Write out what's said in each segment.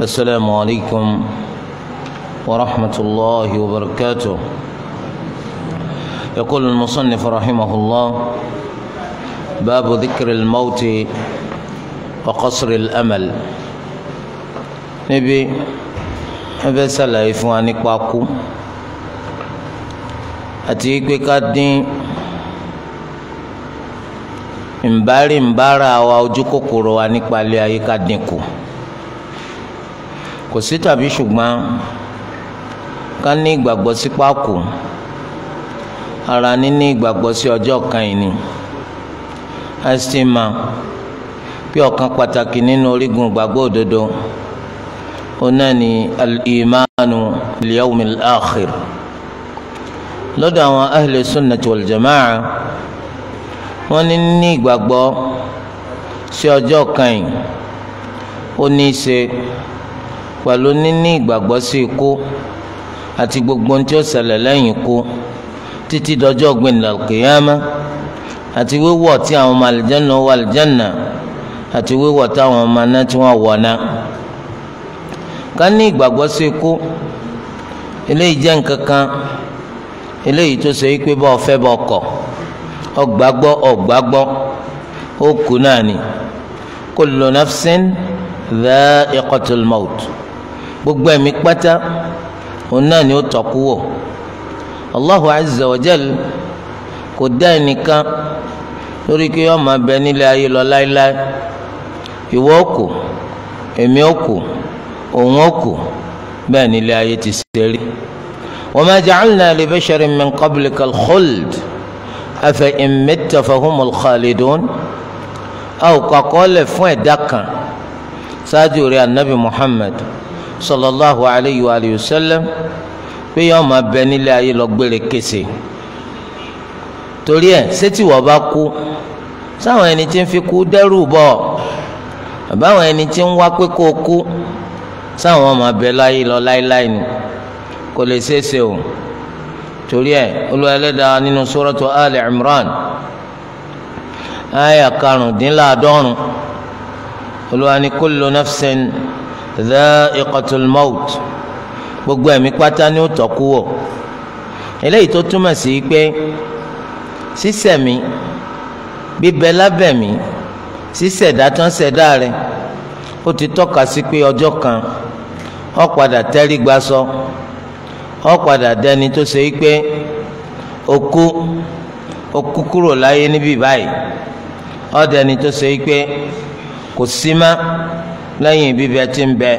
السلام عليكم ورحمة الله وبركاته يقول المصنف رحمه الله باب ذكر الموت وقصر الأمل نبي نبي صلى الله عليه وسلم mbari mbara wa ojukokoro wa nipa ile aye kadinku kò sí tàbí ṣùgbọ́n ká ní ìgbàgbọ́ sí pákó ara níní ìgbàgbọ́ sí ọjọ́ kan yìí ni a sì máa bí ọ̀kan pàtàkì nínú orígun ìgbàgbọ́ òdodo ọ̀nà ni al-imanu liyawmi lọ́dọ̀ àwọn ahlu sunnati wal jama'a wọ́n ní ní ìgbàgbọ́ sí ọjọ́ kan yìí ó ní í ṣe pẹ̀lú níní ìgbàgbọ́ sí ikú àti gbogbo ohun tí ó ṣẹlẹ̀ lẹ́yìn ikú títí dọjọ́ gbẹ̀ndà kìyàmá àti wíwọ̀ tí àwọn ọmọ àlìjẹ́nà wọ àlìjẹ́nà àti wíwọ̀ táwọn ọmọ náà tí wọ́n wọ̀ náà. ká ní ìgbàgbọ́ sí ikú eléyìí jẹ́ nǹkan kan eléyìí tó ṣe wípé bá ọ̀fẹ́ bá ọkọ̀ ọgbàgbọ́ ọgbàgbọ́ ó kú náà ni kullu nafsin dha'iqatul maut gbogbo ẹ̀mí pátá òun náà ni ó tọ́kú wò Allahu azza wa jal kò dá ẹnìkan lórí kí yọ́n máa bẹ nílé ayé lọ láéláé ìwọ òkú èmi òkú òun òkú bẹ́ẹ̀ nílé ayé ti ṣe rí wa ma ja'alna li basharin min qablika al-khuld khalidun a ò kọ́ akọ́lẹ̀ fún ẹ̀dá kan ṣáájú rẹ̀ anabi Muhammad sallallahu alayhi wa alihi wa sallam pé yọọ máa bẹ nílé ayé lọ gbére kése torí ẹ sétí wọ́n bá kú sáwọn ẹni tí ń fi kú dẹ́rù bọ̀ àbáwọn ẹni tí ń wá pé kó kú sáwọn máa bẹ láyé lọ láéláé ni kò lè ṣeéṣe o torí ẹ Olúwa Ẹlẹ́dàá nínú suratu Ali Imran aya karùndínláàdọ́rùn Olúwa ní kullu nafsin dha'iqatul maut gbogbo ẹ̀mí pátá ni ó tọ́kú wọ̀ eléyìí tó túmọ̀ sí pé sísẹ̀mí bíbẹ lábẹ̀mí sísẹ̀dá tán sẹ̀dá rẹ̀ ó ti tọ́ka sí pé ọjọ́ kan ó padà tẹ́rí gba sọ ó padà dẹni tó ṣe pé okú okú kúrò láyé níbí báyìí ó dẹni tó ṣe pé kò sí mọ́ lẹ́yìn bíbẹ tí ń bẹ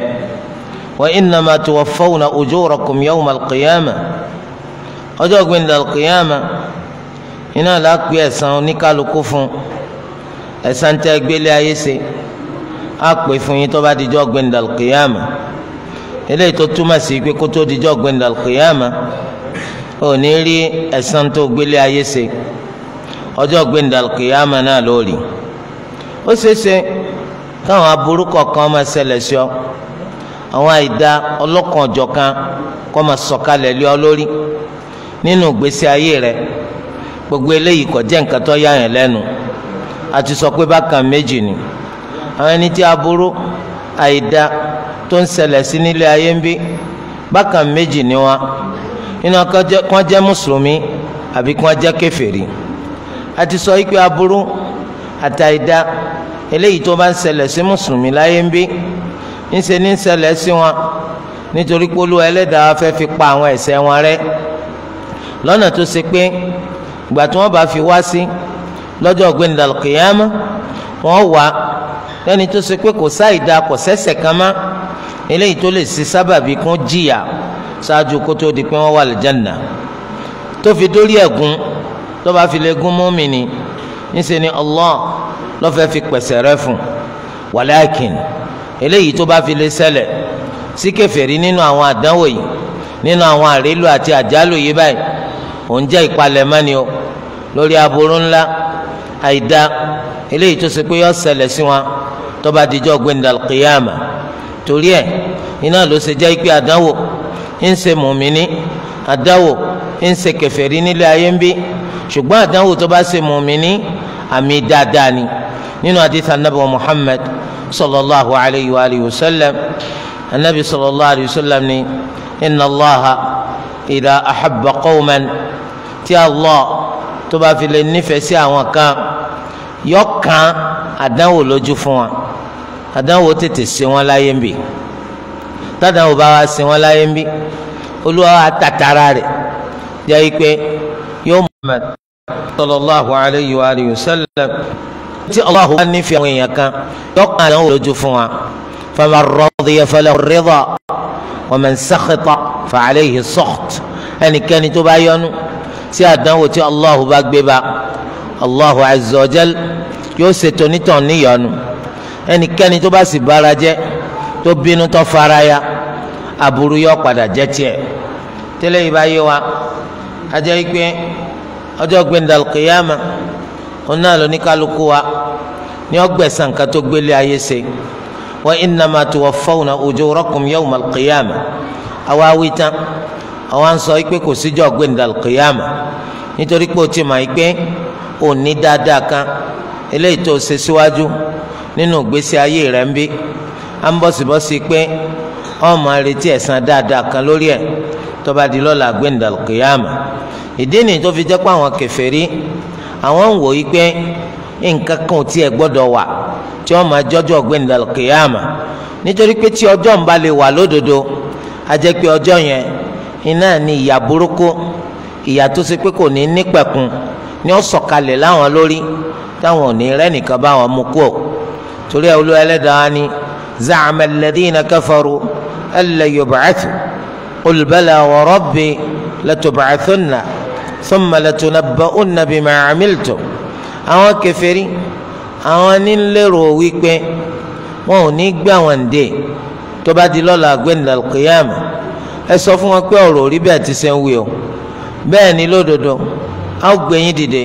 wa innama tuwaffawna ujurakum yawma al-qiyamah ọjọ́ gbẹ̀ndẹ̀ al-qiyamah iná làápẹ́ ẹ̀san oníkálukú fún ẹ̀san tẹ́ gbélé ayé ṣe á pè fún yín tó bá dijọ́ gbẹ̀ndẹ̀ al-qiyamah eléyìí tó túmọ̀ sí pé kó tó dijọ́ gbẹ̀ndẹ̀ al ò ní rí ẹ̀san tó gbélé ayé ṣe ọjọ́ gbẹ̀ndẹ̀ al náà lórí ó ṣeéṣe káwọn aburú kọ̀ọ̀kan máa ṣẹlẹ̀ sí ọ àwọn àìda ọlọ́kan ọ̀jọ̀kan kọ́ máa sọ̀kalẹ̀ lé ọ lórí nínú ìgbésí ayé rẹ gbogbo eléyìí kò jẹ́ nǹkan tó yáyàn lẹ́nu àti sọ pé bákan méjì ni àwọn ẹni tí aburú àìda tó ń ṣẹlẹ̀ sí nílé ayé ń bí bákan méjì ni wọn nínú kan jẹ́ mùsùlùmí àbí kan jẹ́ kèfèrí àti sọ yìí aburú àtàìda eléyìí tó bá ń ṣẹlẹ̀ sí mùsùlùmí láyé ń bí ńṣe ní ṣẹlẹ̀ sí wọn nítorí pé Olúwa ẹlẹ́dàá fẹ́ fi pa àwọn ẹ̀ṣẹ̀ wọn rẹ́ lọ́nà tó ṣe pé ìgbà tí wọ́n bá fi wá sí lọ́jọ́ ọ̀gbìn dàlùkìyàmù wọ́n wà lẹ́ni tó ṣe pé kò sáì da kò sẹ́ṣẹ̀ kan mọ́ eléyìí tó lè ṣe sábàbí kún jìyà ṣáájú kó tó di pé wọ́n wà lẹ́jẹ̀ nà tó fi dórí ẹ̀gún tó bá fi lè gún mọ́mìnì níṣẹ́ ni Allah ló fẹ́ fi pẹ̀sẹ̀ rẹ fún wàláàkìn eléyìí tó bá fi lè ṣẹlẹ̀ sí kèfèrí nínú àwọn àdánwò yìí nínú àwọn àrélù àti àjálù yìí báyìí òun jẹ́ ìpalẹ̀mọ́ni o lórí aburú ńlá àìda eléyìí tó ṣe pé yọ ṣẹlẹ̀ sí wọn tó bá dijọ́ gbẹ̀ndàl torí ẹ̀ iná ló ṣe jẹ́ pé àdánwò ń ṣe mùmíní àdánwò ń ṣe kèfèrí nílé ayé ń bí ṣùgbọ́n àdánwò tó bá ṣe mùmíní àmì dáadáa ni nínú àdìsá nàbì wa muhammad sallallahu alayhi wa alihi wa sallam anabi sallallahu alayhi wa sallam ni inna allaha idha ahabba qawman tí allah tó bá fi lè nífẹ̀ẹ́ sí àwọn kan yọkàn àdánwò lójú fún wa àdánwò tètè ṣe wọn láyé ń bì tádánwò wa ṣe wọn láyé ń bì olúwa àtàtàrà rẹ̀ jẹ́ pé yóò muhammad sallallahu alayhi wa alihi wa sallam tí Allahu bá nífẹ̀ẹ́ àwọn èèyàn kan dọ́kàn àdánwò lójú fún wa faman radiya falahu rida wa man sakhita fa alayhi sakht ẹnikẹ́ni tó bá yọ́nú sí àdánwò tí Allahu bá gbé bá Allahu azza yóò ṣètò nítàn níyọnu ẹnikẹ́ni tó bá sì bára jẹ́ tó bínú tó fara ya aburú yóò padà jẹ́ tiẹ̀ tẹ́lẹ̀ yìí wa ajẹ́ ikpe ọjọ́ gbẹndàl kìyàmà ọ̀nà lóníkàlùkù wa ni ó gbẹ̀san ká tó gbélé ayé ṣe wa innama tuwaffawna ujurakum yawmal kìyàmà àwa wí tán àwa ń sọ pé kò síjọ́ gbẹndàl kìyàmà nítorí pé o ti mọ̀ pé o ní dáadáa kan eléyìí tó ṣe síwájú nínú ìgbésí ayé rẹ̀ ń bí à ń bọ̀sibọ́sí pé ọmọ retí ẹ̀san dáadáa kan lórí ẹ̀ tó bá lọ́la gbẹndàl kìyàmà ìdí nìyí tó fi jẹ́ pé àwọn kèfèrí àwọn ń wò yí pé nǹkan kan ò tiẹ̀ gbọ́dọ̀ wà tí wọ́n máa jọ́jọ́ ọ̀gbẹ́ni lọ́kìyàmà nítorí pé tí ọjọ́ ń bá lè wà lódodo a jẹ́ pé ọjọ́ yẹn iná ni ìyà burúkú ìyà tó ṣe pé kò ní nípẹ̀kun ni ó sọ̀kalẹ̀ láwọn lórí táwọn ò ní rẹ́nìkan bá wọn mú kú ò torí ẹ olú ẹlẹ́dàá ni zaama alladhina kafaru alla yub'athu qul bala wa rabbi latub'athunna thumma latunabba'unna bima 'amiltum àwọn kèfèrí àwọn nílérò wípé wọn ò ní gbé àwọn ǹdè tó bá di lọ́la gbẹ̀ndà kìyàmù ẹ sọ fún wọn pé ọ̀rọ̀ orí bẹ́ẹ̀ ti ṣe ń wí o bẹ́ẹ̀ ni lódodo a ó gbẹ̀yìn dìde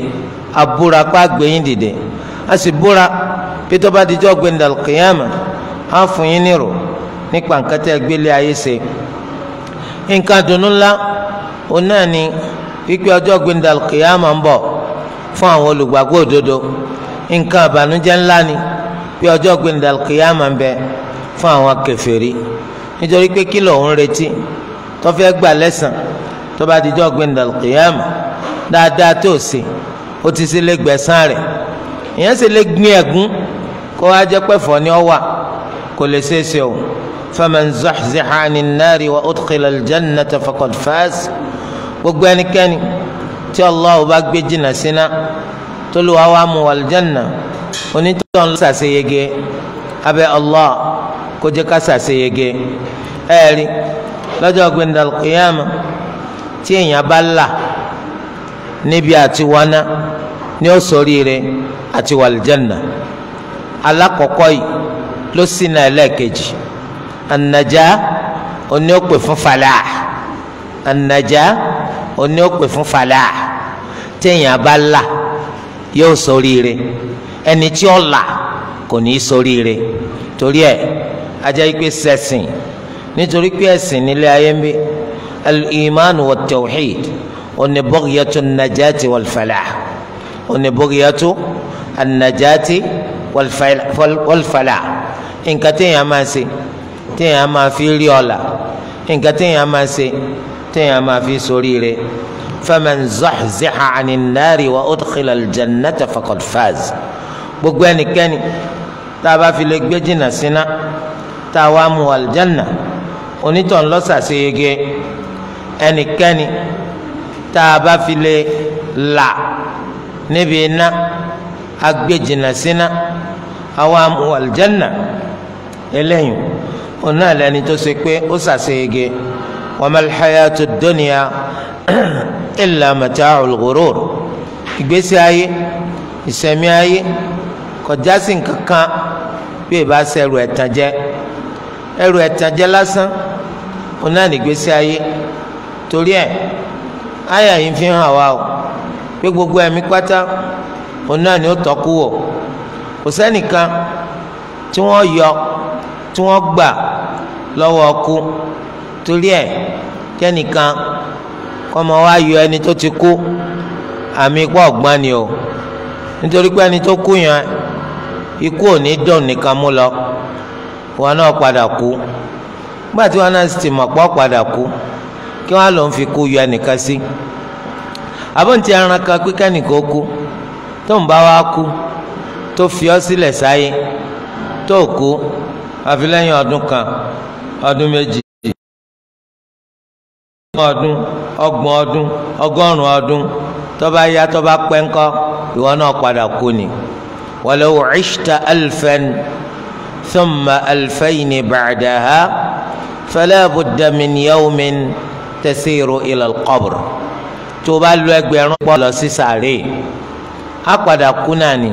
a búra pa dìde a sì búra pé tó bá di jọ́ gbẹ̀ndà a fún yín nírò nípa nǹkan tẹ́ gbélé ayé ṣe nǹkan dùnú ńlá òun náà ni ikpe ọjọ́ gbendal kìyàmà ń bọ̀ fún àwọn olùgbàgbọ́ òdodo nǹkan àbànújẹ́ ńlá ni pé ọjọ́ gbendal kìyàmà ń bẹ fún àwọn kèfèrí nítorí pé kí lòun retí tó fẹ́ gbà lẹ́san tó bá dijọ́ gbendal kìyàmà dáadáa tó ṣe ó ti ṣe lé gbẹ̀san rẹ̀ ìyẹn ṣe lé gbin ẹ̀gún kó wá jẹ́ pẹ́fọ́ ni ọ wà kò lè ṣeé ṣe o faman zuhziha 'anil nari wa udkhila al-jannata faqad faz gbogbo ẹnikẹ́ni tí Allah bá gbé jìnnà síná tó lù wá wá mu wàlìjánà onítọ̀ ń lọ sàṣeyege abẹ́ Allah kó jẹ́ ká sàṣeyege ẹ̀rí lọ́jọ́ gbẹ̀ndàlùkìyàmù tí èèyàn bá là níbi àti wọná ní ó ṣoríire àti wàlìjánà alákọ̀ọ́kọ́ yìí ló sì náà ẹlẹ́ẹ̀kejì ànàjà oní fún falà ànàjà oní ó pè fún falah téèyàn bá là yóò ṣoríire ẹni tí ó là kò ní í ṣoríire torí ẹ ajá ikpe sẹsìn nítorí pé ẹsìn nílé ayé ń bí al-iman wa tawhid oní bọ́gìyàtú najati wal falah oní bọ́gìyàtú najati wal falah nǹkan téèyàn máa ṣe téèyàn máa fi rí ọ̀la nǹkan téèyàn máa ṣe téèyàn máa fi ṣoríire faman zahziha anin nari wa udkhila aljannata faqad faz gbogbo ẹnikẹ́ni tá a bá fi lè gbé jìnnà síná tá a wá mú aljanna onítọ̀ ńlọ́sàsẹ́yẹgẹ ẹnikẹ́ni tá a bá fi lè là níbi iná agbèjìnà síná àwọn amú aljanna eléyìí ọ̀nà tó ṣe pé ó sàṣeyege wama alhayatu dunya illa mata'ul ghurur ìgbésí ayé ìsẹ̀mí ayé kọjá sí nǹkankan bí ìbá ṣe ẹrù ẹ̀tàn jẹ ẹrù ẹ̀tàn jẹ lásán ó náà nígbésí ayé torí ẹ̀ ayé yìí fi hàn wá o pé gbogbo ẹ̀mí pátá ó ni ó tọ́kú wò kò sẹ́nìkan tí wọ́n yọ tí wọ́n gbà lọ́wọ́ ọkú. torí ẹ kẹ́nìkan kọ́mọ wa yọ ẹni tó ti kú àmì ipò ọgbani ni o nítorí pé ẹni tó kú yẹn ikú ò dùn nìkan mú lọ wọn náà padà kú wọn náà sì ti padà kú kí wọn fi kú yọ ẹnìkan sí àbọ̀ǹtí ẹran kan pé kẹ́nìkan kú tó ń bá wa kú tó fi kan ọdún méjì. ọdún ọgbọ̀n ọdún ọgọ́rùn ọdún tó bá yá tó bá pẹ́ ńkọ́ ìwọ náà padà kú ni walaw ishta alfan thumma alfayni ba'daha fala budda min yawmin tasiru ila alqabr tó bá lu ẹgbẹ̀rún pọ̀ lọ sí sàárè á padà kú náà ni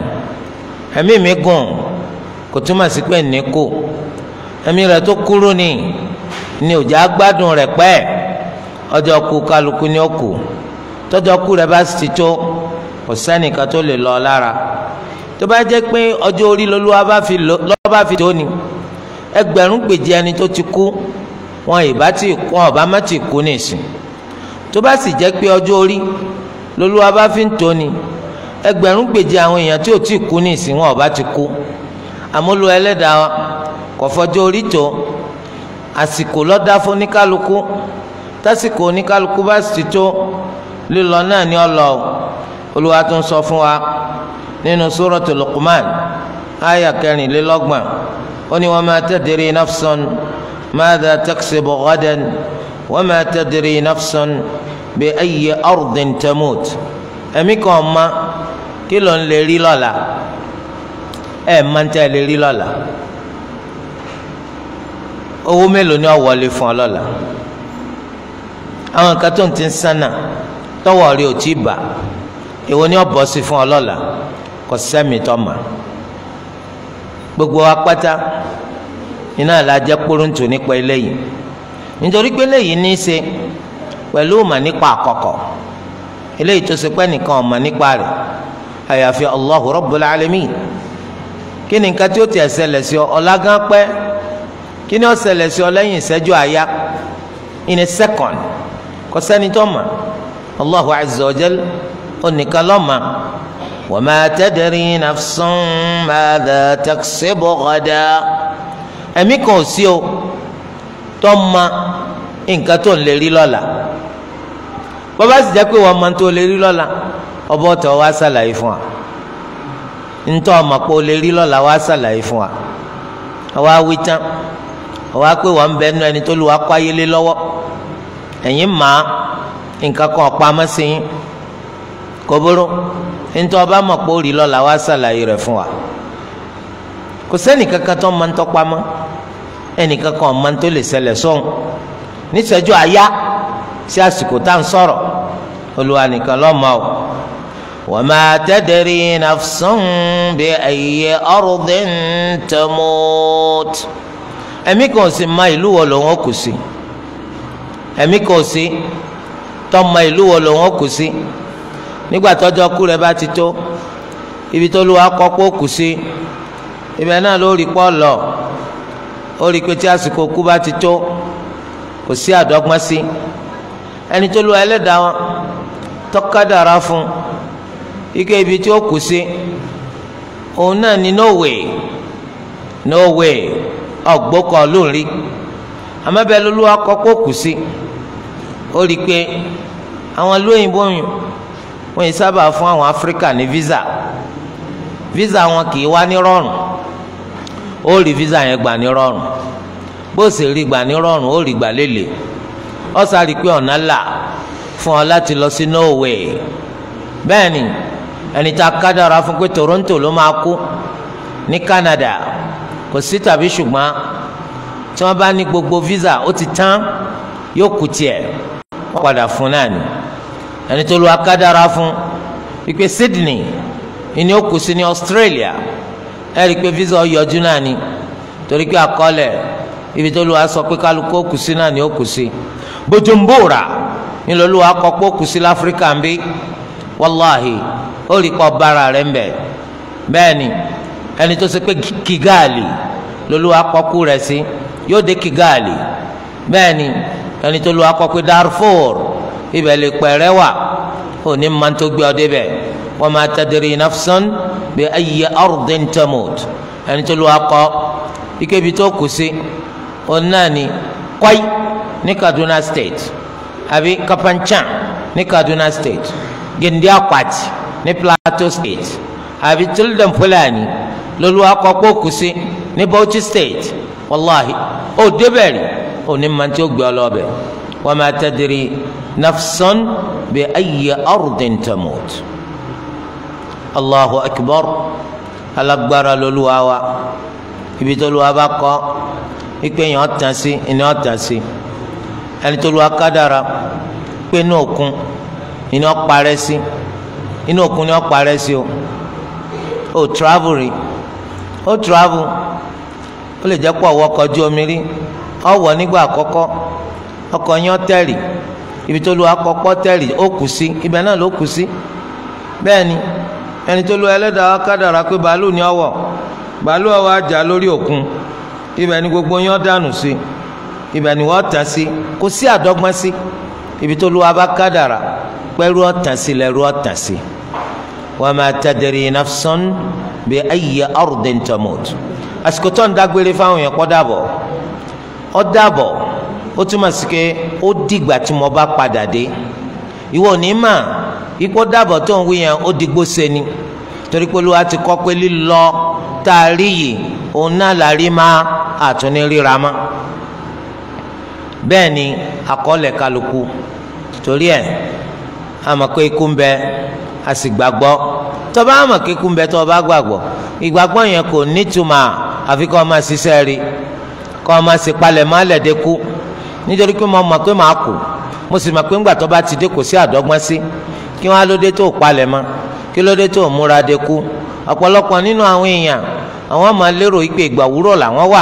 ẹ̀mí mi gùn kò túmọ̀ sí pé ní kù ẹ̀mí rẹ̀ tó kúrú ni ni òjá gbádùn rẹ̀ pẹ́ẹ́ ọjọ́ kú kálukú ni ó kù tọ́jọ́ kú rẹ̀ bá sì ti tó kò sẹ́nìkan tó lè lọ lára tó bá jẹ́ pé ọjọ́ orí lọ́lọ́wọ́ bá fi tó ni ẹgbẹ̀rún gbèjì ẹni tó ti kú wọn ìbá ti kú ọba má ti kú nìsín tó bá sì jẹ́ pé ọjọ́ orí lọ́lọ́wọ́ bá fi ń tó ni ẹgbẹ̀rún gbèjì àwọn èèyàn tí ò tí kú nìsín wọn ọba ti kú àmúlò ẹlẹ́dàá kọ̀fọ́jọ́ orí tó àsìkò lọ́dá fún oníkálukú tásìkò oníkálukú bá sì tó lílọ náà ni ó lọ olúwa tún sọ fún wa nínú suratul Luqman àyà kẹrìnlélọ́gbọ̀n ó ní wa ma tadri nafsun madha taksibu ghadan wa ma tadri nafsun bi ayyi ardin tamut ẹ̀mí kan ma kí ló ń lè rí lọ́la ẹ̀ máa ń tẹ́ lè rí lọ́la owó mélòó ni ó wọlé fún ọ lọ́la àwọn nǹkan tó ń ti ń sánà tọwọ́ rí ò tí ì bà èwo ni ó bọ́ sí fún ọ lọ́la kò sẹ́mi tọ́mà gbogbo apáta iná la kúrúntù nípa eléyìí nítorí pé eléyìí ní í ṣe pẹ̀lú ọ̀mà nípa àkọ́kọ́ eléyìí tó ṣe pé nìkan ọ̀mà nípa rẹ̀ àyàfi Allahu Rabbul Alamin kí ni nǹkan tí ó ti ṣẹlẹ̀ sí ọ ọ̀làgán pẹ́ kí ni ó ṣẹlẹ̀ sí ọ lẹ́yìn ìṣẹ́jú àyá in a second kò sẹ́ni tó mà Allahu azza wa jal onìkan ló mà wa ma tadri nafsun madha taksibu ghada ẹ̀mí kan ò sí o tó mà nǹkan tó ń lè rí lọ́la bọ́bá sì jẹ́ pé wọ́n mọ̀ tó lè rí lọ́la ọbọ̀ tó wá sàlàyé fún wa ntọ́ ọmọ pé o lè rí lọ́la wá sàlàyé fún wa àwa wí tán àwa pé wọ́n bẹ́ẹ̀ nú ẹni tó lù wá kó ayé lọ́wọ́ ẹ̀yin mà nǹkan kan pamọ́ sí yín kò burú nítorí ọba mọ̀ pé ó rí lọ́la wá ṣàlàyé rẹ̀ fún wa kò sẹ́ni kankan tó máa ń tọ́ pamọ́ ẹnì kankan máa ń tó lè ṣẹlẹ̀ sóhun níṣẹ́jú àyá sí àsìkò tá à ń sọ̀rọ̀ olúwa nìkan lọ́mọ o wa ma tadri nafsun bi ayyi ardin tamut ẹ̀mí kan sì mọ ìlú wo lòun kù sí i ẹ̀mí kò sí tọmọ ìlú wo lòun ó kù sí nígbà tọ́jọ́ kú rẹ̀ bá ti tó ibi tó lu akọ́pọ̀ kù sí ibẹ̀ náà ló rí pọ́ lọ ó rí pé tí àsìkò kú bá ti tó kò sí àdọ́gbọ́n sí ẹni tó lu ẹlẹ́dàá wọn tọ́kadàrá fún ike ibi tí ó kù sí òun náà ní norway norway ọ̀gbọ́kọ̀ lóun rí àmọ́ bẹ́ẹ̀ lolú akọ́kọ́ kù sí ó rí i pé àwọn lóyìnbó yìí wọ́n yìí sábà fún àwọn áfíríkà ní visa visa wọn kì í wá ní rọrùn ó rí visa yẹn gbà ní rọrùn bó sì rí gbà ní rọrùn ó rí gbà lélẹ̀ ó sáré pé ọ̀nà là fún ọ láti lọ sí Norway bẹ́ẹ̀ ni ẹni tá a kádàrá fún pé Toronto ló máa kú ní Canada kò sí tàbí ṣùgbọ́n tí wọ́n bá ní gbogbo visa ó ti tán yóò kù tiẹ̀ wọ́n padà fún náà ni ẹni tó lu akádára fún wípé Sydney ìní ó sí ní Australia ẹ rí i pé visa ọ̀yọ́jú náà ni torí pé àkọọ́lẹ̀ ibi tó lu asọ pé kálukú ó sí náà ni ó kù sí Bujumbura nílò lu akọ́pọ̀ ó kù sí láfíríkà ń bí wàláhì ó rí kọ́ bára rẹ̀ ń bẹ̀ bẹ́ẹ̀ ẹni tó ṣe pé Kigali lolú akọ́kú rẹ̀ Si yóò dé Kigali bẹ́ẹ̀ ni ẹni tó lu akọ pé Darfur ibẹ̀ lè pẹ̀rẹ́ wà òní máa tó gbé ọ débẹ̀ wa ma tadri nafsun bi ayyi ardin tamut ẹni tó lu akọ ikebi tó kù sí òun náà ni Kwai ní Kaduna State àbí Kapanchan ní Kaduna State Gindi Akwati ní Plateau State àbí Tilden Fulani lolúwa kọ pé ó kù sí ní Bauchi state wàláhi ó débẹ̀ rí ó ní mantí ó gbé ọlọ́ọ̀bẹ̀ wa ma tadri nafsan bi ayyi ardin tamut allahu akbar alágbára lolúwa wa ibi tó lùwà bá ikpe yẹn ọ̀tàn sí ẹni ọ̀tàn sí ẹni tó lùwà kádàrà pé inú òkun ni ọ̀parẹ́ sí o ó ó travel ó lè jẹ́ pọ̀ wọkọ̀ omi rí ọwọ́ nígbà àkọ́kọ́ ọkọ̀ yẹn tẹ̀rì ibi tó lu akọ́kọ́ tẹ̀rì ó kù sí ibẹ̀ náà ló kù sí bẹ́ẹ̀ ni ẹni tó lu ẹlẹ́dàá pé bàálù ni ọwọ́ bàálù ọwọ́ ajá lórí òkun ibẹ̀ ni gbogbo yẹn dànù sí ibẹ̀ ni wọ́n tàn sí kò sí àdọ́gbọ́n sí ibi tó lu abá pẹ̀lú ọ̀tàn sí lẹ́rú sí bi ayyi ardin tamut àsìkò tó ń dágbére fáwọn èèyàn kó dàbọ̀ ó dàbọ̀ ó túmọ̀ sí pé ó dìgbà tí mo bá padà dé ìwọ ní mà ikú dàbọ̀ tó ń wí yẹn ó digbó sẹni torí pé olúwa ti kọ́ pé lílọ tá a rí yìí òun náà la rí má àtúní ríra má bẹ́ẹ̀ ni àkọọ́lẹ̀ kálukú torí ẹ̀ àmọ́ pé ikú ń bẹ a sì gbàgbọ́ tọba àmọ̀ kíkú ń bẹ tọba gbàgbọ́ ìgbàgbọ́ yẹn kò nítumọ̀ àfi kọ́ ọmọ ṣiṣẹ́ rí kọ́ máa ṣe palẹ̀ máa lẹ̀ kú nítorí pé mo mọ̀ pé màá kú mo sì mọ̀ pé ti dé kò sí kí wọ́n á lóde tó palẹ̀ mọ́ kí lóde tó múra dé nínú àwọn èèyàn àwọn ọmọ lérò ìpè ìgbà làwọn wà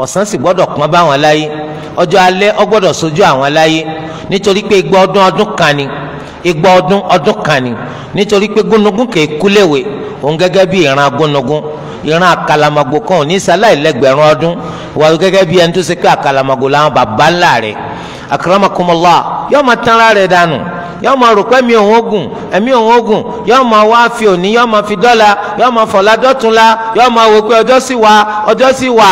ọ̀sán sì igba ọdún ọdún kan ni nítorí pé gúnugún kì í kúléwé òun gẹ́gẹ́ bí ìran akalamagbo kan ò ní sáláì lẹ́gbẹ̀rún ọdún wà gẹ́gẹ́ bí ẹni tó ṣe pé àkàlàmàgò làwọn bàbá ńlá rẹ̀ akramakumullah yóò máa dànù yóò máa rò pé òun ogun ẹ̀mí òun ogun yóò máa wá fi òní yóò máa fi dọ́là yóò máa fọ̀lá dọ́túnla wà ọjọ́ wà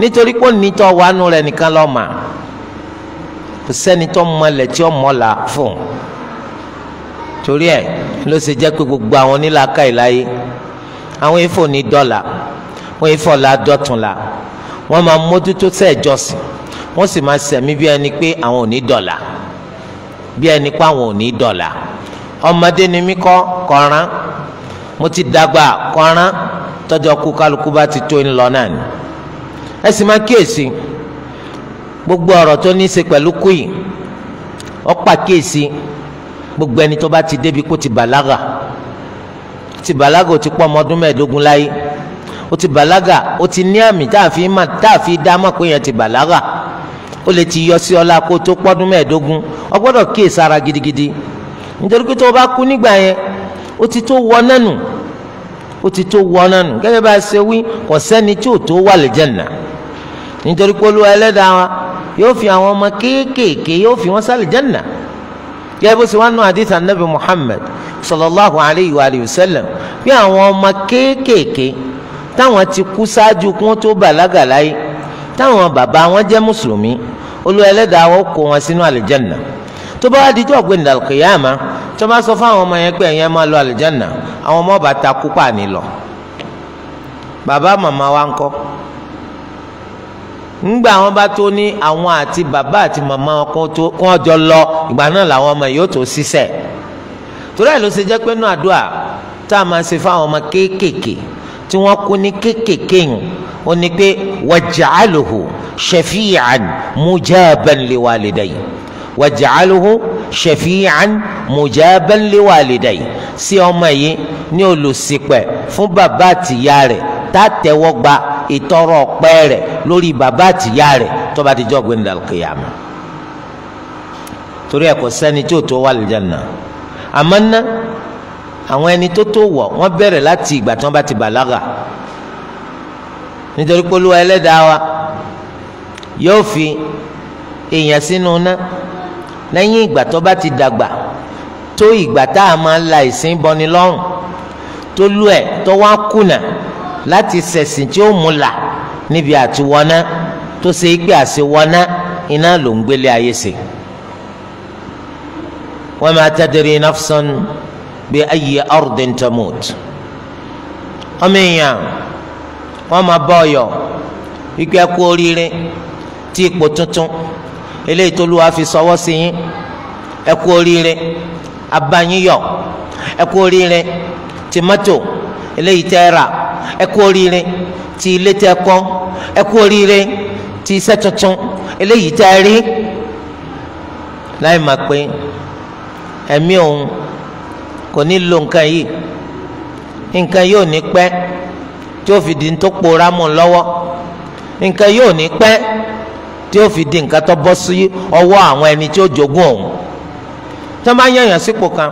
nítorí pé kò sẹ́ni tó mọlẹ̀ tí ó mọ̀la fún torí ẹ̀ ló ṣe jẹ́ pé gbogbo àwọn onílàákà ìláyé àwọn ifò ní dọ́là wọ́n ifò la dọ́tunla wọ́n máa mójútó sẹ́ẹ̀jọ́sìn wọ́n sì máa sẹ̀mí bí ẹni pé àwọn ò ní dọ́là bí ẹni pé àwọn ò ní dọ́là ọmọdé ni mí kọ́ kọ́ran mo ti dàgbà kọ́ran tọ́jọ́ kú kálukú bá ti tó ń lọ náà ni ẹ sì máa kíyèsí. E gbogbo ọ̀rọ̀ tó ní í ṣe pẹ̀lú kùyì ó pàkíyèsí gbogbo ẹni tó bá ti débi kó ti bàlágà ti bàlágà ó ti pọ̀ ọmọ ọdún mẹ́ẹ̀ẹ́dógún láyé ó ti bàlágà ó ti ní àmì táàfin má táàfin dá mọ̀ pé yẹn ti bàlágà ó lè ti yọ sí ọlá kó tó pọ́dún mẹ́ẹ̀ẹ́dógún ó gbọ́dọ̀ kíyèsí ara gidigidi nítorí pé tó o bá kú nígbà yẹn ó ti tó wọ nánu ó ti tó wọ nánu gẹ́gẹ́ bá a ṣe wí kò sẹ́ni tí ò tó wà lè jẹ́ nítorí pé olúwa ẹlẹ́dàá wa yóò fi àwọn ọmọ kéékèèké yóò fi wọn sálì jẹ́nà gẹ́gẹ́ bó ṣe wá nù àdìsá nàbì Muhammad sallallahu alayhi wa alihi wa sallam bí àwọn ọmọ kéékèèké táwọn ti kú ṣáájú kí wọ́n tó bàlágà láyé táwọn bàbá wọn jẹ́ mùsùlùmí olúwa ẹlẹ́dàá wa kó wọn sínú àlìjẹ́nà tó bá wá dijọ́ ọ̀gbìn dàlùkìyàmá tó bá sọ fún àwọn ọmọ yẹn pé ẹ̀yẹn máa lọ àlìjẹ́nà àwọn ọmọ bàtà kú pàní lọ bàbá màmá wa ń kọ́ ńgbà wọn bá tó ní àwọn àti bàbá àti màmá wọn jọ lọ ìgbà náà làwọn ọmọ yóò tó ṣiṣẹ́ torí ẹ̀ ló ṣe jẹ́ pé nínú àdúrà tá a máa ṣe fáwọn ọmọ kéékèèké tí wọ́n kú ní kéékèèké yìí ó ní pé waj'alhu shafi'an mujaban liwalidayi waj'alhu shafi'an mujaban liwalidayi sí ọmọ yìí ní olùṣìpẹ̀ fún bàbá àtìyá rẹ̀ tá a tẹ́wọ́ gba ìtọrọ ọpẹ́ rẹ̀ lórí bàbá àtìyá rẹ̀ tó bá ti jọ gbé nílẹ̀ kìyàmù torí ẹ̀ kò sẹ́ni tí ò tó wà lìjànà àmọ́ ná àwọn ẹni tó tó wọ̀ wọ́n bẹ̀rẹ̀ láti ìgbà tí wọ́n bá ti bàlágà nítorí pé olúwa wa yóò fi èèyàn sínú ná lẹ́yìn ìgbà tó bá ti dàgbà tó ìgbà tá a máa la ìsìn bọni lọ́rùn tó lú ẹ̀ tó wá kùnà láti ṣẹ̀sìn tí ó mú là níbi àti wọná tó ṣe pé àṣẹ wọná iná ló ń gbélé ayé ṣe. wa ma tadri nafsun bi ayyi ardin tamut. ọmọ èèyàn wọ́n máa bá ọyọ̀ ikú ẹ kú oríire tí ipò tuntun eléyìí tó lùwà fi sọwọ́ sí yín ẹ oríire abáyín yọ̀ oríire tìmọ́tò eléyìí tẹ́ ra ẹ kú oríire ti ilé tẹ́ kọ́ ẹ kú oríire ti iṣẹ́ tuntun eléyìí tẹ́ rí láì máa pé ẹ̀mí òun kò ní lo nǹkan yìí nǹkan yóò ní pẹ́ tí ó fi di tó pòórá mọ́ lọ́wọ́ nǹkan yóò ní pẹ́ tí ó fi di nǹkan tó bọ́ sí ọwọ́ àwọn ẹni tí ó jogún òun tó bá yẹ̀yàn sípò kan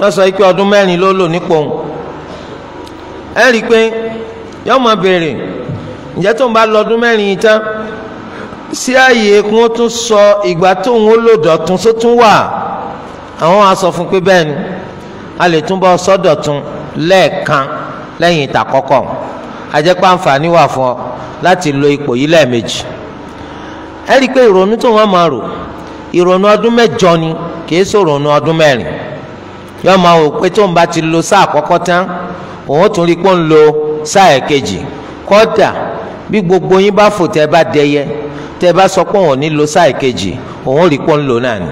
wọ́n sọ pé ọdún mẹ́rin ló lò nípò òun ẹ rí i pé yọ́n mọ̀ béèrè ǹjẹ́ tó ń bá lọ́dún mẹ́rin yìí tán sí ààyè kún ó tún sọ ìgbà tóun ó lò dọ̀tun tó tún wà àwọn á sọ fún pé bẹ́ẹ̀ ni a lè tún bọ́ sọ́dọ̀tun lẹ́ẹ̀kan lẹ́yìn ìtàkọ́kọ́ ajẹ́pá àǹfààní wà fún ọ láti lo ipò yìí lẹ́ẹ̀mejì ẹ rí i pé ìrònú tó wọ́n máa rò ìrònú ọdún mẹ́jọ ni kì í sòrònú ọdún mẹ́rin yọ́n máa wò pé tóun bá ti lo sáà àkọ́kọ́ tán òun tún rí pọ́n lo sáà kejì kọ́dà bí gbogbo yín bá fò tẹ́ bá dẹyẹ tẹ́ bá sọ pé òun ní lo sáà kejì òun rí pọ́n lo náà ni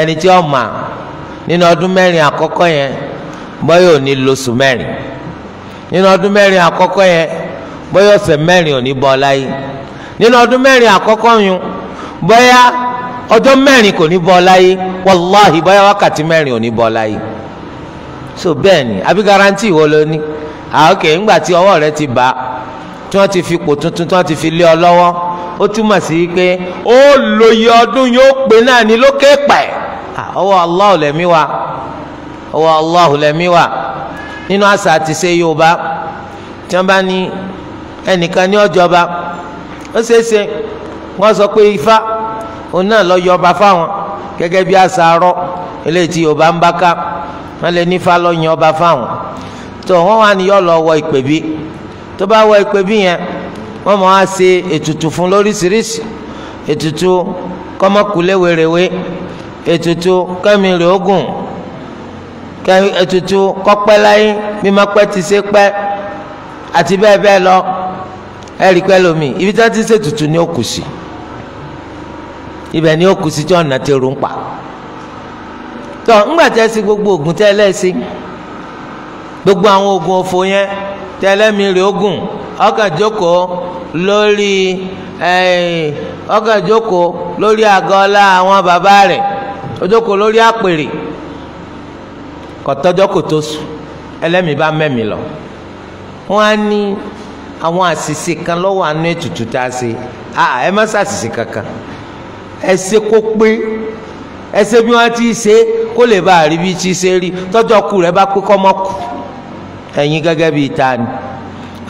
ẹni tí ó mà nínú ọdún mẹ́rin àkọ́kọ́ yẹn bọ́yọ̀ ò ní lo sùn mẹ́rin nínú ọdún mẹ́rin àkọ́kọ́ yẹn bọ́yá ọ̀sẹ̀ mẹ́rin ò ní bọ́ láyé nínú ọdún mẹ́rin àkọ́kọ́ bọ́yá ọjọ́ mẹ́rin kò so bẹ́ẹ̀ ni àbí garanti wo ló ní àókè ńgbà tí ọwọ́ rẹ ti bá tí wọ́n ti fi pò tuntun tí wọ́n ti fi lé ọ lọ́wọ́ ó túmọ̀ sí pé ó lóye ọdún yóò pé náà ní lókè pẹ̀ ọwọ́ Allah lẹ̀mí wa ọwọ́ Allah lẹ̀mí wa nínú àṣà àti ṣe Yorùbá tí wọ́n bá ní ẹnìkan ní ọjọba ó ṣeéṣe wọ́n sọ pé ifá òun náà lọ yọba fáwọn gẹ́gẹ́ bí àṣà arọ eléyìí tí Yorùbá ń bá ká. wọ́n lè nífa lọ́yìn ọba fáwọn tó wọ́n wà ní yọ lọ wọ ìpèbí tó bá wọ ìpèbí yẹn wọ́n mọ̀ á ṣe ètùtù fún lóríṣiríṣi ètùtù kọ́mọkùlé wèrèwé ètùtù kẹ́mìrì ogun ètùtù kọ́pẹ́ láyé mímọ́ pẹ́ ti ṣe pẹ́ àti bẹ́ẹ̀ bẹ́ẹ̀ lọ ẹ̀rí pẹ́ lomi ibi tí wọ́n ti ṣètùtù ni ó kù sí ibẹ̀ ni tí ọ̀nà ti rú ń pa. tọ ńgbà gbogbo ogun si gbogbo àwọn ogun òfò yẹn tẹ́ mi rè ogun ọkàn lórí ọkàn jókòó lórí agọọlá eh, àwọn bàbá rẹ̀ ojoko lórí àpèrè kọ̀tọ́jọ́ kò tó sùn ẹlẹ́mìí bá lọ á ní àwọn àṣìṣe kan a ṣe ẹ má ṣàṣìṣe kankan ẹsẹ bí wọn ti ṣe kó lè bá àríbí ti ṣe rí tọjọ́ ku rẹ̀ bá pé kọmọkù ẹ̀yin gẹ́gẹ́ bíi ta ni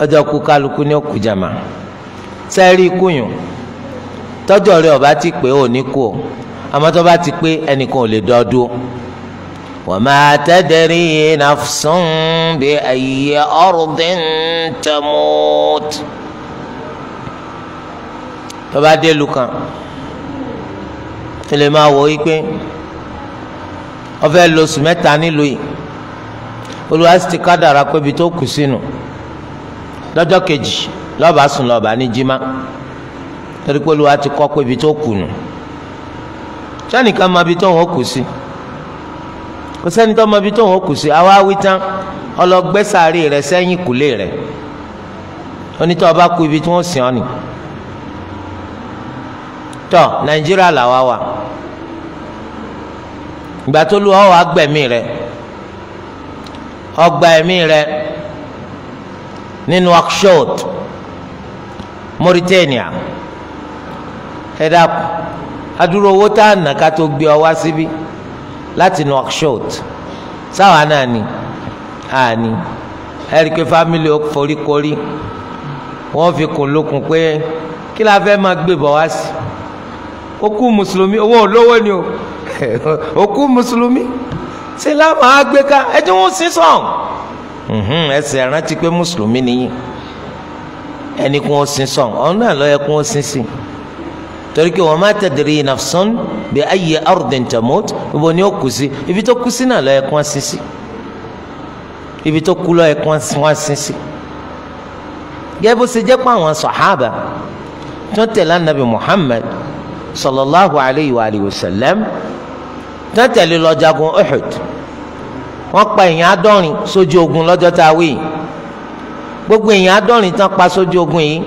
ọjọ́ ku kálukú ní òkú jàmá sẹẹrí kùyùn tọjọ́ rẹ̀ ọba ti pé òní kú o àmọ́ tó bá ti pé ẹnìkan ò lè dọdú wa ma tadri nafsun bi ayyi ardin tamut tó dé lu ẹ lè máa wọ wípé ọfẹ lóṣù mẹ́ta nílùú yìí olùwà sì ti kádàrá pé ibi tó kù sínú lọ́jọ́ kejì lọba sùn lọba ní jimá torí pé olùwà ti kọ pé ibi tó kù nù sẹ́nìkan mọ ibi tó wọn kù sí kò sẹ́ni tó ibi tó wọn kù sí àwa wí tán ọlọgbẹ́sàárì rẹ sẹ́yìn kùlé rẹ onítọ̀ ọba kú ibi tí wọ́n sìn ọ́ nìyí tọ nàìjíríà làwa wà ìgbà tó lu ọwọ́ agbẹ̀mí rẹ ọgbà ẹ̀mí rẹ ní Nouakchott Mauritania ẹ dàpọ̀ adúrò owó tá a nà ká tó gbé ọ wá síbí láti Nouakchott sáwa náà ni àní ẹ fámìlì foríkorí wọ́n fi kùn lókun pé kí la fẹ́ máa gbé bọ̀ wá sí i òkú mùsùlùmí owó olówó ni o òkú mùsùlùmí ṣe láwọn àgbéká ẹjẹ wọn sí sàn ẹsẹ̀ rántí pé mùsùlùmí nìyí ẹni kún ó sin sàn ọ̀hún náà lọ́yẹ kún ó sin sí torí pé wa ma tadri nafsun bi ayyi ardin tamut ibo ni ó kù sí ibi tó kù sí náà lọ́yẹ kún ó sin sí ibi tó kú lọ́yẹ kún ó sin sí gẹ́gẹ́ bó ṣe jẹ́ pé àwọn sàhábà tó tẹ̀lé anabi Muhammad sallallahu alayhi wa alihi wa sallam tán tẹ̀lé lọ jagun Uhud wọ́n pa èèyàn àádọ́rin sójú ogun lọ́jọ́ tá a wí gbogbo èèyàn àádọ́rin tán pa sójú ogun yìí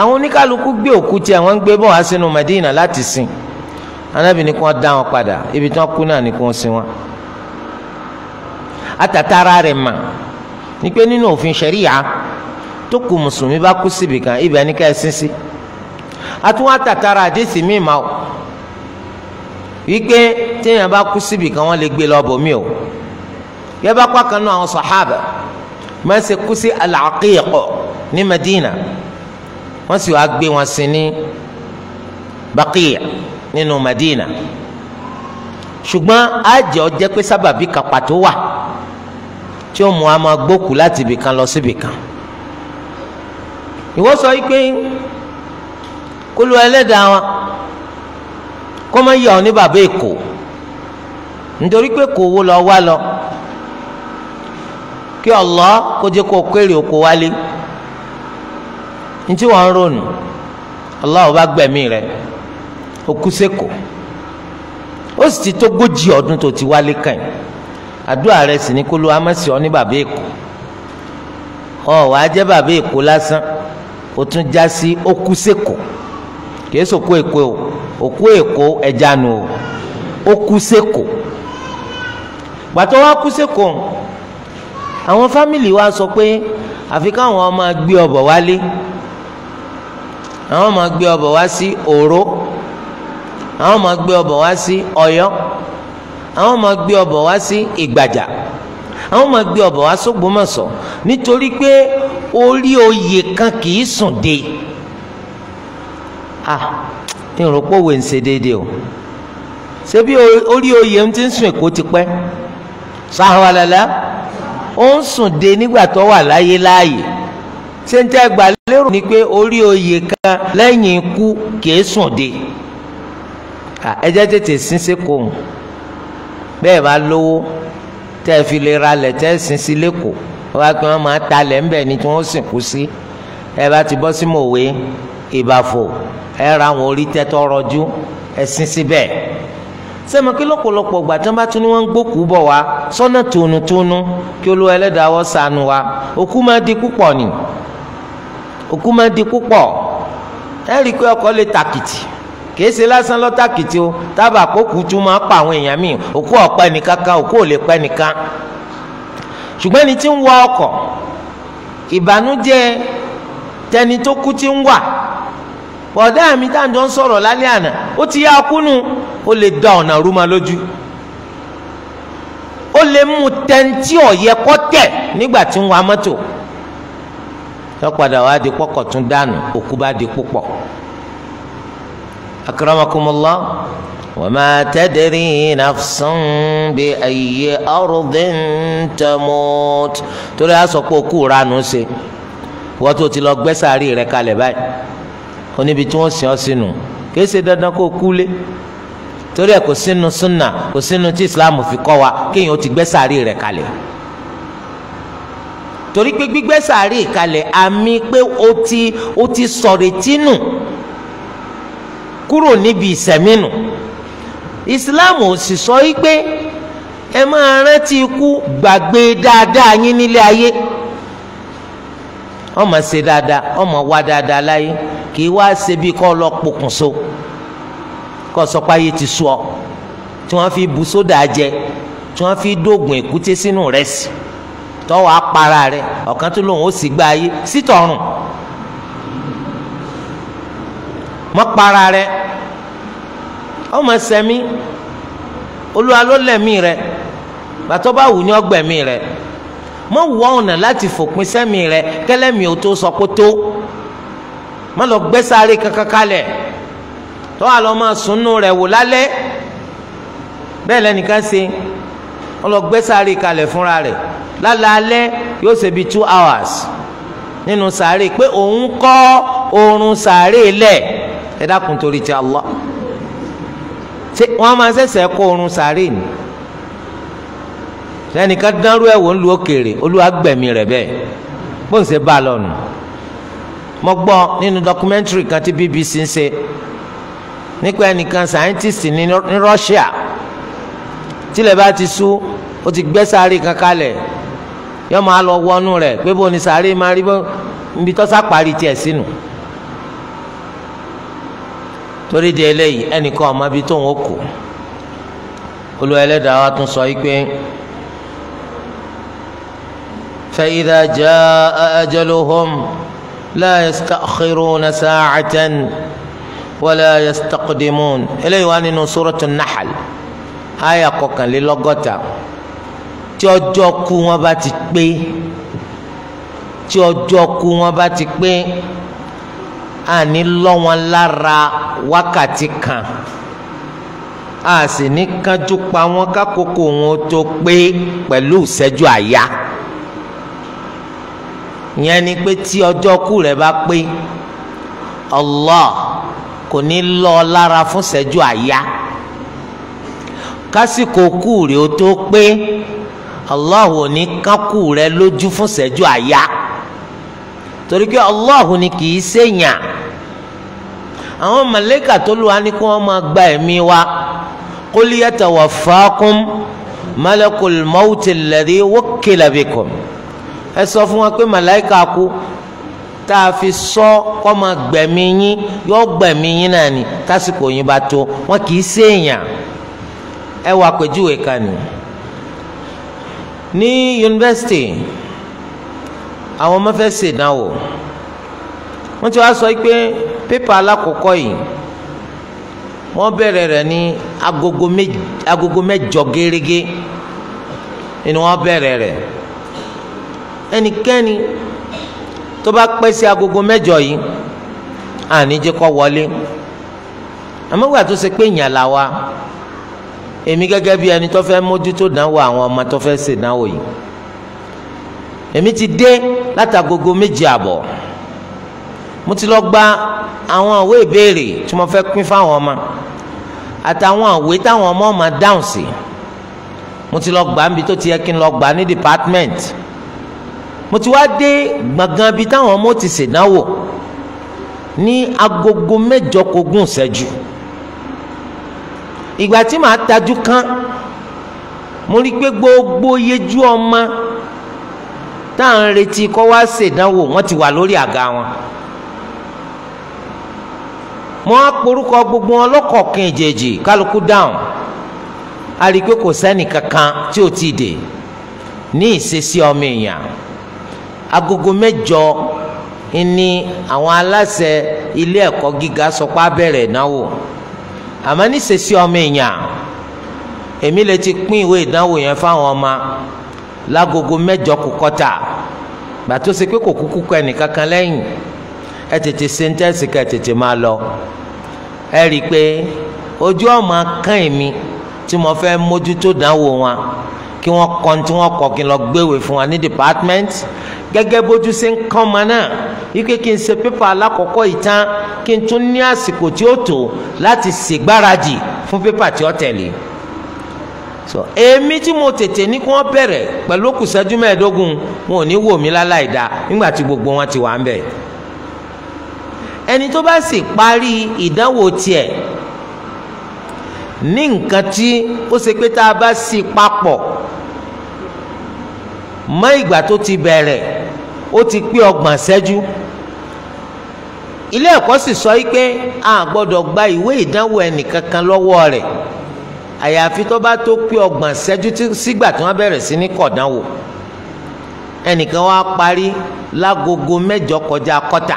àwọn oníkálukú gbé òkú tiẹ̀ wọ́n ń gbé bọ̀ wá sínú Madina láti sìn anábì ni kí wọ́n dá wọn padà ibi tí wọ́n kú náà ni kí wọ́n wọn. atatara rẹ̀ mà ní pé nínú òfin ṣẹ̀ríyà tó kù mùsùlùmí bá kú síbìkan ibẹ̀ ni ká ẹ sin Si àtúwọ́n àtàtàrà àdéhìí mi mà o wípé téèyàn bá kú síbi kan wọ́n lè gbé lọ bòmí o yẹ bá kó àkànnú àwọn sàhábà máa ṣe kú sí al-Aqiq ní Madina wọ́n sì wá gbé wọn sí ní Baqi' nínú Madina ṣùgbọ́n àjẹ́ ọjẹ́ pé sábàbí kan pàtó wà tí ó mú a máa láti ibì lọ síbì ìwọ sọ yìí pé Olúwa ẹlẹ́dàá wọn kó má yà ọ́ ní bàbá èkó nítorí pé kò wo lọ wá lọ kí Allah kó jẹ́ kó kéré oko wálé ntí wọ́n ń ronú Allah ò bá gbẹ̀mí rẹ̀ ó kú sẹ́kọ̀ ó sì ti tógójì ọdún tó ti wálé kàn àdúrà rẹ̀ sì ní kó ló amẹ́sì ọ ní bàbá èkó ọ̀ wàá jẹ́ bàbá èkó lásán ó tún já sí ó kú kìí sòkú èkó o òkú èkó ẹja nù o ó kú sẹ́kọ̀ gbàtọ́ wa kú sẹ́kọ̀ àwọn fámìlì wa sọ pé àfi káwọn ọmọ gbé ọbọ̀ wálé àwọn ọmọ gbé ọbọ̀ wá sí Òró àwọn ọmọ gbé ọbọ̀ wá sí Ọ̀yọ́ àwọn ọmọ gbé ọbọ̀ wá sí Ìgbàjà àwọn ọmọ gbé ọbọ̀ wá sógbómọ̀ṣọ́ nítorí pé orí oyè kan kì í sùn dé ah ní ìrọ̀pọ̀ òwe ń ṣe déédéé o ṣé bí orí oyè ń ti ń sùn èkó ti pẹ́ sàwàlálà ó ń sùn dé nígbà tó wà láyé láàyè ṣé ń tẹ́ gbà lérò ni pé orí oyè kan lẹ́yìn ikú kìí sùn dé ah, ẹ jẹ́ tètè sín sí kòhùn bẹ́ẹ̀ bá lówó tẹ́ ẹ fi lè ralẹ̀ tẹ́ ẹ sí lẹ́kọ̀ọ́ wọ́n á pè wọ́n máa talẹ̀ ńbẹ̀ ni tí wọ́n sìnkú sí ẹ bá ti bọ́ sí mòwe. Si ìbàfò ẹ ra àwọn orí tẹ́tọ́ rọjú ẹ sin síbẹ̀ sẹ́mi kí lọ́pọ̀lọpọ̀ ìgbà tí wọ́n bá tún ní wọ́n ń gbókù bọ̀ wá sọ́nà tónútónú kí olú ẹlẹ́dàá wọ́n ṣàánú wa òkú máa di púpọ̀ ni òkú máa di púpọ̀ ẹ rí i pé ọkọ̀ lè tàkìtì kìí ṣe lásán lọ tàkìtì o tábà kókù tún máa pa àwọn èèyàn míì òkú ọ̀pẹ nìkan kan òkú ò lè pẹ́ nìkan ṣùgbọ́n ẹni tí ń wa ọkọ̀ ìbànújẹ́ tẹni tó kú ti ń wà bọ̀dá mi tá njọ ń jọ àná ó ti yá kúnnù ó lè da ọ̀nà rúma lójú ó lè mú tẹ́ntì ọ̀yẹ́ tẹ̀ nígbà tí ń wa mọ́tò lọ́padà di pọ́kọ̀ tún dànù òkú bá di púpọ̀ akramakumullah wa ma tadri bi ayyi ardin tamut torí a sọ pé òkú ṣe wọ́n tó ti lọ gbẹ́sàárì kalẹ̀ oníbi tí wọ́n sìn ọ́ sínú kìí ṣe dandan kó kú lé torí ẹ kò sínú súnà kò sínú tí islam fi kọ́ wa kéèyàn ó ti gbẹ́ sàárì rẹ̀ kalẹ̀ torí pé gbígbẹ́ sàárì kalẹ̀ àmì pé ó ti ó ti sọ̀rètí nù kúrò níbi ìsẹ̀mí nù islam ò sì sọ yí pé ẹ máa rántí ikú gbàgbé dáadáa yín nílé ayé ọmọ ṣe dáadáa ọmọ wá dáadáa láyé kì í wá ṣe bí kọ́ lọ pokùnso kọ́ sọ pé ayé ti sú ọ tí wọ́n fi bu sódà jẹ tí wọ́n fi dóògùn èkúté sínú rẹ̀ sí tọ́wọ́ apara rẹ̀ ọ̀kan tó lòun ó sì gba ayé sítọ̀rùn mọ́ para rẹ̀ ọmọ sẹ́mi olúwa ló lẹ̀mí rẹ̀ bàtọ́ bá wù ní ọgbẹ̀mí rẹ̀ mọ́ wọ ọ̀nà láti fòpin sẹ́mi rẹ kẹlẹ́mi ò tó sọ pé tó má lọ gbé sáré kankan kalẹ̀ tó wà lọ́ máa sunú rẹ̀ wò lálẹ́ bẹ́ẹ̀ lẹ́nìkan ṣe wọ́n lọ gbé sáré kalẹ̀ fúnra rẹ̀ lálẹ́ yóò ṣe bíi two hours nínú sáré pé òun kọ́ oorun sáré lẹ̀ ẹ dákun torí ti Allah ṣé wọ́n máa ṣẹ̀ṣẹ̀ kọ́ oorun sáré ni ẹnìkan dánrú ẹ̀ wò ń lu òkèèrè olúwa gbẹ̀mí rẹ̀ bẹ́ẹ̀ bó ń ṣe bá a lọ́nu mo gbọ́ nínú documentary kan tí BBC ń ṣe nípa ẹnìkan scientist ní Russia tílẹ̀ bá ti sú ó ti gbẹ́ sáré kan kalẹ̀ yọ máa lọ wọnú rẹ̀ pé bó ni sáré máa rí bó ibi tọ́sà parí tiẹ̀ sínú torí di eléyìí ẹnìkan ọmọ ibi tóun ó kù Olúwa wa tún sọ yìí pé. فإذا جاء أجلهم لا يستأخرون ساعة ولا يستقدمون إليه وأن سورة النحل آية قوكا للغتا tí ọjọ́ kú wọn bá ti pé tí ọjọ́ kú wọn bá ti pé àní lọ́ wọn lára wákàtí kan a sì ní kánjú pa wọn kákòókò wọn tó pé pẹ̀lú ìṣẹ́jú àyà yẹn ni pé tí ọjọ́ kú rẹ̀ bá pé Allah kò ní lọ lára fún ṣẹ́jú àyá kásìkò kú rẹ̀ ó tó pé Allah ò ní kákú rẹ̀ lójú fún ṣẹ́jú àyá torí pé Allah ni kì í ṣèyàn àwọn màlẹ́kà tó lù wá ní kí wọ́n máa gba ẹ̀mí wa qul yatawaffakum malakul mawti alladhi wukkila bikum ẹ sọ fún wọn pé màláìka kú tá a fi sọ kọ́ máa gbẹ̀mí yín yọ gbẹ̀mí yín náà ni tásìkò yín bá tó wọn kì í séèyàn ẹ wà pèjúwe kan ni ní yunifásitì àwọn ọmọ fẹ́ ṣèdánwò wọ́n ti wá sọ pé pépà alákọ̀ọ́kọ́ yìí wọ́n bẹ̀rẹ̀ rẹ̀ ní agogo mẹ́jọ gẹ́rẹ́gẹ́ ni wọ́n bẹ̀rẹ̀ rẹ̀ ẹnikẹ́ni tó bá pẹ́ sí agogo mẹ́jọ yìí àní jẹ́ kó wọlé àmọ́ ìgbà tó ṣe pé ìyàn là wa èmi gẹ́gẹ́ bí ẹni tó fẹ́ mójútó dánwò àwọn ọmọ tó fẹ́ ṣe dánwò yìí èmi ti dé látagogo méjì àbọ̀ mo ti lọ gba àwọn ìwé ìbéèrè tí mo fẹ́ pín fáwọn ọmọ àtàwọn ìwé táwọn ọmọ máa dáhùn sí mo ti lọ gbà níbi tó ti yẹ kí n lọ gbà ní department mo ti wá dé gbọ̀ngàn bíi táwọn ọmọ ti ṣèdánwò ní agogo mẹ́jọ kogún ìṣẹ́jú ìgbà tí màá tajú kán mo rí i pé gbogbo yejú ọmọ tá à ń retí kó wá ṣèdánwò wọ́n ti wà lórí àga wọn mo á porúkọ gbogbo wọn lọ́kọ̀ọ̀kan ìjèjì kálukú dáhùn a rí i pé kò sẹ́ni kankan tí ò ti dé ní ìṣesí ọmọ èèyàn agogo mẹ́jọ ni àwọn aláṣẹ ilé ẹ̀kọ́ gíga sọ pé abẹ́rẹ́ ìdánwò àmọ́ níṣẹ́sí ọmọ èèyàn èmi lè ti pín ìwé ìdánwò yẹn fáwọn ọmọ lágogo mẹ́jọ kù kọ́tà gbàtó ṣe pé kò kúkú kọ ẹnìkankan lẹ́yìn ẹ tètè ṣe ń tẹ́sí ká ẹ tètè máa lọ ẹ rí i pé ojú ọmọ kàn mí tí mo fẹ́ mójútó ìdánwò wọn kí wọ́n kọ́ tí wọ́n kọ́ kí n lọ gbéwèé fún wa ní department gẹ́gẹ́ bójú ṣe ń kàn mọ́ náà ike kí n ṣe pépà alákọ̀ọ́kọ́ ìtàn kí n tún ní àsìkò tí ó tó láti ṣègbáradì fún pépà tí ó tẹ̀lé so èmi tí mo tètè ní kí wọ́n bẹ̀rẹ̀ pẹ̀lú òkùsẹ́jú mẹ́ẹ̀ẹ́dógún wọn ò ní wò mí láláì dá nígbà tí gbogbo wọn ti wà ń bẹ̀ ẹni tó bá sì parí ìdánwò tiẹ̀ ní nǹkan tí ó ṣe pé tá a bá sí papọ̀ mọ́ ìgbà tó ti bẹ̀rẹ̀ ó ti pé ọgbọ̀n ṣẹ́jú ilé ẹ̀kọ́ sì sọ yìí pé a gbọ́dọ̀ gba ìwé ìdánwò ẹnìkankan lọ́wọ́ rẹ̀ àyàfi tó bá tó pé ọgbọ̀n ṣẹ́jú sígbà tí wọ́n bẹ̀rẹ̀ sí ní kọ̀dánwò ẹnìkan wá parí lágogo mẹ́jọ kọjá kọ́tà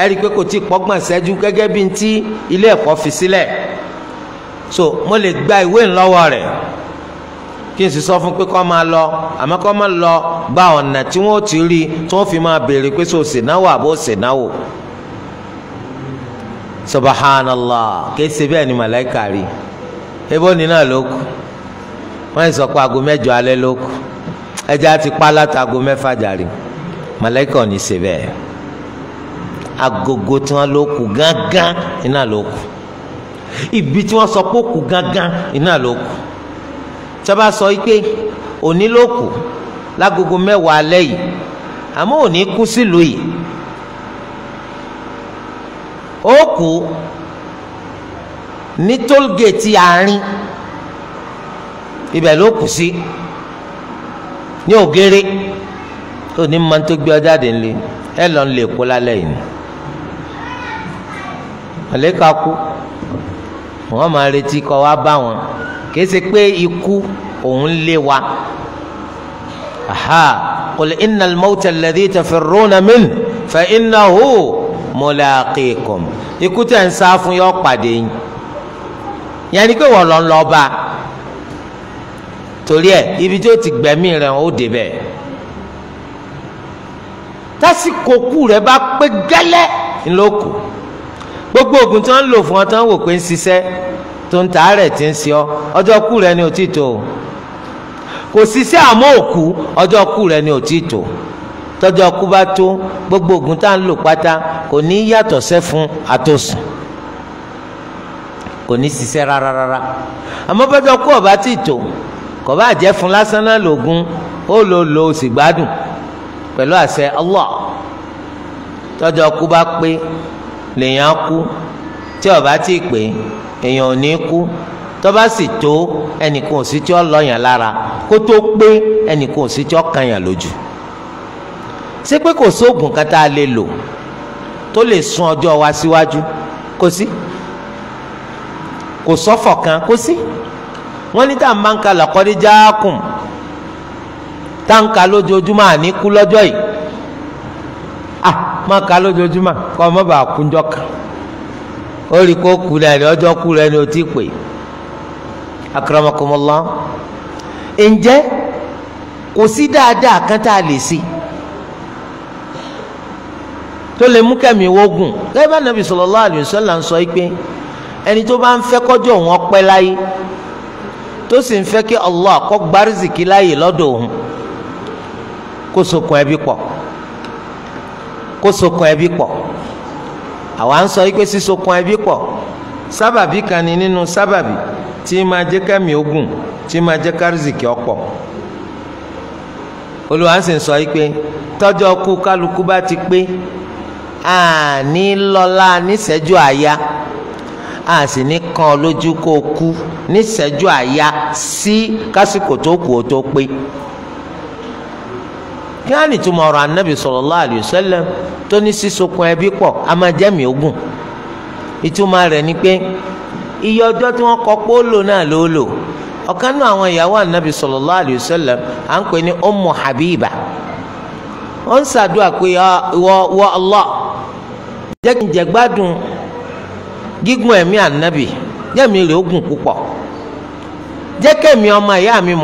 ẹ rí i pé kò tí ì pọ́gbọ̀n ṣẹ́jú gẹ́gẹ́ bí ti ilé ẹ̀kọ́ fi sílẹ̀ so mo lè gba ìwé ńlọ́wọ́ rẹ̀ kí n sì sọ fún pé kó máa lọ àmọ́ kó máa lọ gba ọ̀nà tí wọ́n ti rí tí wọ́n fi máa béèrè pé so sènáwó àbó sènáwó subhanallah kì í ṣe bẹ́ẹ̀ ni màláìka rí ebó ni náà ló kù wọ́n sọ pé aago mẹ́jọ alẹ́ ló kù ẹja ti pa látago mẹ́fà jàre màláìka ò ní ṣe bẹ́ẹ̀ agogo tí wọ́n ló kù gángan iná ló kù ibi tí wọ́n sọ pé ó kù gángan iná ló kù tọ́ba sọ pé òní ló kù lágogo mẹ́wàá alẹ́ yìí àmọ́ òní kú sílùú yìí ó kú ní tólgèètì àárín ibẹ̀ ló kù sí ní ògèrè tó ní mọ́ tó gbé ọ jáde ńlẹ̀ ẹ lọ́n lè kó lálẹ́ yìí àlékà kú wọ́n máa retí kọ́ wá bá wọn kìí ṣe pé ikú òun lé wa aha qul innal mawta alladhi tafirruna min fa innahu mulaqikum ikú tẹ̀ ń sá fún yọ pàdé yín yẹn ni pé wọ́n lọ ń lọ bá torí ẹ ibi tí ó ti gbẹ̀mí rẹ̀ ó débẹ̀ tásìkò kú rẹ̀ bá pé gẹ́lẹ́ ńlọ́kù gbogbo oògùn tí wọ́n ń lò fún ọ tí wọ́n wò pé ń ṣiṣẹ́ tó ń taarẹ̀ tí ń ṣe ọ́ ọjọ́ kú rẹ ni ò tí tó kò sí sí àmọ́ òkú ọjọ́ kú rẹ ni ò tí tó tọ́jọ́ kú bá tó gbogbo oògùn tá à ń lò pátá kò ní yàtọ̀ sẹ́fun àtòsùn kò ní ṣiṣẹ́ rárá rárá àmọ́ bọ́jọ́ kú ọ̀bá tí tó kò bá jẹ́ fún lásán náà lògùn ó lò lò ó sì gbádùn pẹ̀lú àṣẹ Allah tọ́jọ́ kú bá pé lèèyàn kú tí ọ̀bá tí pé èèyàn ò ní kú tó bá sì tó ẹnìkan ò sí tí ó lọ́yàn lára kó tó pé ẹnìkan ò sí tí ó kànyàn lójú ṣé pé kò sóògùn kan tá a lè lò tó lè sún ọjọ́ wa síwájú kò sí kò sọ́fọ̀ kan kò sí wọ́n ní tá máa ń ka laqad jā'akum tá lójoojúmọ́ àní kú lọ́jọ́ yìí ah máa ka lójoojúmọ́ kọ́ ọ má bàa kú ńjọ́ kan. ó rí kó ku rẹ̀ rí ọjọ́ kú ni o ti pè akramakumullah ǹjẹ́ kò sí dáadáa kan tá a lè sí tó lè mú kẹ́mi wógùn gẹ́gẹ́ bá nàbì sallallahu alaihi wasallam sọ pé ẹni tó bá ń fẹ́ kọ́jọ́ òun ọpẹ́ láyé tó sì ń fẹ́ kí Allah kó gba láyè lọ́dọ̀ òun kó sokùn ẹbí pọ̀ àwa ń sọ yìí pé sísokun ẹbí pọ̀ sábàbí kan ni nínú sábàbí tí máa jẹ́ kẹ́mi ogun tí máa jẹ́ kárìsìkì ọ̀pọ̀ olùwà sì ń sọ yìí pé tọ́jọ́ kú kálukú bá ti pé àní lọ́la níṣẹ́jú àyà a sì ní kan lójú kó kú níṣẹ́jú àyà sí kásìkò tó kù ó tó pé. kí á nìtumọ̀ ọ̀rọ̀ anábì sallallahu alayhi wa tó ní sísokun ẹbí pọ̀ a máa jẹ́mi ogun. ìtumọ̀ rẹ̀ ni pé iye ọjọ́ tí wọ́n kọ póòlò náà ló lò ọ̀kan náà àwọn ìyàwó anábì sallallahu alayhi wa à ń ní Habiba wọ́n ń pé wọ́ jẹ́ kí n gbádùn gígùn ẹ̀mí jẹ́mi rẹ̀ púpọ̀ jẹ́ kẹ́mi ọmọ ìyá mi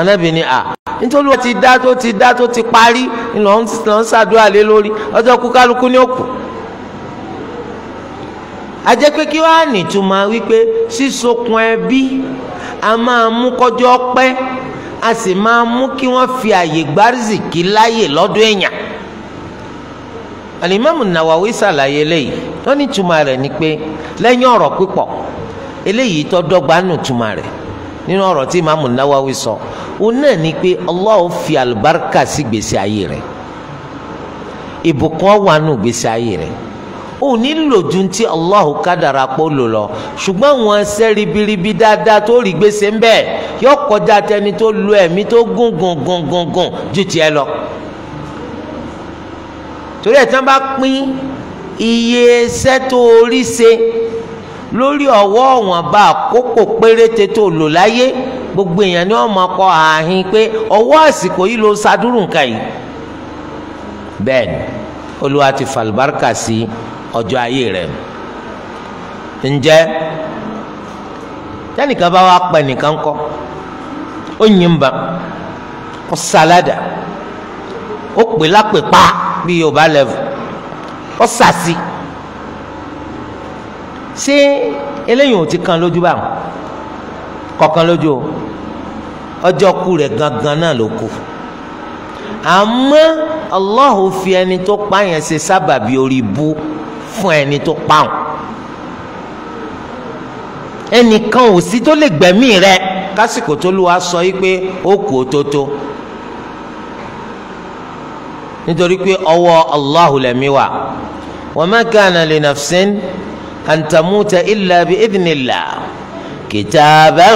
anábìíní à nítorí wọ́n ti dá tó ti dá tó ti parí ńlọ ń ṣàdúrà lé lórí ọjọ́ kú kálukú ní òkú. ajẹ́ pé kí wàá nìtumọ̀ wípé sísokun ẹbí a máa mú kọjọ́ pẹ́ a sì máa mú kí wọ́n fi àyè gbárùsìkì láàyè lọ́dọ̀ èèyàn. alimami Nawawi ṣàlàyé eléyìí wọ́n rẹ̀ ni pé lẹ́yìn ọ̀rọ̀ pípọ̀ eléyìí tó dọ́gba nù rẹ̀ nínú ọ̀rọ̀ tí imaamu nawawi sọ òun náà ni pé Allah fi àlùbáríkà sí gbèsè ayé rẹ̀ ìbùkún wà nù gbèsè ayé rẹ̀ ò ní lò ju ti Allah kádàrà pọ̀ lò lọ ṣùgbọ́n wọn ṣe ribiribi dáadáa tó rí gbèsè ń bẹ̀ yọ kọjá tẹni tó lu ẹ̀mí tó gùn gùn gùn gùn gùn ju tiẹ̀ lọ torí ẹ̀ tí wọ́n bá pín iye iṣẹ́ tó rí ṣe lórí ọwọ́ ọ̀wọ́n bá àkókò péréte tó lò láyé gbogbo èèyàn ni wọ́n mọ̀ kọ́ ààhin pé ọwọ́ àsìkò yìí ló sadúrù nǹkan yìí bẹ́ẹ̀ olúwa ti fàlùbáríkà sí ọjọ́ ayé rẹ̀ ǹjẹ́ tẹ́nìkan bá wá pa ẹnìkan kọ́ ó yìnbà ó sàládà ó pè lápè pa bí yorùbá lẹ́vù ó ṣé eléyìí ò ti kan lójú báwọn kọ̀kan lójú o ọjọ́ ku rẹ̀ gangan náà ló kù àmọ́ Allahu fi ẹni tó pa yẹn ṣe sábàbí orí bú fún ẹni tó pa wọn ẹnìkan ò sí tó lè gbẹ̀mí rẹ̀ kásìkò tó lù wá sọ yìí pé ó kù ó tótó nítorí pé ọwọ́ Allahu lẹ̀mí wà wa ma kana li nafsin. antamuta illa bi idinila kìtàbà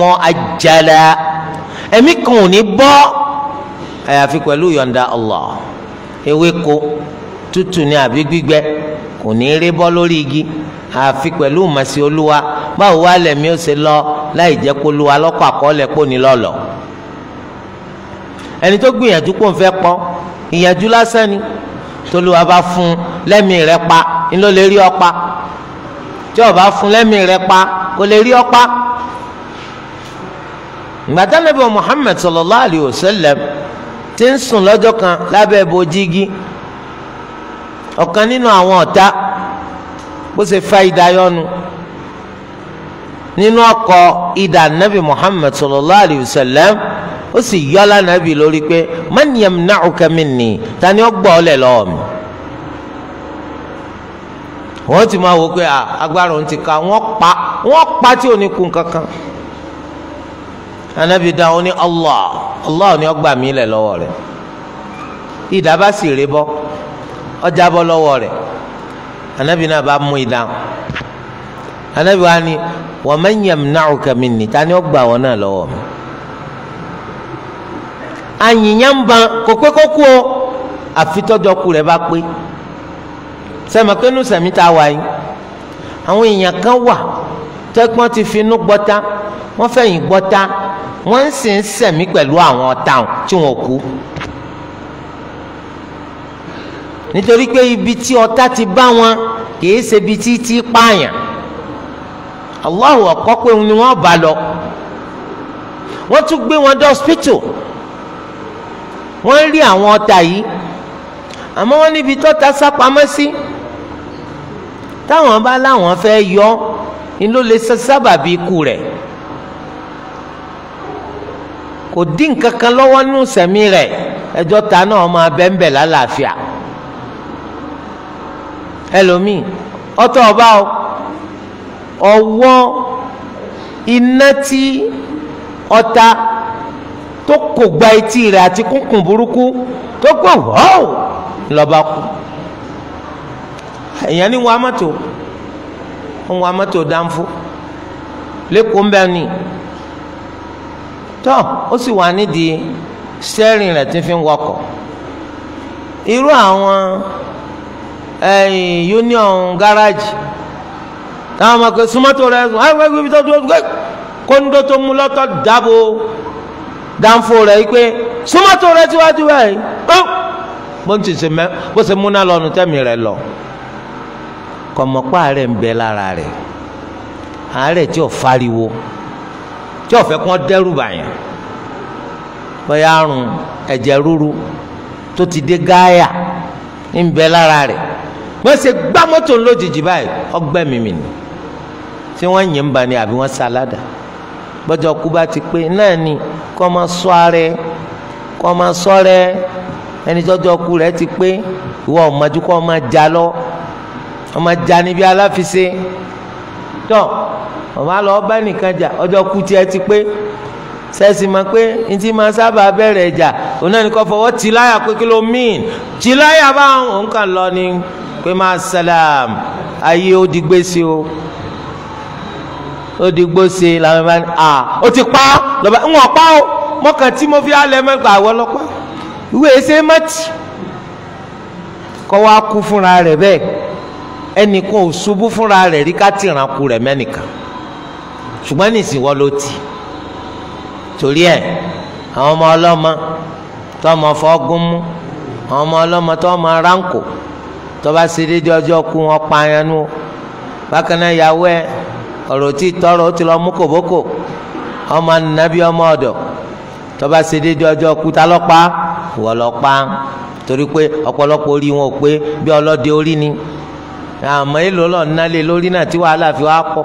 mọ àjàlá ẹ̀mí kan ò ní bọ́ àyàfi pẹ̀lú yọ̀ǹda Allah ewéko tútù ní àbí gbígbẹ kò ní rí bọ́ lórí igi àfi pẹ̀lú màsí olúwa báwo wá lẹ̀mí ó ṣe lọ láì jẹ́ kó lu alọ́kọ̀ àkọọ́lẹ̀ pò ní lọ́lọ́ ẹni tó gbìyànjú kó n fẹ́ pọ́ ìyànjú lásán ni tolúwa bá fún un rẹ pa ńlọ lè rí ọ pa tí ọba fún lẹ́mìí rẹ pa kò lè rí ọpa gbàtà nàbẹ Muhammad sallallahu alayhi wa sallam ti ń sùn lọ́jọ́ kan lábẹ́ bojigi ọ̀kan nínú àwọn ọ̀tá bó ṣe fa ìdáyọnu nínú ọkọ̀ idà nàbẹ Muhammad sallallahu alayhi wa sallam ó sì yọ́lá nàbẹ lórí pé man yamna'uka minni ta ni ó gbọ́ ọ lẹ̀ lọ́wọ́ mi. wọ́n ti máa wò pé agbára òun ti ka wọ́n pa wọ́n pa tí ò ni kun kankan anabi dáhùn ni allah allah ni ó mi mí lọwọ rẹ. rẹ̀ ìdá bá sì rè bọ́ ó jábọ́ lọ́wọ́ rẹ̀ anabi náà bá mú ìdá anabi wa ni wa man yamna'uka minni ta ni ó gbà wọ́n náà lọ́wọ́ mi àyìnyàn ban kò pé kó kú o àfitọ́jọ́ ku rẹ̀ bá pé. sẹ́mọ̀kẹ́nu sẹ̀mí tá a wà yìí àwọn èèyàn kan wà tẹ́gbọ́n ti finú gbọ́ta wọ́n fẹ̀yìn gbọ́ta wọ́n ń sì ń sẹ̀mí pẹ̀lú àwọn táwọn tí wọ́n kú nítorí pé ibi tí ọ̀tá ti bá wọn kìí ṣe ibi tí tí pààyàn Allahu ọ̀kọ́ pé ni wọ́n bá lọ wọ́n tún gbé wọn dé hospital wọ́n rí àwọn ọ̀tá yìí àmọ́ wọ́n níbi tó ta sápamọ́ sí. Si táwọn bá láwọn fẹ́ yọ ni ló lè sábàbí ikú rẹ̀ kò dín kankan lọ́wọ́ nínú sẹ̀mí rẹ̀ ẹjọ́ ta náà máa bẹ́ńbẹ̀ lálàáfíà ẹlòmíì ọtọ ọba ọwọ́ iná tí ọta tó kò gba etí rẹ̀ àti kúnkùn burúkú tó gbọ̀ wọ́ọ̀ lọ́ba kú èèyàn ní wa mọ́tò ń wa mọ́tò dánfó lẹ́kọ̀ọ́ ń bẹ́ ni tọ́ ó sì wà nídìí sẹ́rìn rẹ̀ tí fi ń wakọ̀ irú àwọn eh, union garage táwọn ọmọ kan súnmọ́tò rẹ̀ kóńdó tó mú lọ́tọ̀ dáàbò dánfó rẹ̀ yìí pé súnmọ́tò rẹ̀ tíwájú báyìí bó ń tì sí mẹ́ bó ṣe múná lọ́nu tẹ́mi rẹ̀ lọ kọ̀mọ̀pá rẹ̀ ń bẹ lára rẹ̀ àárẹ̀ tí ò fariwo tí ò fẹ́ kán dẹ́rù bàyàn bóyá àrùn ẹ̀jẹ̀ ríru tó ti dé gáyà ń bẹ lára rẹ̀ wọ́n ṣe gbá mọ́tò lójijì báyìí ọgbẹ́ mímì ni tí wọ́n yìn bá ní àbí wọ́n ṣàládà gbọ́dọ̀ kú bá ti pé náà ni kọ́ máa sọ ààrẹ kọ́ máa sọ rẹ ẹni tọ́jọ́ kú rẹ ti pé ìwọ ọ̀mọ́jú máa já lọ ọmọ jà níbi aláfiṣe tọ ọmọ àlọ ọba nìkan jà ọjọ́ kú tiẹ̀ ti pé sẹ́sì máa pé ntí máa sábà bẹ̀rẹ̀ ìjà òun náà ní kó fọwọ́ tì láyà pé kí ló mean tì láyà báwọn òun kàn lọ ni pé máa sàlám ayé ó di gbèsè o ó di gbèsè làwọn bá ní à ó ti pa lọ́ba ń wọ̀n pa o mọ́kàn tí mo fi alẹ́ mẹ́gbà àwọ̀ lọ́pàá ìwé ẹsẹ̀ mọ́tì kọ́ wa kú fúnra rẹ̀ bẹ́ẹ̀ ẹnìkan ò ṣubú fúnra rẹ̀ rí ká ti ràn kú rẹ̀ mẹ́nìkan ṣùgbọ́n nìsín wọ́n ló ti torí ẹ̀ àwọn ọmọ ọlọ́mọ tó ọmọ fọ́gún mú àwọn ọmọ ọlọ́mọ tó ọmọ ránkò tó bá ṣe déédéé ọjọ́ kú wọn pa ayan nù bákan náà yàwó ẹ ọ̀rọ̀ tí tọrọ ó ti lọ mú kòbókò ọmọ nàbí ọmọ ọ̀dọ̀ tó bá ṣe déédéé ọjọ́ kú ta lọ́pàá wọ́n lọ́pàá torí pé ọ̀pọ̀lọpọ̀ orí wọn ò pé bí ọlọ́dẹ orí ni àmọ́ èlò nálé lórí náà tí wàhálà fi wá pọ̀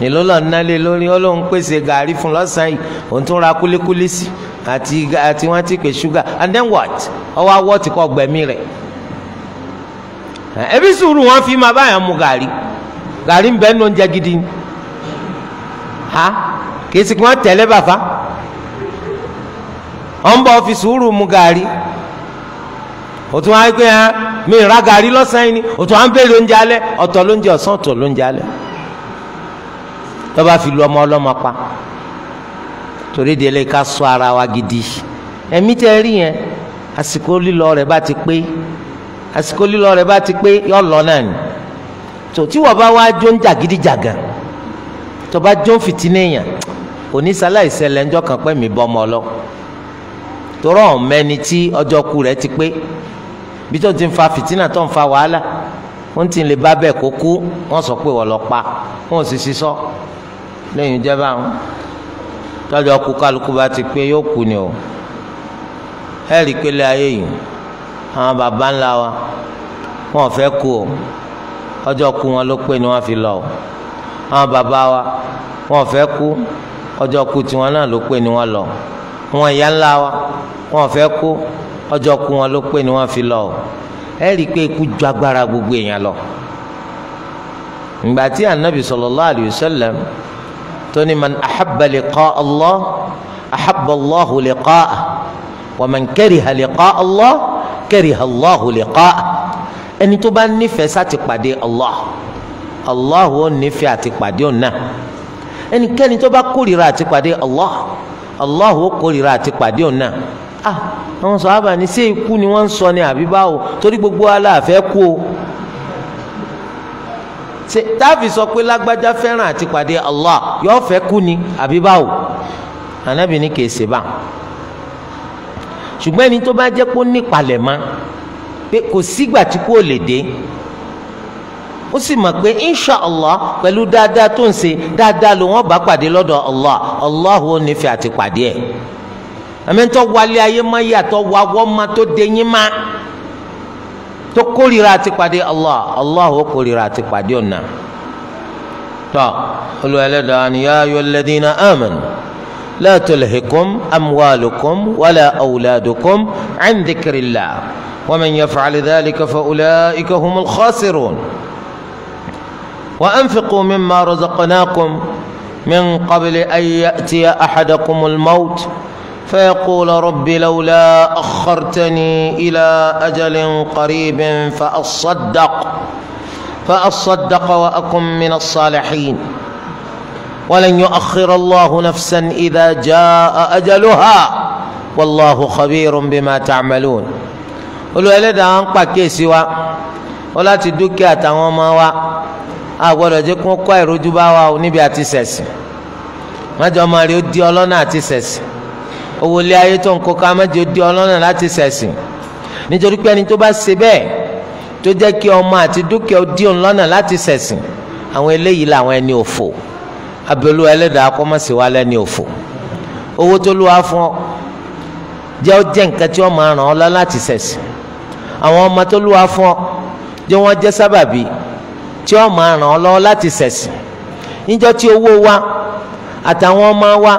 èlò nálé lórí ó lóun pèsè gàrí fún lọ́sàn-án yìí òun tún ra kúlíkúlí sí àti àti wọ́n ti pè ṣúgà and then what ọwọ́ awọ́ ti kọ́ gbẹ̀mí rẹ̀ ẹbí sùúrù wọn fi máa báyà mu gàrí gàrí ń gidi ha kì í sì kí wọ́n tẹ̀lé bàfá fi sùúrù gàrí òtún mi ra gàrí lọ́sàn-án ni òtún à ń béèrè oúnjẹ alẹ́ ọ̀tọ̀ lóúnjẹ ọ̀sán ọ̀tọ̀ lóúnjẹ alẹ́ tọ́ba fi lu ọmọ ọlọ́mọ pa torí délé ká sọ ara wa gidi ẹ̀mí tẹ́ rí yẹn àsìkò lílọ rẹ̀ bá ti pé àsìkò lílọ rẹ̀ bá ti pé yọ lọ náà ni tó tí wọ́n bá wá jó ń jàgídíjàgàn tó bá jó ń fìtínẹ́yàn onísàlàìsẹlẹ̀ ńjọ́ kan pẹ́ mi bọ́ ọmọ lọ torọ́ ọ̀mẹ́ni tí ọjọ́ ku rẹ̀ ti pé bí tó ti ń fa fìtínà tó ń fa wàhálà wọ́n ti lè bá bẹ́ẹ̀ kó kú wọ́n sọ pé wọ́n lọ pa wọ́n sì sí sọ lẹ́yìn ìjẹba àwọn tọ́jú ọkú kálukú bá ti pé yóò kú ni o ẹ rí ayé yìí àwọn baba ńlá wa wọn ò kú o ọjọ́ kú wọn ló pé ni wọ́n fi lọ o àwọn baba wa wọn ò kú ọjọ́ kú tiwọn náà ló pé ni wọ́n lọ wọn ìyá ńlá wa wọn ò kú ọjọ́ kú wọn ló pé ni wọ́n fi lọ o ẹ rí i pé ikú ju agbára gbogbo èèyàn lọ. ìgbà tí anabi sallallahu alayhi wa sallam tó ní man ahabba liqa Allah ahabba Allahu liqa'ah wa man kariha liqa Allah kariha Allahu liqa'ah ẹni tó bá nífẹ̀ẹ́ sáti pàdé Allah Allah ó nífẹ̀ẹ́ àti pàdé ọ̀nà ẹnikẹ́ni tó bá kórìíra àti pàdé Allah Allah ó kórìíra àti pàdé ọ̀nà ah àwọn sọ̀hábà ní ṣé ikú ni wọ́n ń sọ ni àbí báwo torí gbogbo aláàfẹ́ kú o ṣe táàfì sọ pé lágbájá fẹ́ràn àti pàdé Allah yóò fẹ́ kú ni àbí báwo ànábì ní kèsì bá ṣùgbọ́n ẹni tó bá jẹ́ pé ó ní palẹ̀mọ́ pé kò sígbà tí kò lè dé ó sì mọ̀ pé insha allah pẹ̀lú dáadáa tó ń ṣe dáadáa ló wọ́n bá pàdé lọ́dọ̀ allah allah ò nífẹ̀ẹ́ àti pàdé ẹ̀. àmẹ́ńtọ́ wálé ayé má yàtọ̀ wá wọ́ má tó dẹ́yìn má tó kórìíra àti pàdé Allah Allah ó kórìíra àti pàdé ọ̀nà tọ́ Olúwa Ẹlẹ́dàá ni yā ayyuhalladhīna āmanū lā tulhikum amwālukum walā awlādukum 'an dhikrillāh wa man yaf'al dhālika fa ulā'ika humul khāsirūn wa anfiqū mimmā razaqnākum min qabli an ya'tiya فيقول رب لولا أخرتني إلى أجل قريب فأصدق فأصدق وأكن من الصالحين ولن يؤخر الله نفسا إذا جاء أجلها والله خبير بما تعملون olùwẹ̀lẹ́dàá ń pàkíyèsí wa ó láti dúkìá àtàwọn ọmọ wa a gbọ́dọ̀ jẹ́ kó kọ́ ìrójú bá wa níbi àti sẹ̀sìn májọ́ ọmọ rẹ̀ ó di ọlọ́nà àti sẹ̀sìn owó ilé ayé tó ń kó ká mẹ́jọ di ọlọ́nà láti ṣẹ̀sìn nítorí pé ẹni tó bá ṣe bẹ́ẹ̀ tó jẹ́ kí ọmọ àti dúkìá di ọlọ́nà láti ṣẹ̀sìn àwọn eléyìí làwọn ẹni òfò abẹ́lú ẹlẹ́dàá kọ́ mọ̀ sí wa lẹ́ni òfò owó tó lù wá fún ọ jẹ́ ó jẹ́ nǹkan tí wọ́n máa ràn ọ́ lọ láti ṣẹ̀sìn àwọn ọmọ tó lù wá fún ọ jẹ́ wọ́n jẹ́ sábàbí tí wọ́n ràn ọ́ lọ láti ṣẹ̀sìn níjọ́ tí owó wa àtàwọn ọmọ wa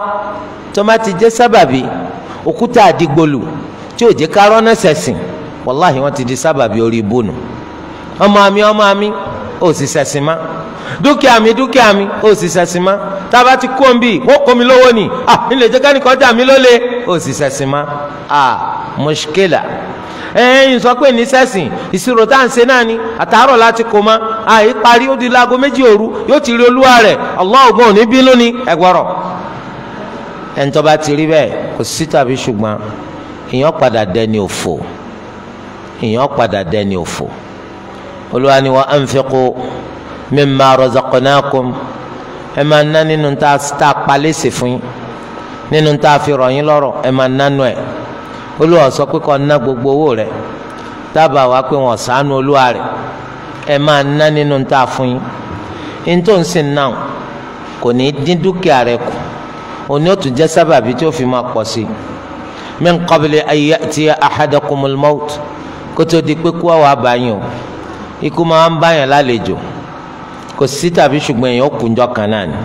tó má ti jẹ́ sábàbí òkúta àdìgbòlù tí ò jẹ́ ká rọ́nà sẹ̀sìn wàláhì wọ́n ti di sábàbí orí ibùnú ọmọ mi ọmọ mi ò sì sẹ̀sìn má dúkìá mi dúkìá mi ò sì sẹ̀sìn má tá a bá ti kó ń bì wọ́n kó mi lówó ni ah nílẹ̀ jẹ́ kẹ́nìkan dà mí lólè ò sì sẹ̀sìn má ah mọ̀ṣíkèlà ẹ̀yin sọ pé nísẹ̀sìn ìṣirò tá à ń ṣe náà ni àtàárọ̀ láti kó ma àyíparí ó di láago méjì òru yóò ti rí olúwa rẹ̀ Allah ògbọ́n bínú ni ẹ̀gbọ́rọ̀ ẹni tó bá ti rí bẹ́ẹ̀ kò sí tàbí ṣùgbọ́n èèyàn padà dẹni òfò èèyàn padà dẹni òfò Olúwa ni wa anfiqu mimma razaqnakum ẹ máa ná nínú tá a palẹ́sì fún yín nínú tá a fi rọ̀ yín lọ́rọ̀ ẹ máa nánú ẹ̀ Olúwa sọ pé kó ná gbogbo owó rẹ̀ dábàá wá pé wọ́n ṣàánú Olúwa rẹ̀ ẹ máa ná nínú tá a fún yín ní náà kò ní dín dúkìá rẹ̀ kù òní ó tún jẹ́ sábàbí tí ó fi máa pọ̀ sí i min qabli an ya'tiya ahadakumul maut kó tó di pé kú àwọn abayín o ikú máa ń báyàn lálejò kò sí tàbí ṣùgbọ́n èèyàn ó kú njọ́ kan náà ni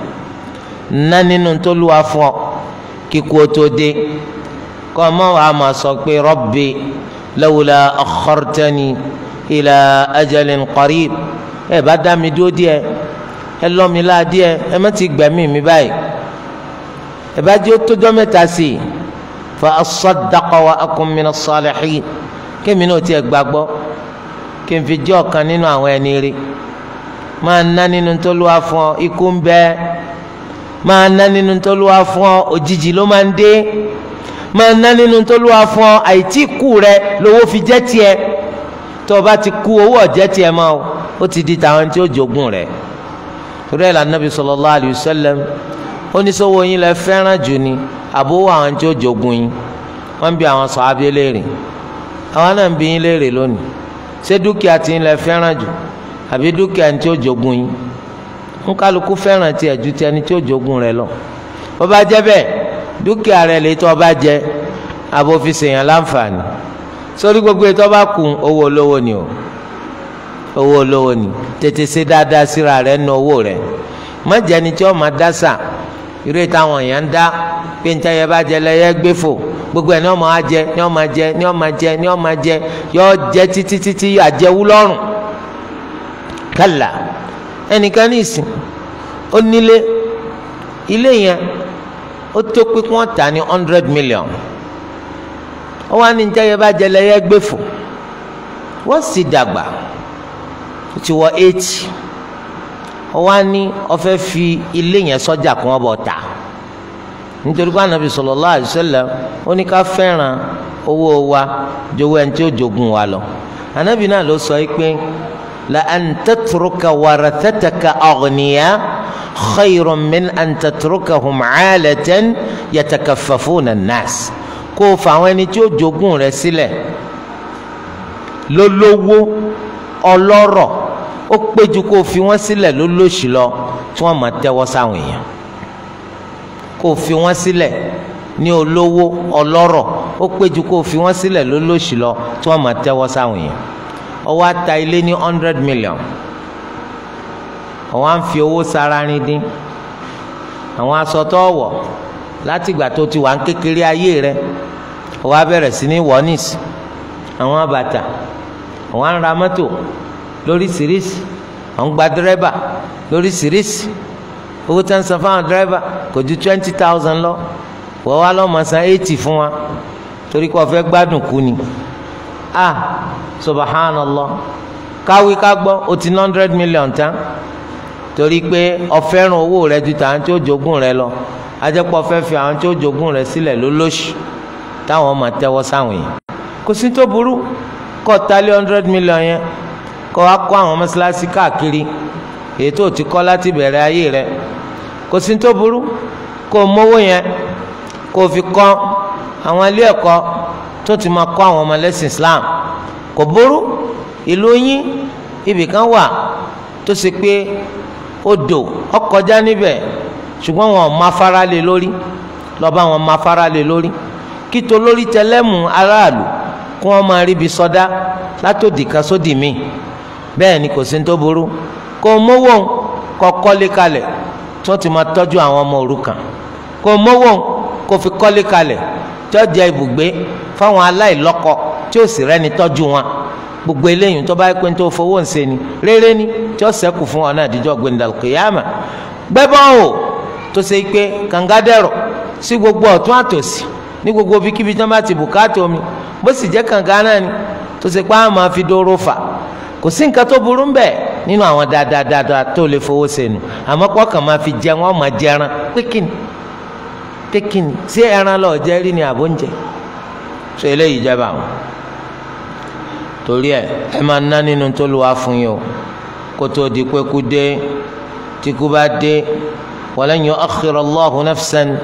ná nínú tó lù wá fún ọ kíkú ó tó dé kọ́ mọ́ wàá máa sọ pé rabbi lawla akhartani ila ajalin qarib ẹ bá dá mi dúró díẹ̀ ẹ lọ́ mi láà ẹ má ti gbẹ̀mí mi báyìí ìbájú ó tójọ́ mẹ́ta sí i fa asaddaqa wa akun minas salihin kémi náà tiẹ̀ gbàgbọ́ kí n fi jẹ́ ọ̀kan nínú àwọn ẹni rí máa ná nínú tó lúwa fún ọ ikú ń bẹ máa ná nínú tó lúwa fún ọ òjijì ló máa ń dé máa ná nínú tó lúwa fún àìtí ikú rẹ lówó fi jẹ́ tiẹ̀ tó o bá ti kú owó ọ̀jẹ́ tiẹ̀ mọ́ o ó ti di tàwọn tí ó jogún rẹ̀ torí ẹ̀ la Nabi sallallahu alayhi oníṣòwò yín lẹ fẹ́ràn jù ni àbówó àwọn tí ó jogun yín wọ́n ń bi àwọn sàábé léèrè àwọn náà ń bi yín léèrè lónìí ṣé dúkìá tí yín lẹ fẹ́ràn jù àbí dúkìá tí ó jogun yín ń kálukú fẹ́ràn tiẹ̀ ju ti ẹni tí ó jogun rẹ̀ lọ bó bá jẹ́ bẹ́ẹ̀ dúkìá rẹ̀ lè tó bá jẹ àbò fi ṣèyàn láǹfààní sórí gbogbo ètò ọba kù owó olówó ni o owó olówó ni tètè ṣe dáadáa síra rẹ̀ nu owó rẹ̀ má jẹ́ tí ó máa dá sà irú ètò àwọn èèyàn ń dá pé níta yẹ bá jẹ lẹyẹ gbé fò gbogbo ẹ ní ọmọ ajẹ ní ọmọ ajẹ ní ọmọ ajẹ ní ọmọ ajẹ yọ jẹ títí títí àjẹwú lọ́rùn kálá ẹnìkan ní ìsìn ó nílé ilé yẹn ó tó pé kí ní hundred million ó wá ní níta yẹ bá jẹ lẹyẹ gbé wọ́n sì dàgbà ó ti wọ eighty wá ní ọfẹ́ fi ilé yẹn sọ́jà kún ọbọ̀ ta nítorí pé anabi sallallahu alaihi wasallam ó ní ká fẹ́ràn owó wa jowó ẹni tí ó jogun wa lọ anabi náà ló sọ pé la an tatruka warathataka aghniya khayrun min an tatrukahum 'alatan yatakaffafuna an kó o fa àwọn ẹni tí ó jogun rẹ sílẹ̀ lólówó ọlọ́rọ̀ ó péjú kó o fi wọ́n sílẹ̀ lólóṣì lọ tí wọ́n máa tẹ́wọ́ sáwọn èèyàn kó o fi wọ́n sílẹ̀ ní olówó ọlọ́rọ̀ ó péjú kó fi wọ́n sílẹ̀ lólóṣì lọ tí wọ́n máa tẹ́wọ́ sáwọn èèyàn ó wá ilé ní hundred million ó wá ń fi owó sara rin dín àwọn aṣọ tó wọ̀ látìgbà tó ti wà ń kékeré ayé rẹ̀ ó wá sí ní wọ́nìs àwọn bàtà ó wá ń lóríṣiríṣi àwọn gba dírẹ́bà lóríṣiríṣi owó tí wọ́n kò ju twenty thousand lọ wọ́n wá san eighty fún wa torí kò fẹ́ gbádùn kú ni ah subhanallah káwí ká gbọ́ o ti tán torí pé ọ̀fẹ́ràn owó rẹ ju àwọn tí ó jogún rẹ lọ ajẹ́pọ̀ fẹ́ àwọn tí ó kọ́ wa kọ́ àwọn mọ́ṣáláṣí káàkiri èyí tó ti kọ́ láti bẹ̀rẹ̀ ayé rẹ kò sí tó burú kó mówó yẹn kó fi kọ́ àwọn ilé ẹ̀kọ́ tó ti máa kọ́ àwọn ọmọ lẹ́sìn Islam kò burú ìlú yín ibìkan wà tó ṣe pé odò ọkọjá níbẹ̀ ṣùgbọ́n wọn ò máa fara lé lórí lọ́ba wọn máa fara lé lórí kí tó tẹlẹ́mù aráàlú kí wọ́n máa ríbi sọdá látòdì kan sódì míì bẹ́ẹ̀ ni kò sí ní tó burú kò mówó kó kọ́lé kalẹ̀ tí wọ́n ti máa tọ́jú àwọn ọmọ òrukàn kò mówó kó fi kọ́lé kalẹ̀ tí ó jẹ́ ibùgbé fáwọn aláìlọ́kọ tí ó sì rẹ́ni tọ́jú wọn gbogbo eléyìí tó bá yẹ pé tó fowó ń ṣe ni rere ni tí ó ṣẹ́kù fún wọn náà díjọ́ gbẹndàlùkìyàmà gbẹ́bọ́n o tó ṣe pé kàngádẹ́rọ̀ sí gbogbo ọ̀tún àtòsí ní gbogbo bíkíbi tí wọ́n bá ti bùkátà omi bó sì jẹ́ kànga náà ni tó ṣe pé àwọn máa fi dóró fà kò sí nǹkan tó burú mbẹ nínú àwọn dáadáa tó lè fowó sẹnu àmọ́ kọkàn máa fi jẹ wọn máa jẹran pékin pékin ṣé ẹran lọ jẹ rí ni àbó ṣe eléyìí jẹba àwọn torí ẹ ẹ máa ná nínú tó lu wá fún yín o kó tó di pé dé tí bá dé walan yu'akhkhira Allahu nafsan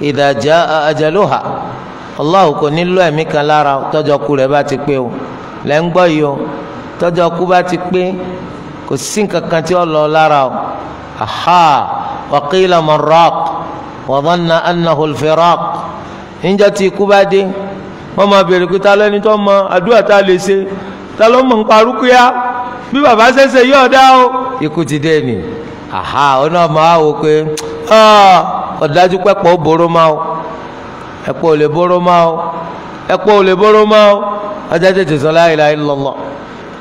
idha jaa ajaluha kò nílò ẹ̀mí kan lára tọ́jọ́ kú rẹ̀ bá ti pé o lẹ́ ń gbọ́ yìí o tọ́jọ́ kú bá ti pé kò sí nǹkan kan tí ó lọ lára o aha wa qila man raq wa dhanna annahu al-firaq níjọ́ tí ikú bá dé wọ́n máa bèrè pé ta lẹ́ni tó mọ àdúrà tá a lè ṣe ta ló mọ̀ ń parúkú yá bí bàbá ṣẹ̀ṣẹ̀ yọ̀ dá o ikú ti dé ni aha ó náà máa wò pé ọ̀dájú pẹ́pọ̀ ó boró máa o ẹ̀pọ̀ ò lè boró máa o ẹ̀pọ̀ ò lè boró máa o ọjà tètè sọ la ilaha illallah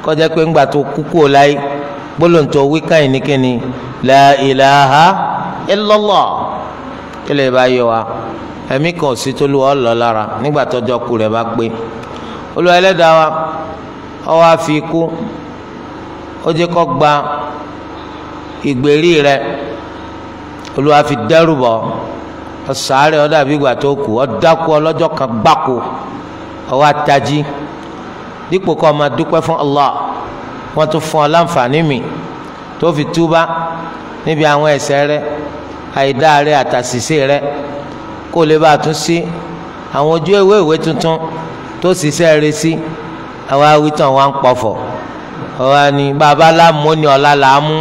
kọjá pé ńgbà tó kúkú ò láyé gbólóńtò wíkà yìí nìkíni la ilaha illallah kílẹ̀ bá yọ wa ẹ̀mí kan ò sí tó lù ọ́ lọ lára nígbà tọ́jọ́ kú rẹ̀ bá pé Olúwa ẹlẹ́dàá wa ọ wá fi kú ó jẹ́ kó gba ìgbèrí rẹ̀ Olúwa fi dẹ́rù bọ̀ ọ̀sàárẹ̀ ọ̀dàbí ìgbà tó kù ọ̀dákú ọlọ́jọ́ kan gbáko ọwọ́ atají dípò kó máa dúpẹ́ fún Allah wọ́n tún fún ọ láǹfààní mi tó fi túbá níbi àwọn ẹ̀ṣẹ̀ rẹ àìdá rẹ àtàṣìṣe rẹ kó lè bá a tún sí àwọn ojú ìwé ìwé tuntun tó ṣiṣẹ́ rẹ sí àwa wítàn wa ń pọ̀fọ̀ ọ̀wá ni bàbá láàmú ni ọ̀la làámú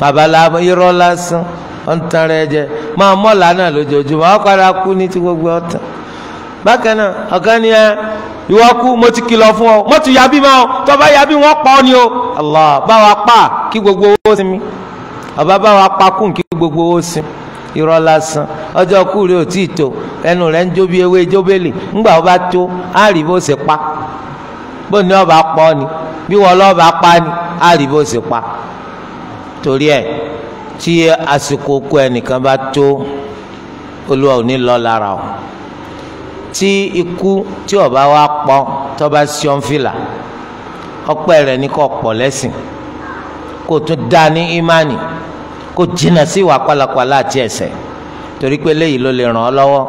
bàbá láàmú irọ́ lásán ọ̀ ń tan rẹ jẹ máa mọ́lá náà lójoojúmọ́ ọ̀kadà kú ní ti gbogbo ọ̀tàn. bákan náà ọ̀gá ni ẹ ìwọ kú mo ti kìlọ̀ fún ọ mo ti yabí ma ọ tó bá yabí wọn pa ọ ni o Allah bá wa pa kí gbogbo owó sinmi ọba bá wa pa kún kí gbogbo owó sinmi irọ́ lásán ọjọ́ kú rẹ ò tí ì tó ẹnu rẹ ń jó bí ewé jóbélé ńgbà ọba tó á rí bó ṣe pa bó ni ọba pa ọ ni bí wọn lọ́ba pa ni á rí bó ṣe pa torí ẹ tí àsìkò kú ẹnìkan bá tó olúwa ò ní lọ lára o. tí ikú tí ọba wa pọ tọba sionfila ọpẹ́ rẹ̀ ní kò pọ̀ lẹ́sìn kò tún dá ní ìmánì kò jìnnà sí ìwà pálapàla àti ẹ̀ṣẹ̀ torí pé léyìí ló lè ràn ọ́ lọ́wọ́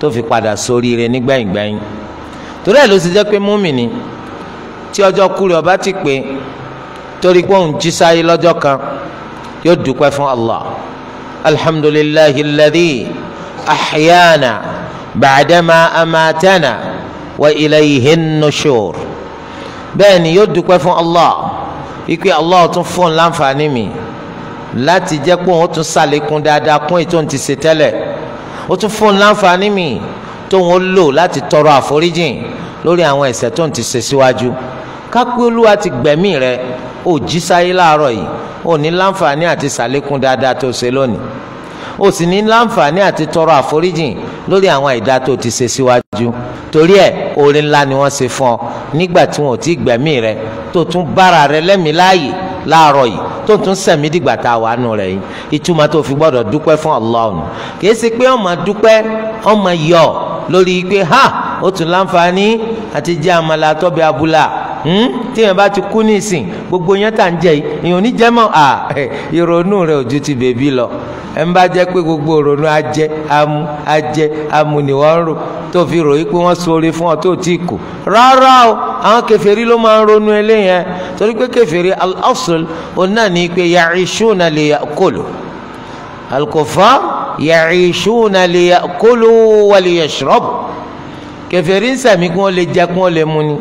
tó fi padà sóríire nígbẹ̀yìngbẹ̀yìn torí ẹ̀ ló sì jẹ́ pé múmìnì tí ọjọ́ kú ọba ti pé torí pé òun jí sáyé kan yóò dúpẹ́ fún Allah alhamdulillahi alladhi ahyana ba'dama amatana wa ilayhin nushur bẹ́ẹ̀ ni yóò dúpẹ́ fún Allah wípé Allah tún fún un láǹfààní mi láti jẹ́ pé òun tún ṣàlékún dáadáa kún ètò òun ti ṣe tẹ́lẹ̀ ó tún fún un láǹfààní mi tóun ó lò láti tọrọ àforíjìn lórí àwọn ẹ̀ṣẹ̀ tóun ti ṣe síwájú kápẹ́ ti gbẹ̀mí rẹ ó jí sáyé láàárọ̀ yìí ó ní láǹfààní àti ṣàlékún dáadáa tó ṣe lónìí o sì ní láǹfààní àti tọrọ àforíjìn lórí àwọn àìdá tó ti ṣe síwájú torí ẹ oore ńlá ni wọ́n ṣe fún ọ nígbà tí wọn ò tí gbẹ̀mí rẹ tó tún bára rẹ lẹ́mìí láàyè láàárọ̀ yìí tó tún sẹ̀mí dìgbà tá a wà nù rẹ̀ yìí ìtumọ̀ tó fi gbọ́dọ̀ dúpẹ́ fún Allah kì í ṣe pé ọmọ dúpẹ́ ọmọ yọ̀ lórí pé ha ó tún láǹfààní àti jẹ àmàlà àtọ́bí abúlà hmm? tí èèyàn bá ti kú ní ìsìn gbogbo yẹn tà ń jẹ yìí èèyàn ò ní jẹ mọ́ à ah, eh, ìrònú rẹ̀ ò ju ti bèbí lọ ẹ ń bá jẹ pé gbogbo ìrònú ajẹ amú ajẹ amú ni wọ́n ń rò tó fi rò yí pé wọ́n ṣoore fún ọ tó tí kù rárá o àwọn kèfèrí ló máa ń ronú eléyẹn torí pé kèfèrí al-asl ní pé ya'ishuna li ya'kulu al-kuffar ya'ishuna liya'kulu wa liyashrabu kèfèrí ń sàmì kí wọ́n lè jẹ kí wọ́n lè mu ni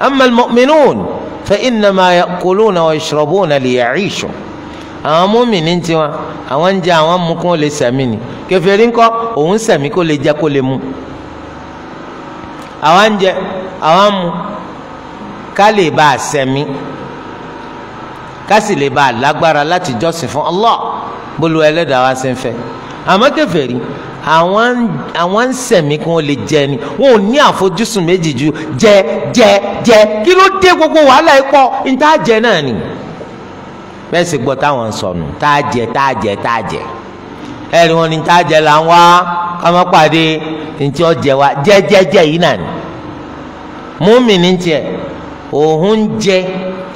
ammal mu'minun fa innama ya'kuluna wa yashrabuna liya'ishu àwọn mọ́mìnì ń tiwọn àwọn ń jẹ àwọn mú kí wọ́n lè sàmì ni kèfèrí ńkọ́ òun sàmì kó lè jẹ kó lè mu àwọn ń jẹ àwọn mu ká bá a sẹ̀mí ká bá a lágbára láti jọ́sìn fún Allah bólú ẹlẹ́dàá wa ṣe ń fẹ́. àmọ́ kèfèrí àwọn ń sẹ̀mí kí lè ni wọn ò ní àfojúsùn méjì ju jẹ jẹ jẹ kí ló dé gbogbo wàhálà yìí pọ̀ níta jẹ náà ni bẹ́ẹ̀ sì gbọ́ táwọn sọnù tá a jẹ tá a jẹ tá a jẹ ẹ̀rí wọn ni tá a ọ jẹ wa yìí náà ni múmi ní tiẹ̀ òun jẹ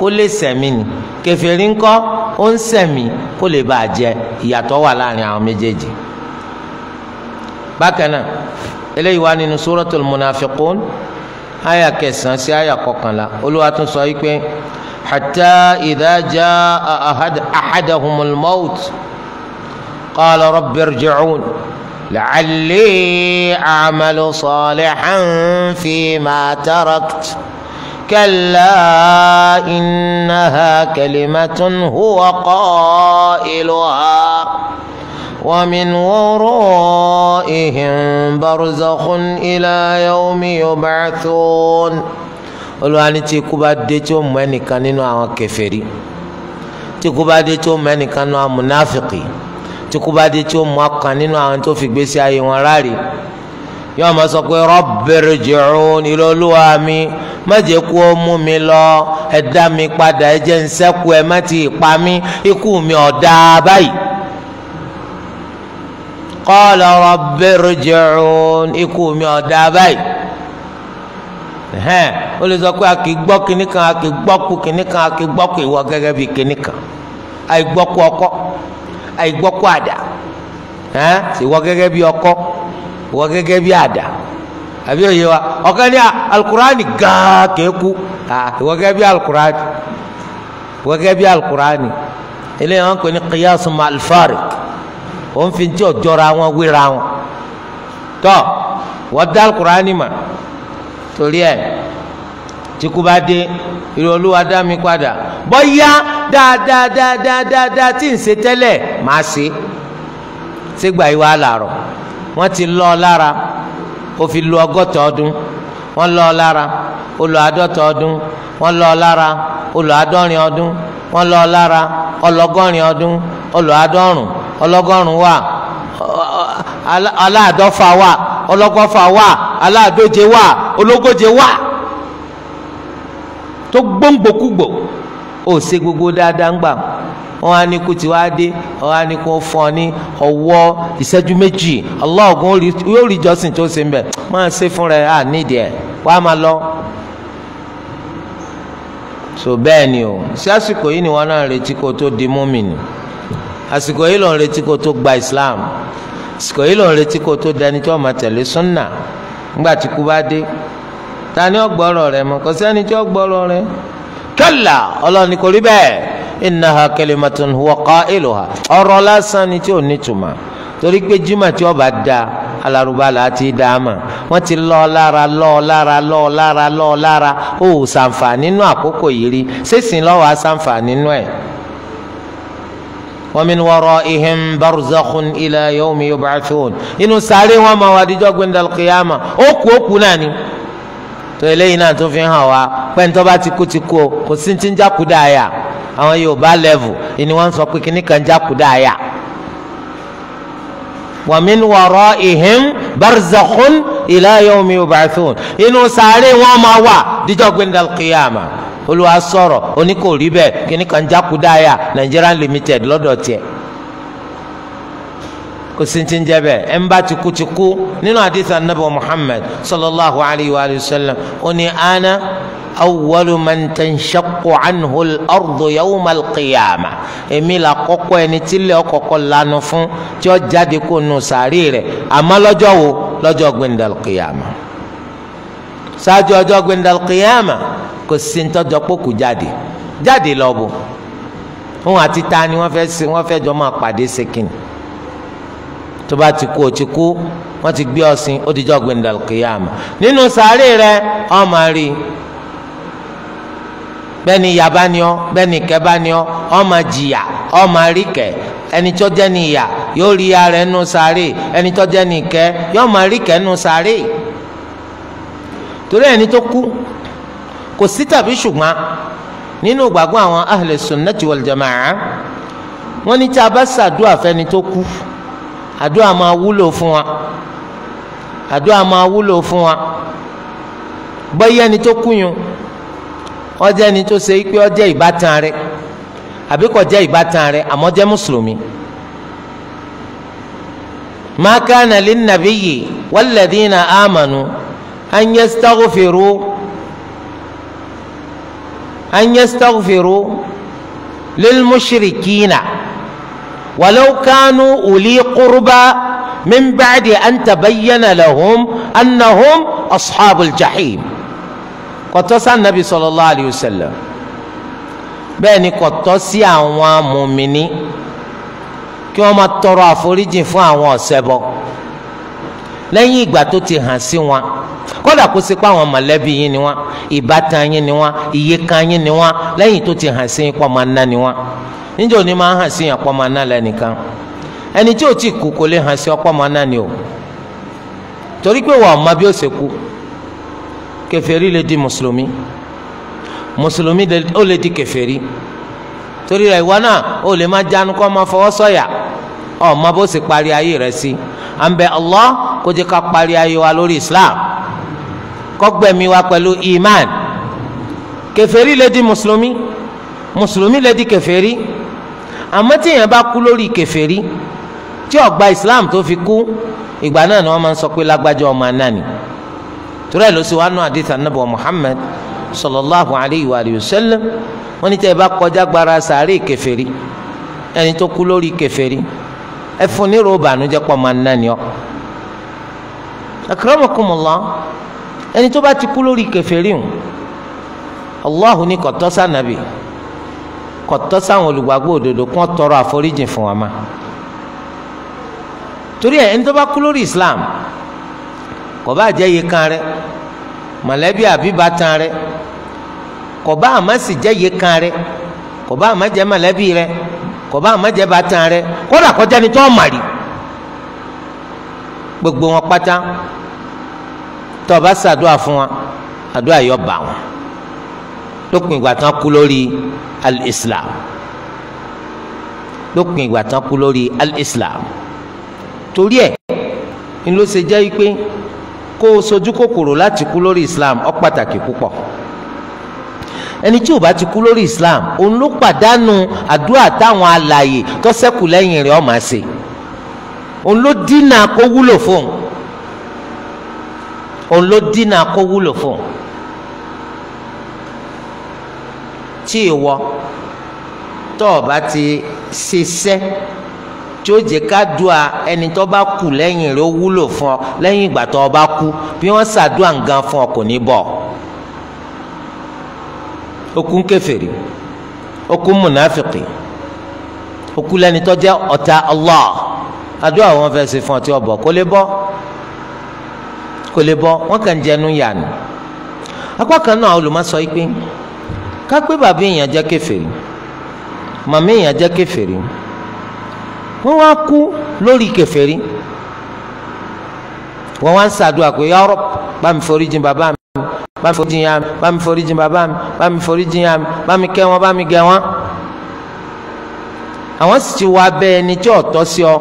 kó lè sẹ̀mí ni kèfèrí ńkọ́ ó ń sẹ̀mí kó lè bá a jẹ ìyàtọ̀ wà láàrin àwọn méjèèjì bákan náà eléyìí wà nínú suratul munafiqun àyà kẹsàn-án sí àyà kọkànlá olúwa tún sọ yìí pé hàtà ìdájà jaa ahadahumul maut qala rabbi irji'un la'alli a'malu salihan fima tarakt. كلا إنها كلمة هو قائلها ومن ورائهم برزخ إلى يوم يبعثون olùwàní tí ikú bá dé tí ó mú ẹnìkan nínú àwọn kèfèrí tí ikú bá dé tí ó mú ẹnìkan nínú àwọn múnáfìkì tí ikú bá dé tí ó mú ọ̀kan nínú àwọn tó fi gbésí ayé wọn ráre yóò máa sọ pé rọ́bìrì jìrún ìlú olúwa mi má jẹ́ kó o mú mi lọ ẹ dá mi padà ẹ jẹ́ n ṣẹ́kù ẹ má ti pa mí ikú mi ọ̀dà báyìí. qala rọ́bìrì jìrún ikú mi ọ̀dà báyìí hẹn o lè sọ pé a kì í gbọ́ kinní kan a kì í gbọ́ kinní kan a kì í gbọ́ ìwọ gẹ́gẹ́ bí kinní kan àì gbọ́ ọkọ àì gbọ́ àdá hẹn ìwọ gẹ́gẹ́ bí ọkọ wọ́n gẹ́gẹ́ bí àdá àbí òye wa ọ̀kan ní alukurani gáà kéku wọ́n gẹ́gẹ́ bí alukurani wọ́n gẹ́gẹ́ bí alukurani eléyìí wọ́n ń pè ní kiyasu malfarik wọ́n fi tí ọjọ́ra wọn wéra wọn tọ́ wọ́n dá alukurani mà torí ẹ̀ tíkú dé ìrò olúwa dá mi padà bọ́yá dáadáa tí ń ṣe tẹ́lẹ̀ máa ṣe ṣégbà yìí wà á làárọ̀. wọ́n ti lọ ọ lára ó fi lu ọgọ́ta ọdún wọ́n lọ ọ lára ó lọ àádọ́ta ọdún wọ́n lọ ọ lára ó lọ àádọ́rin ọdún wọ́n lọ ọ lára ọlọ́gọ́rin ọdún ọlọ́àádọ́rùn ọlọ́gọ́rùn wà aláàdọ́fà wà ọlọ́gọ́fà wà aláàdóje wà ológóje wà tó gbóngbòkúgbò ó ṣe gbogbo dáadáa ń gbà wọn á ní kó tí wàá dé wọn á ní kó fún ọ ní ọwọ́ ìṣẹ́jú méjì ọlọ́ọ̀gùn yóò rí jọ́sìn tó ṣe ń bẹ̀ máa ṣe fún à nídìí lọ. so bẹ́ẹ̀ ni o si àsìkò yìí ni wọn náà retí kó tó di mùmínì àsìkò yìí ló ń retí kó tó gba Islam àsìkò yìí ló ń retí kó tó dání tó máa tẹ̀lé sunna nígbà tí kú bá dé ta ni ó gbọ́rọ̀ rẹ̀ kò sẹ́ni tí ó gbọ́rọ̀ kò rí bẹ́ẹ̀ innaha kalimatun huwa qailuha ọ̀rọ̀ lásán ni tí ò ní tuma torí pé jimá tí ó bá da alárúbá là á ti dá a mà wọ́n ti lọ lára lọ lára lọ lára lọ lára ó sàǹfà nínú àkókò yìí rí sísìn lọ́wọ́ á sàǹfà nínú ẹ̀. wa min waraihim barzakhun ila yawmi yub'athun inú sáré wọn máa wà díjọ́ gbẹ̀ndàl qiyama ó kú ó kú náà ni tó eléyìí náà tó fi hàn wá pẹ́ńtọ́ bá ti kú ti kú o kò sí ti ń jákúdá yà àwọn Yorùbá level ni wọ́n sọ pé kíní kan jákúdá àyà wa min waraihim barzakhun ila yawmi yub'athun inú sàárè wọn máa wà díjọ́ gbẹndàl qiyama olùwà sọ̀rọ̀ oníkòrí bẹ́ẹ̀ kíní kan jákúdá àyà Nigerian limited lọ́dọ̀ tiẹ̀ kò sí ti ń jẹ bẹ́ẹ̀ ẹ̀ ń bá ti kú ti kú nínú àdìsá nàbà muhammad sallallahu alayhi wa sallam ó ní ana awwalu man tanshaqqu anhu al-ardu yawma al-qiyamah èmi là kọ́kọ́ ẹni tí ilẹ̀ ọkọ̀kọ́ lanu fún tí ó jáde kó nu sàárì rẹ̀ àmọ́ lọ́jọ́ wo lọ́jọ́ gbẹ̀ndàl qiyama ṣáájú ọjọ́ gbẹ̀ndàl qiyama kò sí ní tọ́jọ́ jáde jáde lọ́bù òun àti ta ni wọ́n fẹ́ jọ máa pàdé ṣèkìnnì tó bá ti kú o ti kú wọ́n ti gbé ọsìn ó ti jọ́ gbẹ̀ndà kìyàm nínú sàárè rẹ ọmọ rí bẹ́ẹ̀ ni yaba ni ọ́ bẹ́ẹ̀ ni kẹba ni ọ́ ọmọ jìyà ọmọ rí kẹ ẹni tó jẹ́ ni ìyà yóò rí ya rẹ̀ nù sàárè ẹni tó jẹ́ ni ìkẹ́ yóò máa rí kẹ́ nù sàárè torí ẹni tó kú kò sí tàbí ṣùgbọ́n nínú ìgbàgbọ́ àwọn ahlẹ̀ sunnati wal jama'a wọ́n ní tí a bá ṣàdúrà fẹ́ni tó kú àdúrà máa wúlò fún wa àdúrà máa wúlò fún wa bóyá ẹni tó kúnyùn ó jẹ́ ẹni tó ṣe pé ó jẹ́ ìbátan rẹ̀ àbí kò jẹ́ ìbátan rẹ̀ àmọ́ jẹ́ mùsùlùmí ma kana linnabiyyi walladhina amanu an yastaghfiru an yastaghfiru lil mushrikina. ولو كانوا uli qurba من بعد أن تبين لهم أنهم أصحاب الجحيم kọtọ النبي صلى الله عليه وسلم بين bẹ́ẹ̀ ni kọtọ sí àwọn mùmíní kí wọ́n máa tọrọ àforíjì fún àwọn ọ̀ṣẹbọ lẹ́yìn ìgbà tó ti hàn sí wọn kódà kó sí àwọn mọ̀lẹ́bí yín ni wọ́n ìbátan yín ni wọ́n ìyekan yín ni wọ́n lẹ́yìn tó ti hàn sí yín pọ̀ máa ná ni wọ́n níjẹ́ òní máa ń hàn sí ọ̀pọ̀ máa ná lẹ́nìkan ẹni tí ò tí kú kò lè hàn sí ọ̀pọ̀ máa ni o torí pé wọ́n ọ̀ma bí ó ṣe kú kèfèrí lè di mùsùlùmí mùsùlùmí ó lè di kèfèrí torí rẹ̀ ìwọ náà ó lè má jánu kó má fọwọ́ sọ̀yà ọ̀ma bó ṣe parí ayé rẹ̀ sí à ń bẹ Allah kó jẹ́ ká parí ayé wa lórí Islam kó gbẹ̀mí wa pẹ̀lú iman kèfèrí lè di mùsùlùmí mùsùlùmí lè di kèfèrí àmọ́ tí èèyàn bá kú lórí kèfèrí tí ó gba islam tó fi kú ìgbà náà ni wọ́n máa ń sọ pé lágbájá ọmọ àná ni torí ẹ̀ ló sì wàá nù àdìsá nàbọ̀ muhammad sallallahu alayhi wa sallam wọ́n ní tẹ́ ẹ bá kọjá gbára sàárè kèfèrí ẹni tó kú lórí kèfèrí ẹ fún ní ròbà ànújẹ pọ máa ná ni ọ. akramakumullah ẹni tó bá ti kú lórí kèfèrí o Allahu ní kò tọ́ sànàbì kò tọ́ sáwọn olùgbàgbọ́ òdodo kí wọ́n tọrọ àforíjìn fún wa ma torí ẹ̀ ẹni tó Islam kò bá jẹ́ iye kan rẹ mọ̀lẹ́bí àbíba tan rẹ kò bá àmọ́ sì jẹ́ iye kan rẹ kò bá àmọ́ jẹ́ mọ̀lẹ́bí rẹ kò bá àmọ́ jẹ́ bàtàn kódà kọjá ni tó mọ̀rì gbogbo wọn pátá tó o fún wa àdúrà yóò bá wọn lópin ìgbà tán kú lórí al-islam lópin ìgbà tán kú lórí al-islam torí ẹ̀ ń ló ṣe jẹ́ pé kó o sojú kòkòrò láti kú lórí islam ó pàtàkì púpọ̀ ẹni tí ò bá ti kú lórí islam òun ló pàdánù àdúrà táwọn alààyè tó ṣẹ́kù lẹ́yìn rẹ̀ ó máa ṣe òun ló dínà kó wúlò fún òun ló dínà kó wúlò fún òun. tí ìwọ tó o bá ti ṣiṣẹ́ tí ó jẹ́ ká dùà ẹni tó bá kù lẹ́yìn rẹ̀ ó wúlò fún ọ lẹ́yìn ìgbà tó o bá kú bí wọ́n ṣàdúà nǹkan fún ọ kò ní bọ̀ ó kú kèfèrí mùnàfìkì ó lẹ́ni tó jẹ́ ọ̀tá Allah àdúà àwọn fẹ́ ṣe fún ọ tí ó bọ̀ kó lè bọ́ kò lè bọ́ wọ́n kàn jẹnu yànnì apá kan náà olùmọ̀ sọ kápẹ́ bàbá èèyàn jẹ́ kèfèrí màmá èèyàn jẹ́ kèfèrí wọ́n wá kú lórí kèfèrí wọ́n wá ń ṣàdúrà pé ya Rabb bá mi forí jìn bàbá mi bá mi forí jìn ya mi bá mi forí jìn bàbá mi bá mi forí jìn ya mi bá mi kẹ́ wọn bá mi gẹ̀ wọn. àwọn sì ti wá bẹ ẹni tí ọ̀tọ́ sí ọ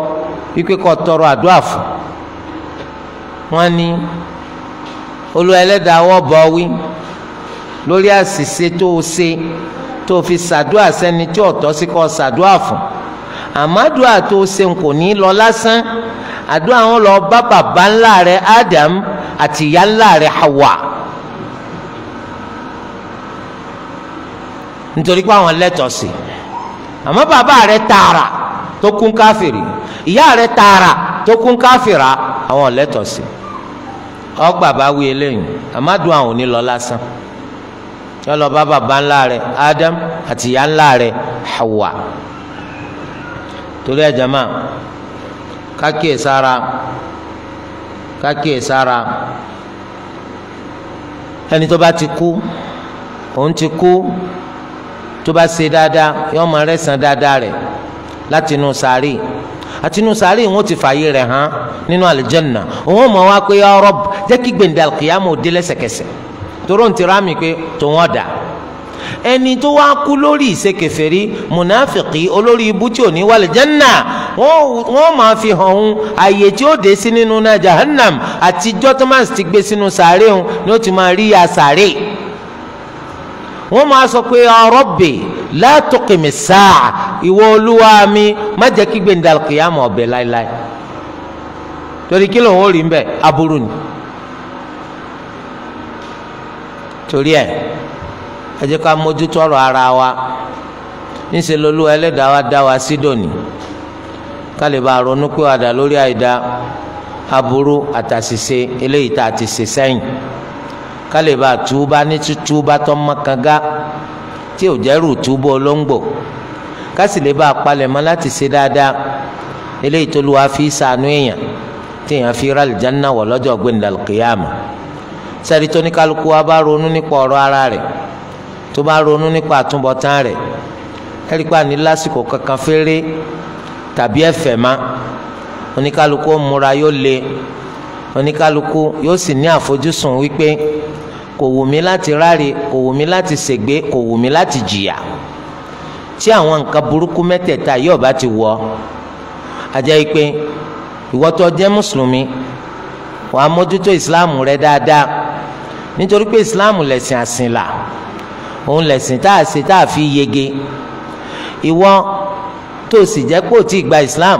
wípé kó tọrọ àdúrà fún wọn ni olú ẹlẹ́dàá wọ́ bọ̀ wí lórí àṣìṣe tó o ṣe tó o fi ṣàdúà sẹ́ni tí ọ̀tọ́ sí kọ́ ṣàdúà fún àmàdúà tó o ṣe kò ní lọ lásán àdúà wọn lọ bá bàbá ńlá rẹ Adam àti ìyá ńlá rẹ Hawa. nítorí pé àwọn lẹ́tọ̀ọ́ sí àmọ́ bàbá rẹ tààrà tó kún káfìrí ìyá rẹ tààrà tó kún káfìrà àwọn lẹ́tọ̀ọ́ sí ọgbà bá wí eléyìí àmàdúà wọn ò ní lọ lásán yọ lọ bá bàbá ńlá rẹ̀ Adam àti ìyá ńlá rẹ̀ Hawa torí ẹ jama kákìí sára kákìí sára ẹni tó bá ti kú òun ti kú tó bá ṣe dáadáa yọ ọmọ rẹ̀ san dáadáa rẹ̀ láti inú sàárì àti inú sàárì wọn ti fààyè rẹ̀ hàn nínú àlùjánnà òun ò mọ̀ wá pé ya jẹ́ kí gbèǹdé àlùkìyàmù dé lẹ́sẹ̀kẹsẹ̀ toró ń tira mi pé tòun ọ̀dà ẹni tó wá kú lórí ìṣekèfèrí mùnàfìkì olórí ibú tí ò ní wà lè jẹ́nà wọ́n máa fi hàn òun àyè tí ó dé sí nínú náà jahannam àti jọ́tọ́mọ́s ti gbé sínú sàárè òun ni ó ti máa rí ya sàárè wọ́n máa sọ pé ọ̀rọ̀bì látòkèmí sáà ìwọ olúwa mi má jẹ́ kí gbẹ̀ndàlùkìyàmọ̀ ọ̀bẹ láéláé torí kí lòun ó rí ń aburú ni. torí ẹ ẹ jẹ́ ká mójútó ọ̀rọ̀ ara wa níṣẹ́ lolúwa ẹlẹ́dàá wa dá wa sí dòní ká lè bá ronú pé wàdà lórí àìda aburú àtàṣìṣe eléyìí tá a ti ṣe sẹ́yìn ká lè bá túbá ní túbá tó mọ́kànga tí ò jẹ́rù túbọ̀ olóńgbò ká sì lè bá a láti ṣe dáadáa eléyìí tó lu wa fi sànú èèyàn tí èèyàn fi rà lìjánná wọ̀ lọ́jọ́ gbẹ̀ndàlùkìyàmù sẹ́ẹ̀rí tó ní kálukú wa bá ronú nípa ọ̀rọ̀ ara rẹ̀ tó bá ronú nípa àtúbọ̀tán rẹ̀ ẹ̀rí pa ní lásìkò kankan féré tàbí ẹ̀fẹ̀ má oníkálukú ó múra yóò le oníkálukú yóò sì ní àfojúsùn wípé kò wù mí láti ráre kò wù mí láti ṣègbé kò wù mí láti jìyà tí àwọn nǹkan burúkú mẹ́tẹ̀ẹ̀ta yóò bá ti wọ̀ àjẹ́ pé ìwọ jẹ́ mùsùlùmí wàá mójútó ìsìláàmù rẹ dáadáa nítorí pé islam lẹ̀sìn àsìnlà òun lẹ̀sìn tá a ṣe tá a fi yege ìwọ tó sì jẹ́ pé ò tí gba islam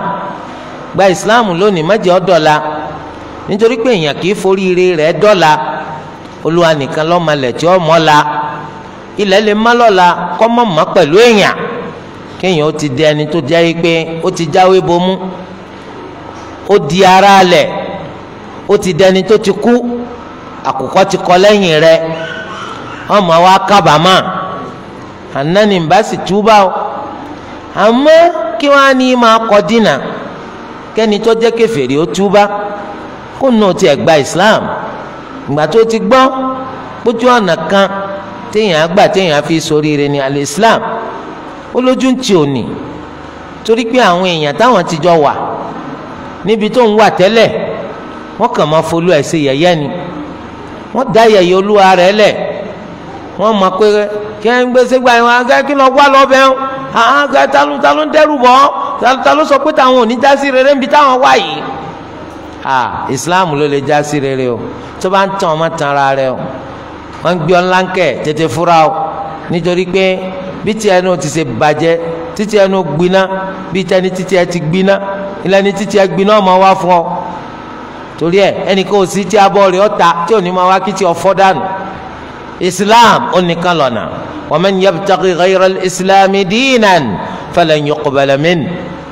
gba islam lónìí má jẹ́ ó dọ̀la nítorí pé èèyàn kì í foríire rẹ̀ dọ̀la olúwa nìkan lọ́mọlẹ̀ tí ó mọ́la ilẹ̀ lè má lọ́la kọ́ mọ́ mọ́ pẹ̀lú èèyàn kéèyàn ó ti di ẹni tó jẹ́ pé ó ti jáwé bomú ó di ara lẹ̀ ó ti di ẹni tó ti kú àkùkọ ti kọ lẹ́yìn rẹ ọmọ wa kábàámà àná ni bá sì túbà o àmọ́ kí wọ́n á ní máa kọ dínà kẹ́ni tó jẹ́ kèfèrí ó túbà kó nù tiẹ̀ gba Islam ìgbà tó ti gbọ́ pójú ọ̀nà kan téèyàn àgbà téèyàn fi ṣoríire ní al-Islam ó lójú ń tì òní torí pé àwọn èèyàn táwọn ti jọ wà níbi tó ń wà tẹ́lẹ̀ wọ́n kàn máa folú ẹ̀ ṣe yẹ̀yẹ́ ni wọ́n da yẹ̀yẹ́ olúwa rẹ̀ lẹ̀ wọ́n mọ̀ pé kí ẹ̀ ń gbèsè gba ìwọ̀n akẹ́ kí lọ wá lọ bẹ́ẹ̀ àwọn akẹ́ taló taló dẹ́rù bọ́ taló sọ pé táwọn ò ní já rere níbi táwọn wà yìí ah Islam ló lè já sí rere o tó bá ń tàn ọmọ tan ara rẹ o wọ́n ń gbé ọ ńláńkẹ́ tètè fúra o nítorí pé bí tí ẹnu ti ṣe bàjẹ́ títí ẹnu gbiná bí tẹni títí ẹ ti gbiná ìlànà títí ẹ gbiná ọmọ wá fún ọ torí ẹ ẹnìkan ò sí tí abọ́ rẹ̀ ọ̀ta tí ò ní máa wá kí tí ọ̀fọ́ dànù islam ó nìkan lọ́nà waman yabtaghi ghayra al-islami dinan falan yuqbala min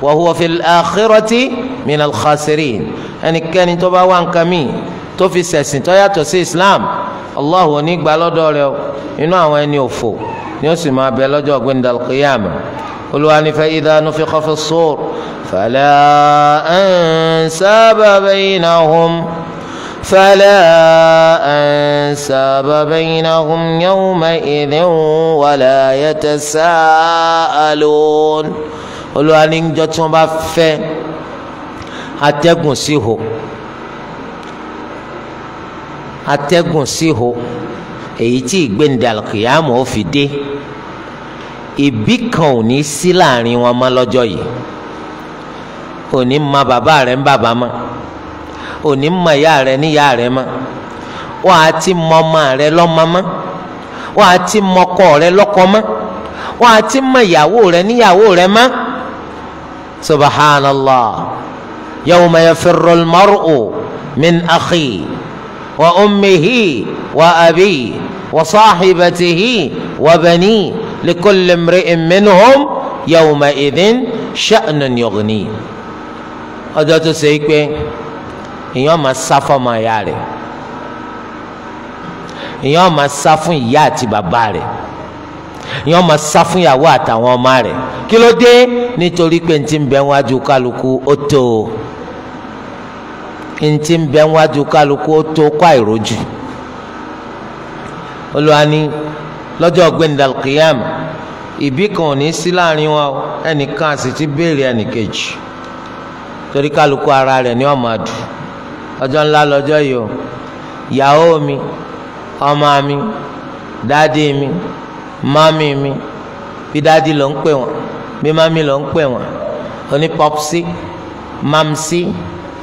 wa huwa fil akhirati min al-khasirin ẹnikẹ́ni tó bá wá nǹkan mi tó fi ṣẹ̀sìn tó yàtọ̀ sí islam allahu ò ní gbà lọ́dọ̀ rẹ̀ inú àwọn ẹni òfò ni ó sì máa bẹ lọ́jọ́ gbẹ̀ndàlùkìyàmù olùwànífẹ́ idha nufikha fi s فلا أنساب بينهم فلا أنساب بينهم يومئذ ولا يتساءلون Olúwa ní jọ́ tí wọ́n bá fẹ́ atẹ́gùn síhò atẹ́gùn síhò èyí tí ìgbéǹdàkìyàmù ó fi dé ibi kan ò ní sí láàrin wọn mọ́ lọ́jọ́ yìí. òní ma bàbá rẹ̀ ń bàbá mọ òní ma ìyá rẹ̀ níyá rẹ̀ mọ wà á ti mọ ọmọ rẹ̀ lọ́mọ mọ wà á ti mọ ọkọ rẹ̀ lọ́kọ mọ wà á ti mọ ìyàwó rẹ̀ níyàwó rẹ̀ mọ. subhanallah yawma yafirru almar'u min akhi wa ummihi wa abi wa sahibatihi wa bani likulli imri'in minhum yawma idhin sha'nun yughni. ọjọ́ tó ṣe é pé èèyàn máa sá fọmọ ìyá rẹ̀ èèyàn máa sá fún ìyá àti bàbá rẹ̀ èèyàn máa sá fún ìyàwó àtàwọn ọmọ rẹ̀ kí ló dé nítorí pé ntí ń bẹ wájú kálukú ó tó ntí ń bẹ wájú kálukú ó tó kó àìrójú Olúwa ní lọ́jọ́ gbẹ̀ndàlùkìyàmù ìbí kan ò ní sí láàrin wọn ẹnìkan àsìtí béèrè ẹnìkejì torí kálukú ara rẹ̀ ní ọmọ àdù ọjọ́ ńlá lọ́jọ́ yìí o yàwó mi ọmọ mi dáàdi mi mami mi bí dáàdi ló ń pè wọ́n bí mami ló ń pè wọ́n oní pọpsi mamsi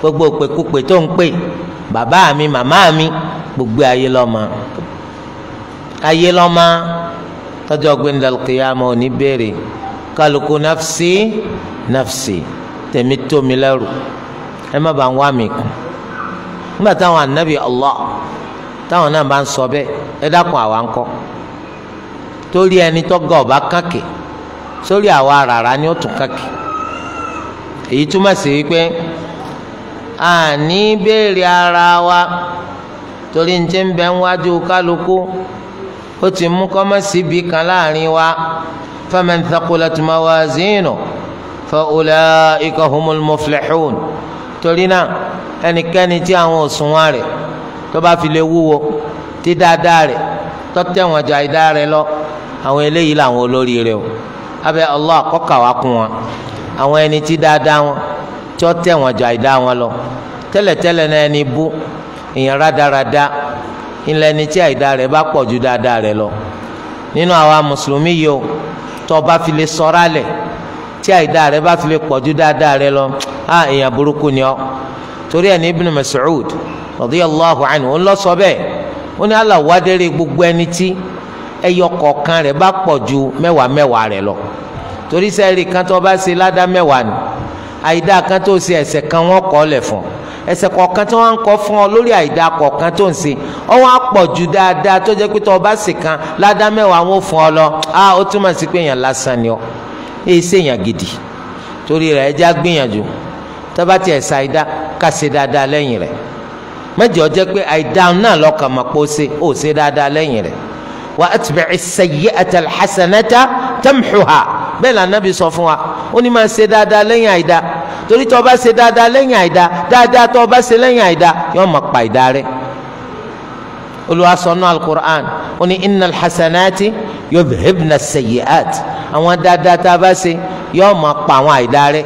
gbogbo òpèkúpè tó ń pè bàbá mi màmá mi gbogbo ayé lọ́mọ ayé lọ́mọ tọ́jú ọgbẹ́ni dàlùkìyà òní béèrè kálukú nafsi nafsi tèmi tó mi lẹ́rù ẹ má bàa wá mi kù nígbà táwọn anabi Allah táwọn náà bá ń sọ bẹ́ẹ̀ ẹ dákun àwa ń kọ́ torí ẹni tọ́gà ọba kàkè sórí àwa rárá ni ó tún kàkè èyí túmọ̀ sí wípé àní béèrè ara wa torí ní ń bẹ ń wájú kálukú ó ti mú kọ́mọ́sí bí kan láàrin wa faman thaqulat mawazinuhu. فأولئك هم المفلحون torí náà ẹnikẹ́ni tí àwọn òṣùwọ̀n rẹ̀ tó bá fi lè wúwo tí dáadáa rẹ̀ tó tẹ̀wọ̀n ju àìdá rẹ̀ lọ àwọn eléyìí làwọn olórí rẹ̀ o abẹ́ Allah kọ́kà wá kún wọn àwọn ẹni tí dáadáa wọn tó tẹ̀wọ̀n ju àìdá wọn lọ tẹ́lẹ̀tẹ́lẹ̀ náà ẹni bú èèyàn rádaràda ilẹ̀ ẹni tí àìdá rẹ̀ bá pọ̀ ju dáadáa rẹ̀ lọ nínú àwa mùsùlùmí yìí o tó bá fi lè sọ́ra lẹ̀ tí àìdá rẹ bá fi lè pọ̀jù dáadáa rẹ lọ á èèyàn burúkú ni ọ torí ẹni Ibn Mas'ud radiyallahu anhu ó ń lọ sọ bẹ́ẹ̀ ó ní Allah wádẹ́rẹ́ gbogbo ẹni tí ẹyọ kọ̀ọ̀kan rẹ̀ bá pọ̀jù mẹ́wàá mẹ́wàá rẹ̀ lọ torí sẹ́ẹ̀rì kan tó bá ṣe ládàá mẹ́wàá ni àìdá kan tó ṣe ẹ̀ṣẹ̀ kan wọ́n kọ́ lẹ̀ fún ọ kọ̀ọ̀kan tí wọ́n ń kọ fún ọ lórí àìdá kọ̀ọ̀kan tó ń ṣe ọwọ́ àpọ̀jù dáadáa tó jẹ́ pé tó o bá ṣe kan ládàá mẹ́wàá wọn ò fún ọ lọ a ó túmọ̀ sí pé èèyàn lásán ni ọ èyí ṣèyàn gidi torí rẹ̀ ẹja gbìyànjú tọ́ba tiẹ̀ sa ẹ̀dá ká ṣe dáadáa lẹ́yìn rẹ̀ mẹ́jọ jẹ́ pé àìdá náà lọ́kàn máa pọ̀ ṣe ó ṣe dáadáa lẹ́yìn rẹ̀ wa atbi'i sayyi'ata alhasanata tamhuha bẹ́ẹ̀ l'Ànábì sọ fún wa ó ní máa ṣe dáadáa lẹ́yìn àìdá torí tọ́ba ṣe dáadáa lẹ́yìn àìdá dáadáa tọ́ba ṣe lẹ́yìn àìdá yóò máa pa ìdá rẹ̀ olùwàsọ̀nù alukur'an ó ní innal hasanati yudhibna sayyi'at àwọn dáadáa tá a bá ṣe yóò máa pa àwọn àìdá rẹ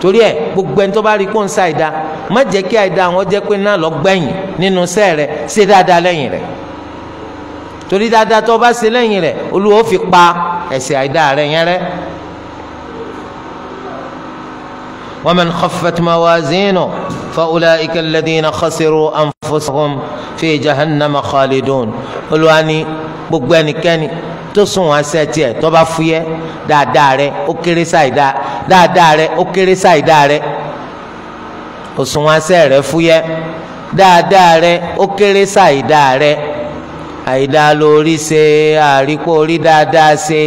torí ẹ gbogbo ẹni tó bá rí kó ń sa àìdá má jẹ́ kí àìdá àwọn jẹ́ pé náà lọ gbẹ̀yìn nínú sẹ́ẹ̀ rẹ ṣe dáadáa lẹ́yìn rẹ̀ torí dáadáa tó bá ṣe lẹ́yìn rẹ̀ olúwa fi pa ẹ̀ṣẹ̀ àìdá rẹ̀ yẹn rẹ́. ومن خفت موازينه فأولئك الذين خسروا أنفسهم في جهنم خالدون olúwa ní gbogbo ẹnikẹ́ni tó sùn wọn ṣe tiẹ̀ tó bá fúyẹ́ dáadáa rẹ ó kéré ṣàìdá dáadáa rẹ ó kéré ṣàìdá rẹ òṣùwọ̀n ṣe rẹ fúyẹ́ dáadáa rẹ ó kéré ṣàìdá rẹ àìdá lórí ṣe àríkò orí dáadáa ṣe.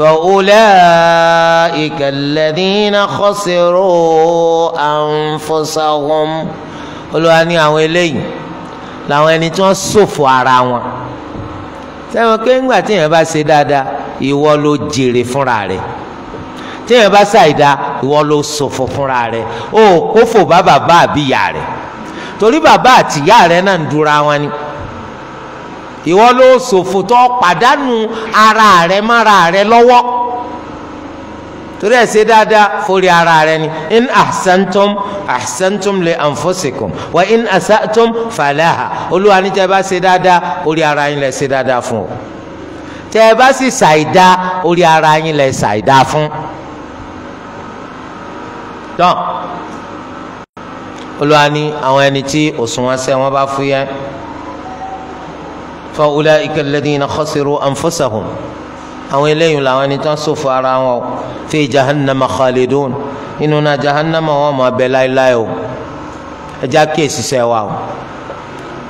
فأولئك الذين خسروا أنفسهم olùwà ni àwọn eléyìí làwọn ẹni tí wọ́n ṣòfò ara wọn sẹ́wọ̀n pé ńgbà tí èèyàn bá ṣe dáadáa ìwọ ló jèrè fúnra rẹ̀ tí èèyàn bá ṣàìdá ìwọ ló ṣòfò fúnra rẹ̀ o kò fò bá bàbá àbíyà rẹ̀ torí bàbá àtìyá rẹ̀ náà ń dura wọn ni ìwọ ló ṣòfò tó pàdánù ara rẹ̀ mọ́ra rẹ̀ lọ́wọ́ torí ẹ ṣe dáadáa forí ara rẹ ni in ahsantum ahsantum li anfusikum wa in asatum falaha olúwa ní tẹ́ bá ṣe dáadáa orí ara yín lẹ ṣe dáadáa fún o tẹ́ bá sì ṣàìdá orí ara yín lẹ ṣàìdá fún tán olúwa ní àwọn ẹni tí òṣùwọ̀n ṣe wọ́n bá fúyẹ́ fa ulaika alladhina khasiru anfusahum àwọn eléyìí làwọn ẹni tán ṣòfò ara wọn o fi jahannama khalidun inú na jahannama wọn máa bẹ láéláé o ẹja kí èsì sẹ wa o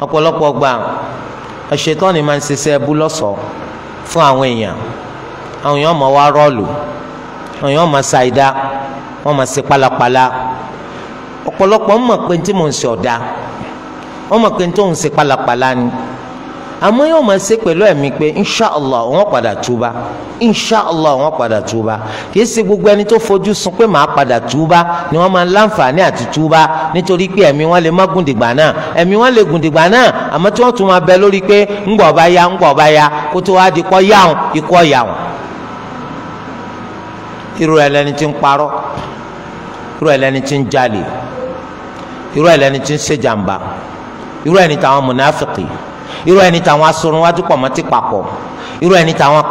ọ̀pọ̀lọpọ̀ gbà ṣètánì máa ń ṣiṣẹ́ bú lọ́sọ̀ọ́ fún àwọn èèyàn àwọn èèyàn máa wá rọ́ọ̀lù àwọn èèyàn máa ṣàìdá wọ́n máa ṣe pálapàla ọ̀pọ̀lọpọ̀ ń mọ̀ pé tí mò ń ṣe ọ̀dà wọ́n mọ̀ pé tí òun ṣe pálapàla ni. àmọ́ yóò máa ṣe pẹ̀lú ẹ̀mí pé inshallah wọ́n padà túbá inshallah wọ́n padà túbá kìí ṣe gbogbo ẹni tó fojú sun pé màá padà tuba ni wọ́n máa láǹfààní àti túbá nítorí pé ẹ̀mí wọn lè má gùndìgbà náà ẹ̀mí wọn lè gùndìgbà náà àmọ́ tí wọ́n tún máa bẹ lórí pé ńgbọ̀ bá ya ńgbọ̀ bá ya kó tó wá di kọ́ irú ẹni tàwọn asorun wájú pọ̀ mọ́ ti papọ̀ irú ẹni tàwọn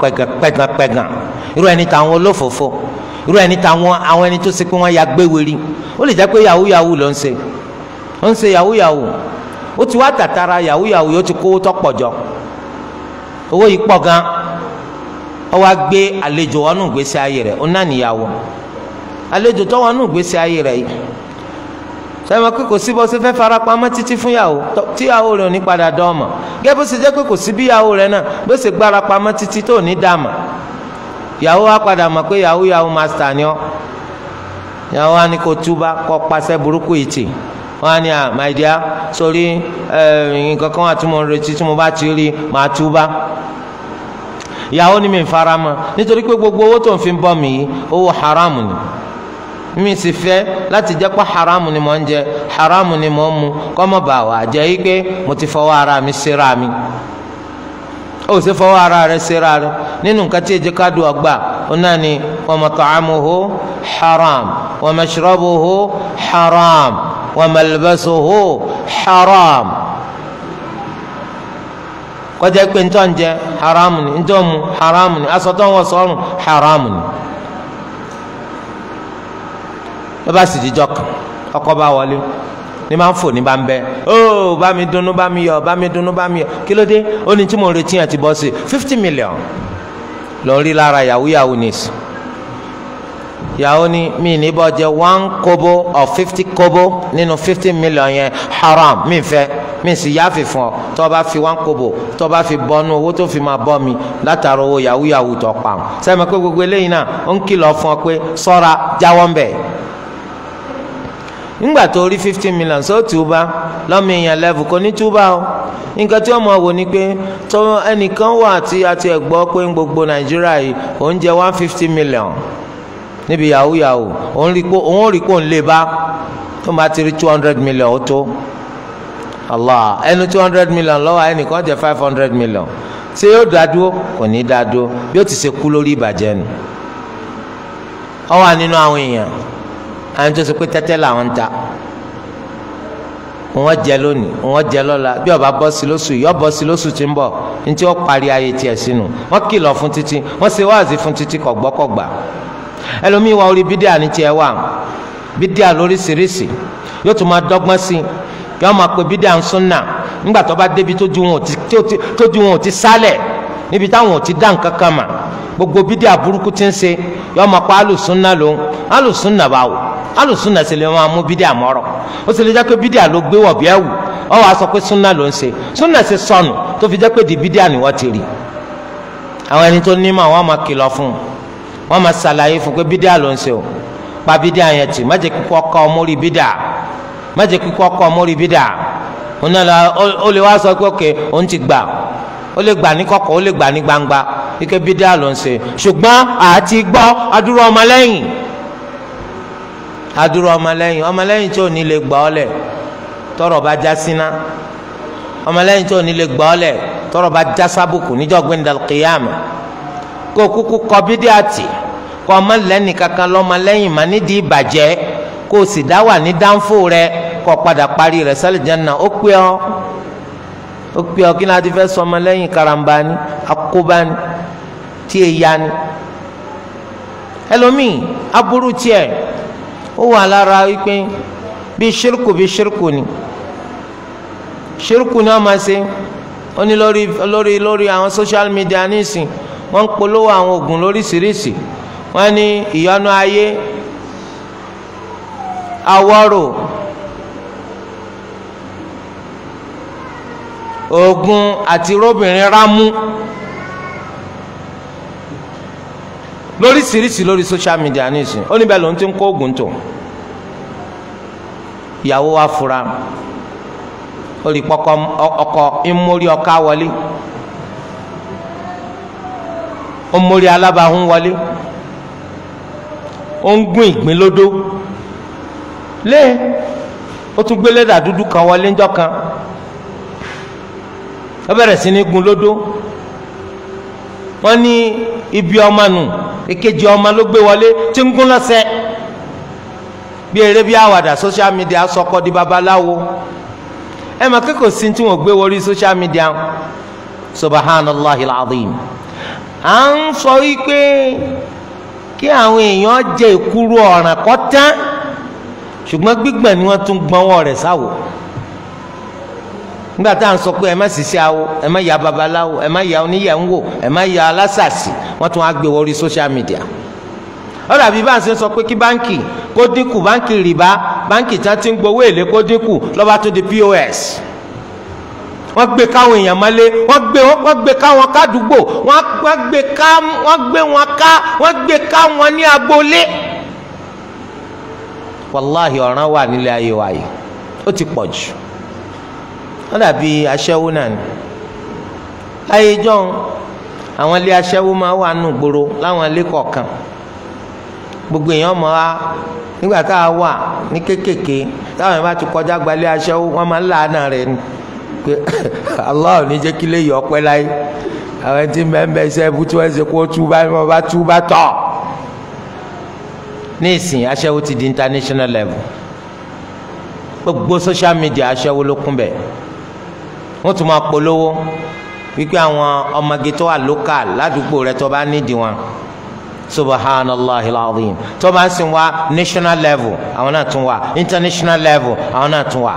pẹ̀gànpẹ̀gàn irú ẹni tàwọn olófòfò irú ẹni tàwọn àwọn ẹni tó ṣe pé wọ́n ya gbéwèrí ó lè jẹ́ pé yahoo yahoo ló ń ṣe ó ń ṣe yahoo yahoo ó ti wá tàtàrà yahoo yahoo yóò ti kówó tọ́pọ̀ jọ owó yìí pọ̀ gan ó wá gbé àlejò wọnú ìgbésí ayé rẹ̀ ó náà níyàwó àlejò tó wọnú ìgbésí ayé rẹ̀ yìí sẹ́wọ̀n pé kò sí bó ṣe fẹ́ farapamọ́ títí fún yàwó tíyàwó rẹ̀ ò ní padà dán ọmọ gẹ́gẹ́ bó ṣe jẹ́ pé kò sí bí yàwó rẹ̀ náà bó ṣe gbára pamọ́ títí tó ní dàmà yàwó wa padà mọ̀ pé yàwó yàwó màsítà ni ọ́ yàwó wa ni kò túbà kọ́ pàṣẹ burúkú yìí tì wọ́n á ní à ah, my dear sórí nǹkan kan wà tí mo ń retí tí mo bá ti rí màá túbà yàwó ni mi ń faramọ́ nítorí pé gbogbo owó tó ń fi bọ́ mi yìí owó haram ni mi sì fẹ́ láti jẹ́ pé haramu ni mò ń jẹ haramu ni mò ń mu kọ́ mọ̀ bá wa jẹ́ yí pé mo ti fọwọ́ ara mi ṣera mi ó sì fọwọ́ ara rẹ̀ ṣera rẹ̀ nínú nǹkan tí èjì kádùn ọgbà ó náà ni wa mat'amuhu haram wa mashrabuhu haram wa malbasuhu haram kọjá pé ntọ́ ń jẹ haramu ni ntọ́ mu haramu ni asọ́tọ́ ń sọ́run haramu ni. bàbá sì jíjọ kan ọkọ bá wọlé ní máa ń fò ní bá ń bẹ ó bá mi dunnú bá mi yọ̀ bá mi dunnú bá mi yọ̀ kí ló dé ó ní tí mo retí yẹn ti bọ́ sí fifty million lọ rí lára yahoo yahoo news yahoo ni mi ní bọ́ jẹ one kobo or fifty kobo nínú fifty million yẹn haram mi fẹ́ mi sì yáàfin fún ọ tó bá fi one kobo tó bá fi bọ́nú owó tó fi máa bọ́ mi látara owó yahoo yahoo tó pa ọ́n sẹ́mi pé gbogbo eléyìí náà ó ń kìlọ̀ fún ọ pé sọ́ra jáwọ́ ń bẹ̀ ńgbà tó rí fifteen million sọ tuba, lọ́mọ èèyàn lẹ́fù kò ní túbà o nǹkan tí wọ́n mọ̀ wò ni pé tó ẹnìkan wà àti àti ẹ̀gbọ́ pé gbogbo nàìjíríà yìí òun jẹ one fifty million níbi yahoo yahoo òun rí pò òun rí pò ń lè bá tó máa ti rí two hundred million ó tó allah ẹnu two hundred million lọ́wọ́ ẹnìkan jẹ five hundred million ṣé yóò dádúró kò ní dádúró bí ó ti ṣe kú lórí ìbàjẹ́ nu ọ wà nínú àwọn èèyàn àwọn tó sọ pé tẹ́tẹ́ làwọn ń ta wọ́n jẹ lónìí wọ́n jẹ lọ́la bí ọba bọ́ sí lóṣù yọ bọ́ sí lóṣù tí ń bọ̀ ní tí ó parí ayé tiẹ̀ sínú wọ́n kìlọ̀ fún títí wọ́n ṣe wáàzì fún títí kọ̀gbọ́kọ̀gbà ẹlòmíì wà orí bídíà ní tiẹ̀ wà bídíà lóríṣiríṣi yóò tún máa dọ́gbọ́n sí i yóò máa pe bídíà ń súnà nígbà tó bá débi tójú wọn ò ti sálẹ̀ níbi táwọn ò ti dá nǹkan kan mà gbogbo bídíà burúkú ti ń ṣe yóò máa pa alùsùnà lòun alùsùnà báwo alùsùnà sì lè máa mú bídíà mọ́rọ̀ ó sì lè jẹ́ pé bídíà ló gbé wọ̀ bí ẹ̀ wù ọ wàá sọ pé súnà ló ń ṣe súnà sì sọnù tó fi jẹ́ pé di bídíà ni wọ́n ti rí àwọn ẹni tó ní mà wọ́n máa kìlọ̀ fún wọ́n máa ṣàlàyé fún pé bídíà ló ń ṣe o pa bídíà yẹn tì má jẹ́ kíkọ́ ọkọ mórí bídíà má jẹ́ kíkọ́ ọkọ mórí bídíà òun náà ó lè wá sọ pé òkè òun ti gbà ó lè gbà ní kọ̀kọ̀ ó lè gbà ní gbangba ike bídíà ló ń ṣe ṣùgbọ́n àti gbọ́ adúrú ọmọlẹ́yìn adúrú ọmọlẹ́yìn ọmọlẹ́yìn tí ò ní lè gbà ọ́ lẹ̀ tọ́rọ̀ bá já síná ọmọlẹ́yìn tí ò ní lè gbà ọ́ lẹ̀ tọ́rọ̀ bá já sábùkù níjọ́ gbẹ̀ndàlùkìyàmù kó kúkú kọ bídí àtì kó ọmọ lẹ́nì kankan lọ́mọlẹ́yìn má nídìí ìbàjẹ́ kó o sì dá wà ní dáńfó rẹ kó padà parí rẹ sálìjánná ó pé ọ ó pé ọ kí ni a ti fẹ́ sọ ọmọlẹ́yìn karambani akóbani tí èyí yani ẹlòmíì aburú tiẹ̀ ó wà lára wípé bí ṣírkù bí ṣírkù ni ṣírkù ni wọ́n máa ṣe ó ní lórí lórí lórí àwọn social media nísìn wọ́n ń polówó àwọn oògùn lóríṣiríṣi wọ́n ní ìyọnu ayé awọ́rò oògùn àti róbìnrin rámú. lóríṣiríṣi lórí social media nísìnyí ó níbẹ̀ lòun ti ń kó oògùn tó ìyàwó wa fura olùkọ́kọ́ ọkọ ìmórí ọká wọlé ọmọrí alábàáhùn wọlé ó ń gún ìgbín lódó lé ó tún gbélé dà dúdú kan wọlé ńjọ́ kan ó bẹ̀rẹ̀ sí ní gún lódó wọ́n ní ibi ọmọ nù. èkejì ọmọ ló gbé wọlé tí ń gún lọ́sẹ̀ bí eré bí àwàdà social media sọkọ di babaláwo ẹ mọ̀ kí kò sí tí wọ́n gbé wọlé social media subhanallahi alazim à ń sọ wípé kí àwọn èèyàn jẹ ìkúrú ọ̀ràn kọ́ ṣùgbọ́n gbígbọ̀n ni wọ́n tún gbọ́nwọ́ rẹ̀ sáwò nígbà tá à ń sọ pé ẹ má ṣiṣẹ́ awo ẹ má ya babaláwo ẹ má ya oníyẹ̀wò ẹ má ya alásàsì wọ́n tún á gbé wọrí social media ó dàbí bá ń ṣe sọ pé kí báǹkì kó dínkù báǹkì rìbá báǹkì tí wọ́n ti ń gbowó èlé kó dínkù lọ́ba tó di POS wọ́n gbé káwọn èèyàn mọ́lé wọ́n gbé wọ́n gbé káwọn kádùúgbò wọ́n gbé ká wọ́n gbé wọn ká wọ́n gbé káwọn ní agboolé wàláhì ọ̀ràn wà nílé ayé wa yìí ó ti pọ̀ jù wọ́n dàbí aṣẹ́wó náà ni láyé jọ́un àwọn ilé aṣẹ́wó máa wà nù gbòòrò láwọn ilé kọ̀ọ̀kan gbogbo èèyàn mọ̀ á nígbà tá a wà ní kékèké táwọn èèyàn bá ti kọjá gba ilé aṣẹ́wó wọ́n máa ń láàánà rẹ̀ ni pé Allah ò ní jẹ́ kí lè yọ ọpẹ́ láyé àwọn tí mẹ́mbẹ́ iṣẹ́ ibú tí wọ́n ṣe kó tú bá wọn bá tú bá tọ̀ ní ìsìn aṣẹ́wó ti di international level gbogbo social media aṣẹ́wó ló kún bẹ́ẹ̀. wọ́n tún máa polówó wípé àwọn ọmọge tó wà local ládùúgbò rẹ tó bá nídìí wọn subhanallahil azim tó bá sì wá national level àwọn náà tún wà international level àwọn náà tún wà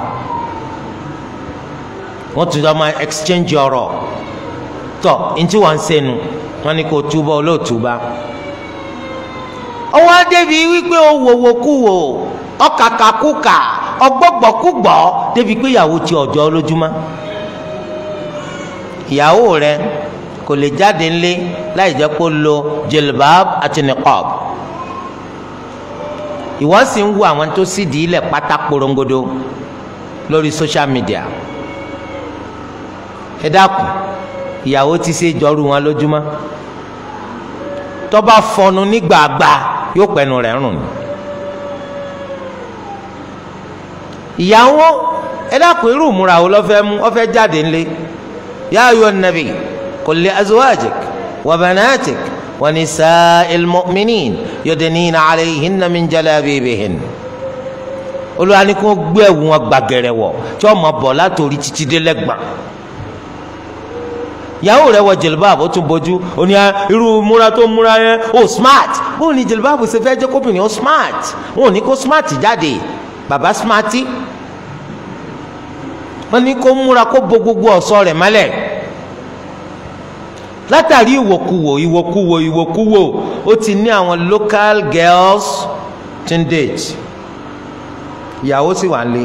wọ́n tún máa exchange ọ̀rọ̀ tọ̀ ntí wọ́n ń sẹ́nu wọ́n ní kò túbọ̀ olóòtúbá ọwọ́ débi wípé o wòwò kú wò ọkàkà kú kà kú ti ìyàwó rẹ kò lè jáde ńlé láì jẹ́ kó lo jilbab àti niqab ìwọ sì ń wo àwọn tó sì di ilẹ̀ pátá porongodo lórí social media ẹ dákun ìyàwó ti ṣe jọrú wọn lójúmọ́ tó fọnu nígbàgbà yóò pẹnu rẹ̀ rùn ni ìyàwó ẹ dákun irú ìmúra wo ló fẹ́ mú ó fẹ́ jáde ńlé. يا أيها النبي قل لأزواجك وبناتك ونساء المؤمنين يدنين عليهن من جلابيبهن olùwà ni kò gbé ẹ̀wù wọn gbàgẹrẹ wọ tí ọmọ bọ látòrí títí dé lẹ́gbà yàwó rẹ̀ wọ jìlbáàbù ó tún bójú ó ní ah, irú múra tó múra yẹn ó smart bóun ni jìlbáàbù ṣe fẹ́ jẹ́ kóbìnrin ó smart wọn ò ní kó smart jáde bàbá smarty wọ́n ní kó múra kó bo gbogbo ọ̀ṣọ́ rẹ̀ mọ́lẹ̀ látàrí ìwòkuwò ìwòkuwò ìwòkuwò ó ti ní àwọn local girls teen date ìyàwó sì wà lé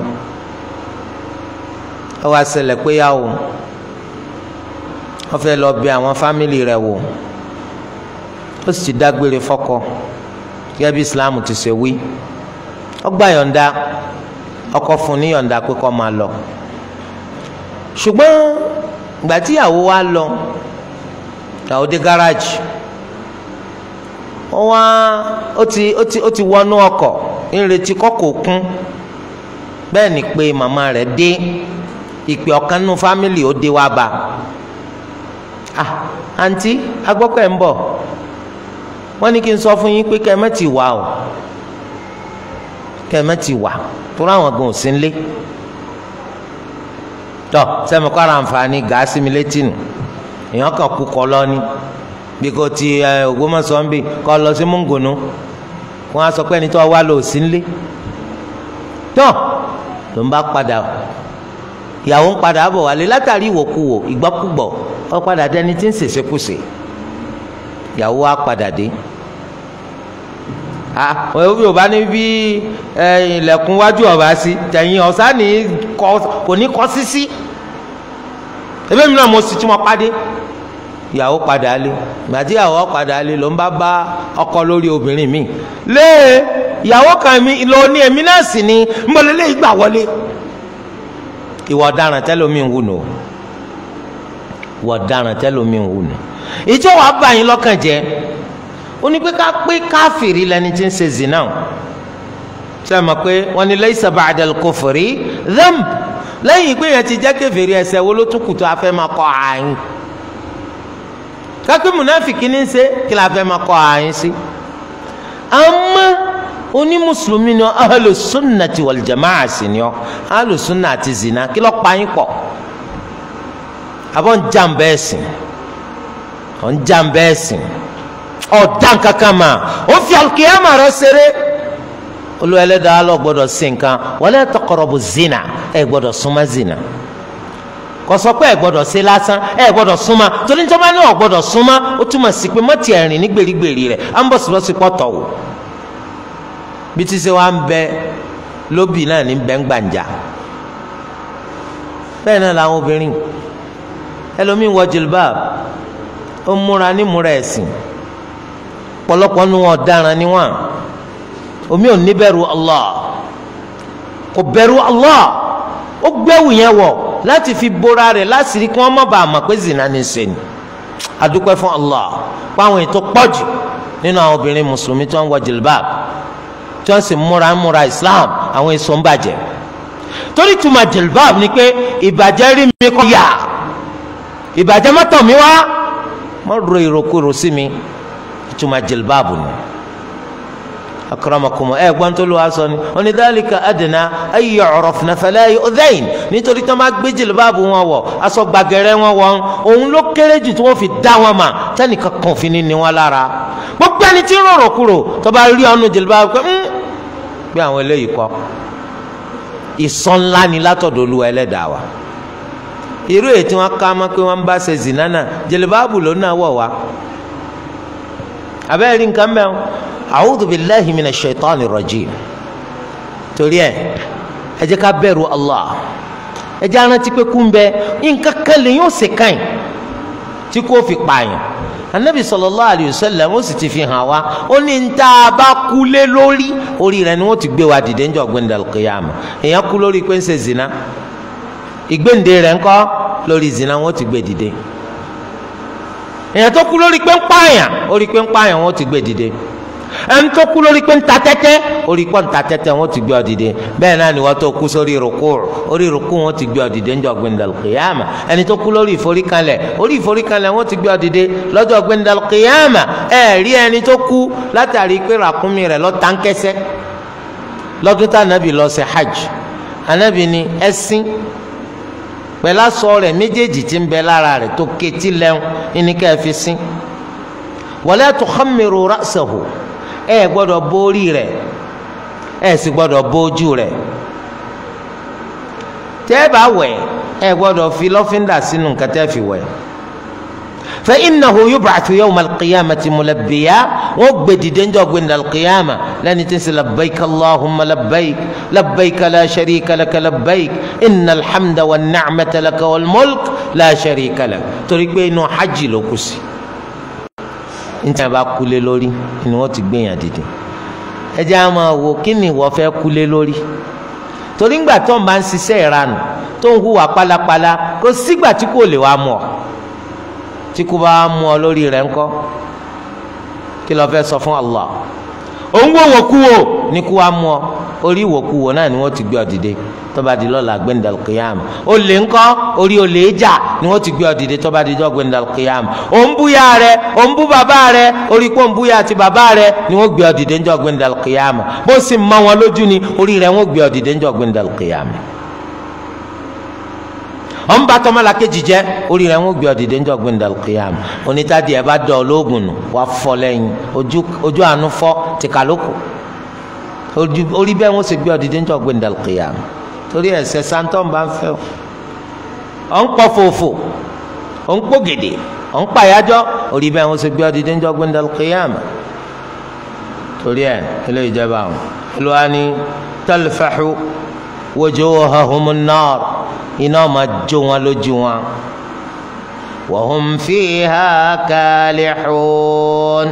ó wá ṣẹlẹ̀ pé yá o wọ́n fẹ́ lọ bẹ̀ àwọn fámìlì rẹ̀ wò ó sì ti dágbére fọ́kọ gẹ́gẹ́ bí Islam ti ṣe wí ó yọ̀ǹda ọkọ fún ní yọ̀ǹda pé kó máa lọ ṣùgbọ́n ìgbà tíyàwó wa lọ ìyàwó dé gáràjì ó wá ó ti ó ti ó ti wọnú ọkọ̀ ń retí kọ́kọ́ kún bẹ́ẹ̀ ni pé màmá rẹ̀ dé ìpè ọ̀kan nínú fámìlì ó dé wá bá ah àǹtí agbọ́pẹ́ ń bọ̀ wọ́n ní kí n sọ fún yín pé kẹ́mẹ́tì wà o kẹ́mẹ́tì wà tó ráwọn gan ò sí ń lé tọ sẹ́mi kọ́ ara àǹfààní gàásì mi létí nù èèyàn kàn kú kọ́ lọ́ni bí kò ti Ògbómọ̀ṣọ́ ń bì kọ́ lọ sí múngònú wọ́n á sọ pé ẹni tó wá lò sí nílé tọ́ ló ń bá padà ìyàwó ń padà bọ̀ wálé látàrí ìwòkuwò ìgbọ́kúgbọ̀ ó padà dẹni tí ń ṣèṣekúṣe ìyàwó á padà dé yorùbá ní bí ilẹ̀kùn wájú ọ̀bá sí tẹ̀yìn ọ̀sá kò ní kọ́ sísí ebi mi náà mo sì tí mo pàdé ìyàwó padà lé gbàtí ìyàwó padà lé ló ń bá bá ọkọ lórí obìnrin mi lé ìyàwó kan mi lọ ní èmi náà sì ni mbọlélé ìgbà wọlé ìwà ọ̀daràn tẹ́lómi ń wù nù ìwà ọ̀daràn tẹ́lómi ń wù ìjọ wàá bá yín lọ́kàn jẹ́ ó ní pé ká pé káfìrí lẹni tí ń ṣe zina o ṣe mọ̀ pé wọ́n ní laysa ba'da al-kufri dhanb lẹ́yìn pé yẹn ti jẹ́ kèfèrí ẹ̀ṣẹ̀ wo ló tún kùtù afẹ́ máa kọ́ ààyìn kápẹ́ mùnáfìkì ní ṣe kí la fẹ́ máa kọ́ ààyìn sí. àmọ́ onímùsùlùmí ni ahlu sunnati wal jama'a sì ni ọ́ ahlu sunna àti zina kí lọ́ọ́ pa yín pọ̀ àbọ̀ ń jàǹbá ẹ̀sìn ọ̀ ń jàǹbá ẹ̀sìn. ọ̀dá nǹkan kan ó fi àlùkìyàmà rẹ ṣeré olú ẹlẹ́dàá lọ gbọ́dọ̀ sí zina ẹ gbọ́dọ̀ súnmọ́ zina kò ẹ gbọ́dọ̀ ṣe lásán ẹ gbọ́dọ̀ súnmọ́ torí níjọba ní ọ gbọ́dọ̀ súnmọ́ ó túmọ̀ sí pé mọ́tì ẹ̀rìn ní gbèrígbèrí o bí tí ṣe wá ń bẹ lóbì náà ní bẹ́ ń gbàǹjà bẹ́ẹ̀ ọ̀pọ̀lọpọ̀ nu wọn ọ̀daràn ni wọn omi ò ní bẹ̀rù Allah kò bẹ̀rù Allah ó gbẹ́wù yẹn wọ̀ láti fi bora rẹ̀ láṣìírí kí wọ́n má bàa mọ̀ pé zina ni ṣe ni adúpẹ́ fún Allah pa àwọn ètò pọ̀jù nínú àwọn obìnrin mùsùlùmí tí wọ́n wọ jilbab tí wọ́n sì múra múra Islam àwọn èso ń bàjẹ́ torí tuma jilbab ni pé ìbàjẹ́ rí mi kọ́ yà ìbàjẹ́ mọ́tọ̀ mi wá mọ́ ro ìrokòrò sí mi ìtumọ̀ jilbaabu ni akaramakum ẹ gbọ́n tó ló wá sọ ni wọn ni dhalika adna ay yu'rafna fala yu'dhayn nítorí tó máa gbé jilbaabu wọn wọ aṣọ gbàgẹrẹ wọn wọ òun ló kéré jù tí wọn fi dá wọn mà tẹnìkan kan fi ní ni wọn lára gbogbo ẹni tí ń rọrọ kúrò tó bá rí ọnu jilbaabu pé hmm, bí àwọn eléyìí kọ ìsọ̀n ńlá ni látọ̀dọ̀ olúwa ẹlẹ́dàá wa irú èyí tí wọ́n ká mọ́ pé wọ́n bá ṣe zìnnà náà ló náà wọ̀ wá abẹ́rẹ́ rí nǹkan mẹ́wọ́n a'udhu billahi minash shaitani rajim torí ẹ ẹ jẹ́ ká bẹ̀rù Allah ẹ jẹ́ arántí pé kú ń bẹ nǹkan kan lè yóò ṣe káyìn tí kò fi pààyàn anabi sallallahu alayhi wa sallam ó sì ti fi hàn wá ó ní níta bá kú lé lórí orí rẹ̀ ni wọ́n ti gbé wa dìde ńjọ́ gbẹndàl qiyama èèyàn kú lórí pé ń ṣe zina ìgbéǹde rẹ̀ ńkọ́ lórí zina wọ́n ti gbé dìde èèyàn tó kú lórí pé ń pààyàn orí pé ń pààyàn wọn ti gbé dìde ẹni tó kú lórí pé ń ta tẹ́tẹ́ orí pé ń ta tẹ́tẹ́ wọn ti gbé ọ dìde bẹ́ẹ̀ náà ni wọ́n tó kú sórí rúkú orí rúkú wọn ti gbé ọ dìde ńjọ́ gbẹndàlùkìyàmà ẹni tó kú lórí ìforíkanlẹ̀ orí ìforíkanlẹ̀ wọn ti gbé ọ dìde lọ́jọ́ gbẹndàlùkìyàmà ẹ rí ẹni tó kú látàrí pé ràkúnmí rẹ̀ lọ táńkẹ́sẹ́ lọ́dún tá ànábì lọ ṣe hajj ànábì ni ẹ̀sìn pẹ̀lú aṣọ rẹ̀ méjèèjì ti ń bẹ lára rẹ̀ tó ketí lẹ́hún ẹni ká ẹ fi sín wala tukhammiru ra'sahu ẹ gbọ́dọ̀ borí rẹ̀ ẹ sì gbọ́dọ̀ bójú rẹ̀ tẹ́ bá wẹ̀ ẹ gbọ́dọ̀ fi lọ́fíńdà sínú nǹkan tẹ́ fi wẹ̀. fa innahu yub'athu yawma al-qiyamati mulabbiya wọ́n gbé dìde ń jọ gbé ní al-qiyama lẹ́ni tí ń sẹ́ labbaik allahumma labbaik labbaik la sharika laka labbaik inna alhamda wa ni'mata laka wal mulk la sharika laka torí pé inú hajj ló kù sí ní tí a bá kulé lórí ni wọ́n ti gbé yàn dìde ẹ jẹ́ àwọn máa kí ni ìwọ fẹ́ kulé lórí torí ńgbà tó ń bá ń ṣiṣẹ́ ìranù tó ń hùwà pálapàla kò sígbà tí kò lè wá mọ̀ ọ́ tí kú bá mú ọ lórí rẹ̀ ńkọ́ kí ló fẹ́ sọ fún Allah òun wò wò kú wò ní kú wá mú ọ orí wò kú wò náà ni wọ́n ti gbé ọ dìde tó bá di lọ́la gbẹ̀ndàl kìyàm olè ńkọ́ orí olè jà ni wọ́n ti gbé ọ dìde tó bá di lọ́la gbẹ̀ndàl kìyàm òun búya rẹ òun bú bàbá rẹ orí pé òun búya àti bàbá rẹ ni wọ́n gbé ọ dìde ńjọ́ gbẹ̀ndàl kìyàm bó sì mọ wọn lójú ni orí rẹ wọ́n gbé ọ dìde ńjọ́ gbẹ̀ndàl kìyàm ọ̀n bá tọmọlàkejì jẹ́ orí rẹ̀ ń gbé ọ̀dìdẹ́ ńjọ́ gbẹ̀ndà kìyàm onítàdí ẹ̀ bá dọ̀ ológun nù wà fọ́ lẹ́yìn ojú àánú fọ́ tìkàlókù orí bẹ́ẹ̀ wọ́n sì gbé ọ̀dìdẹ́ ńjọ́ gbẹ̀ndà kìyàm torí ẹ̀sẹ̀ santọ́ ń ń fẹ́ ọ̀n pọ̀ fòfò ọ̀n pọ̀ gèdè ọ̀n pàyájọ́ orí bẹ́ẹ̀ wọ́n sì gbé ọ̀dìdẹ́ ńjọ́ gbẹ̀ndà kìyàm torí ẹ̀ ilé ìjọba àwọn olùwà ni talfahu wujuhahum an-nar iná máa jó wọn lójú wọn. wa hum fiha kalihun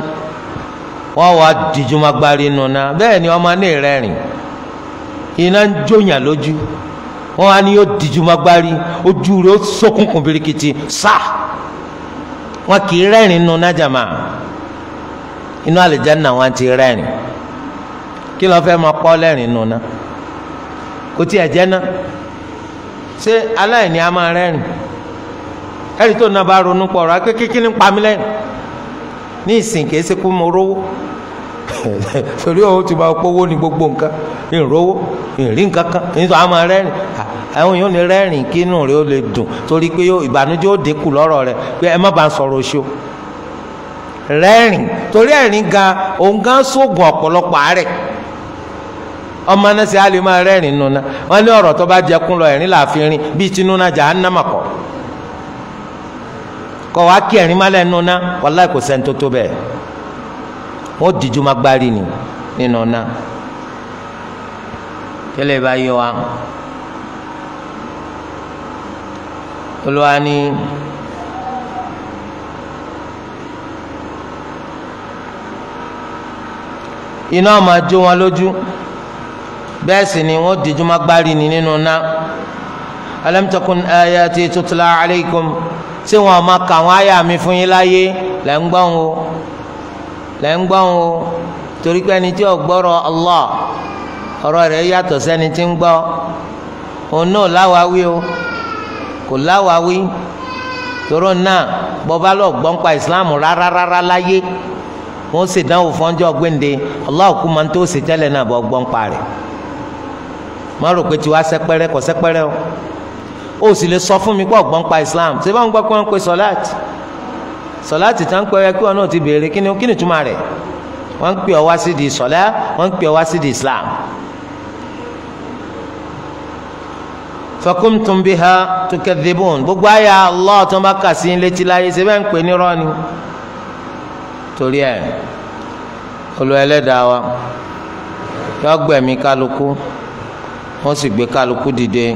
wọ́n wá dìjúmagbárí nuna bẹ́ẹ̀ ni ọmọ ní ìrẹ́rìn iná ń jóyàn lójú wọ́n á ní yóò dìjúmagbárí ojú rẹ̀ ó sókùnkùn birikiti sáà wọn kì í rẹ́rìn nù nájàmá inú àlìjáná wọn ti rẹ́rìn kí ló fẹ́ máa pọ́ lẹ́rìn nù kò tí ẹ̀ jẹ́ ná ṣé aláìní a máa rẹ́rìn ẹ̀rí tó náà bá ronú pọ̀ ọ̀rọ̀ akéké kí ni pa mí lẹ́rìn ní ìsìn kìí ṣe kó mo rówó torí ọ̀hún ti máa pọ́wó ní gbogbo nǹkan ìrówó ìrí nǹkan kan nítorí a máa rẹ́rìn àwọn èèyàn lè rẹ́rìn kí inú rẹ̀ ó lè dùn torí pé ìbànújẹ́ ó dínkù lọ́rọ̀ rẹ̀ pé ẹ má bàa sọ̀rọ̀ oṣù rẹ́rìn torí ẹ̀rín gan òun gan sóògùn ọ̀pọ̀lọpọ̀ àárẹ̀ ọmọ náà sì á lè máa rẹ́rìn nuna wọ́n ní ọ̀rọ̀ tó bá jẹ kún lọ ẹ̀rín làá fi rin bíi tinúna jahannama kọ́ kọ́ wa kí ẹ̀rín má lẹ́nu ná wàláì kò sẹ́ni tó tó bẹ́ẹ̀ wọ́n dìjú má gbárí ni nínú ná tẹ́lẹ̀ bá yọ wa olúwa ni. iná máa jó wọn lójú bẹ́ẹ̀ sì ni wọ́n dijú má gbárí ni nínú náà alam takun ayati tutla alaykum ṣé wọn máa kà wọn àyà mi fún yín láyé lẹ́ ń gbọ́n o lẹ́ ń gbọ́n o torí pé ẹni tí ò gbọ́rọ̀ Allah ọ̀rọ̀ rẹ̀ yàtọ̀ sẹ́ni tí ń gbọ́ òun náà láwáwí o kò láwáwí tòró náà bọ́bá lọ gbọ́npa Islam rárárárá láyé wọ́n sì dánwò fọ́njọ́ gbéǹde Allah kú máa ń tó ṣe tẹ́lẹ̀ náà bọ́ gbọ́npa rẹ̀ má rò pé tiwa sẹpẹrẹ kọ sẹpẹrẹ o ó sì lè sọ fún mi pé ọgbọ́n pa islam ṣé báwọn gbọ́ pé wọ́n ń pe sọ́láàtì sọ́láàtì tá ń pe ẹ kí wọn náà ti béèrè kí ni kí ni túmọ̀ rẹ̀ wọ́n ń pè ọ wá sí di sọ́lá wọ́n ń pè ọ wá sí di islam. fakumtum biha tukadhibun gbogbo àyà allah tó ń bá kà sí létí láyé ṣé bẹ́ẹ̀ ń pè ní rọ́ọ̀nì torí ẹ̀ olú ẹlẹ́dàá wa yọ gbẹ̀mí kálukú wọ́n sì gbé kálukú dìde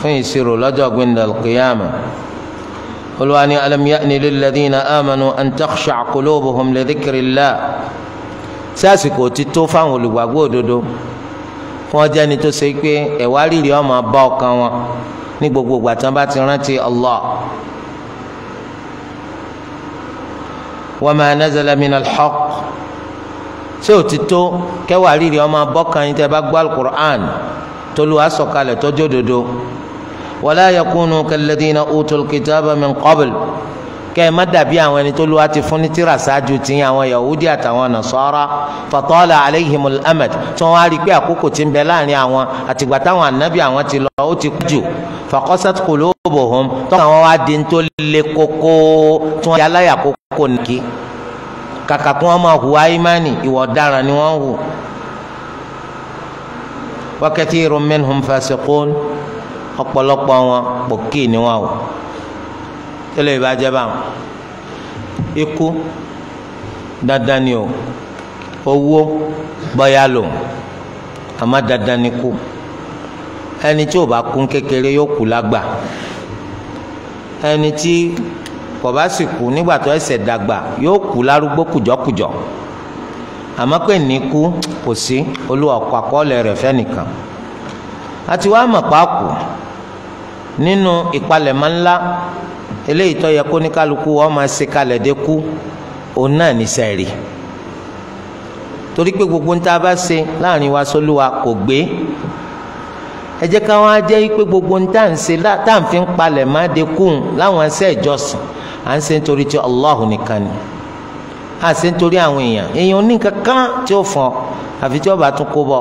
fún ìṣirò lọ́jọ́ gbẹ̀ndà kìyàmà olùwà ni alam ya'ni lilladhina amanu an takhsha' qulubuhum li dhikrillah sí àsìkò tí tó fáwọn olùgbàgbọ́ òdodo fún ọjọ́ ẹni tó ṣe pé ẹ̀wá rírì ọmọ bá ọkàn wọn ní gbogbo ìgbà bá ti rántí Allah wa ma nazala min al-haqq ṣé ò ti tó kẹwàá rírì ọmọ abọ́kan yín tẹ́ bá gbọ́ alukur'an tolúwa sọ̀kalẹ̀ tọ́jú òdodo wala yakunu kalladina utul kitaba min qabl kẹ́ ẹ má dàbí àwọn ẹni tolúwa ti fún ní tírà ṣáájú tí àwọn yahudi àtàwọn nasara fatala aleihimul amad tí wọ́n á rí i pé àkókò ti ń bẹ láàrin àwọn àtìgbà táwọn ànábì àwọn ti lọ ó ti kú jù faqasat qulubuhum tọ́ka wọn wá di ń tó lé koko tí wọ́n yálà yà kókó nìkí kàkà kí wọ́n máa hùwà ìmánì ìwà ọ̀daràn ni wọ́n hù wa kathirun minhum fasiqun ọ̀pọ̀lọpọ̀ wọn pòkì ni wọ́n hù tẹ́lẹ̀ ìbàjẹ́ bá wọn ikú dandan ni o owó bọ́yá lò àmọ́ dandan ni kú ẹni tí ò bá kú kékeré yóò kú lágbà ẹni tí kọba sì kú nígbà tó ẹsẹ̀ dàgbà yóò kú lárúgbó kùjọ́kùjọ́ àmọ́ pé ní kú kò sí olúwa kọ àkọọ́lẹ̀ rẹ̀ fẹ́nìkan àti wàá mọ̀ pàákù nínú ìpalẹ̀mọ́ ńlá eléyìí tó yẹ kó ní wọn máa ṣe kalẹ̀ dé kú òun náà ní sẹ́ẹ̀rì torí pé gbogbo ńta bá ṣe láàrin wa sólúwa kò gbé ẹ jẹ́ ká wọn á jẹ́ pé gbogbo ńta ń ṣe tá à ń fi ń palẹ̀ má de kú láwọn ẹsẹ̀ ìjọsìn à ń ṣe nítorí tí Allahu nìkan ni à ń ṣe nítorí àwọn èèyàn èèyàn ní kankan tí ó fọn àfi tí ó bá tún kó bọ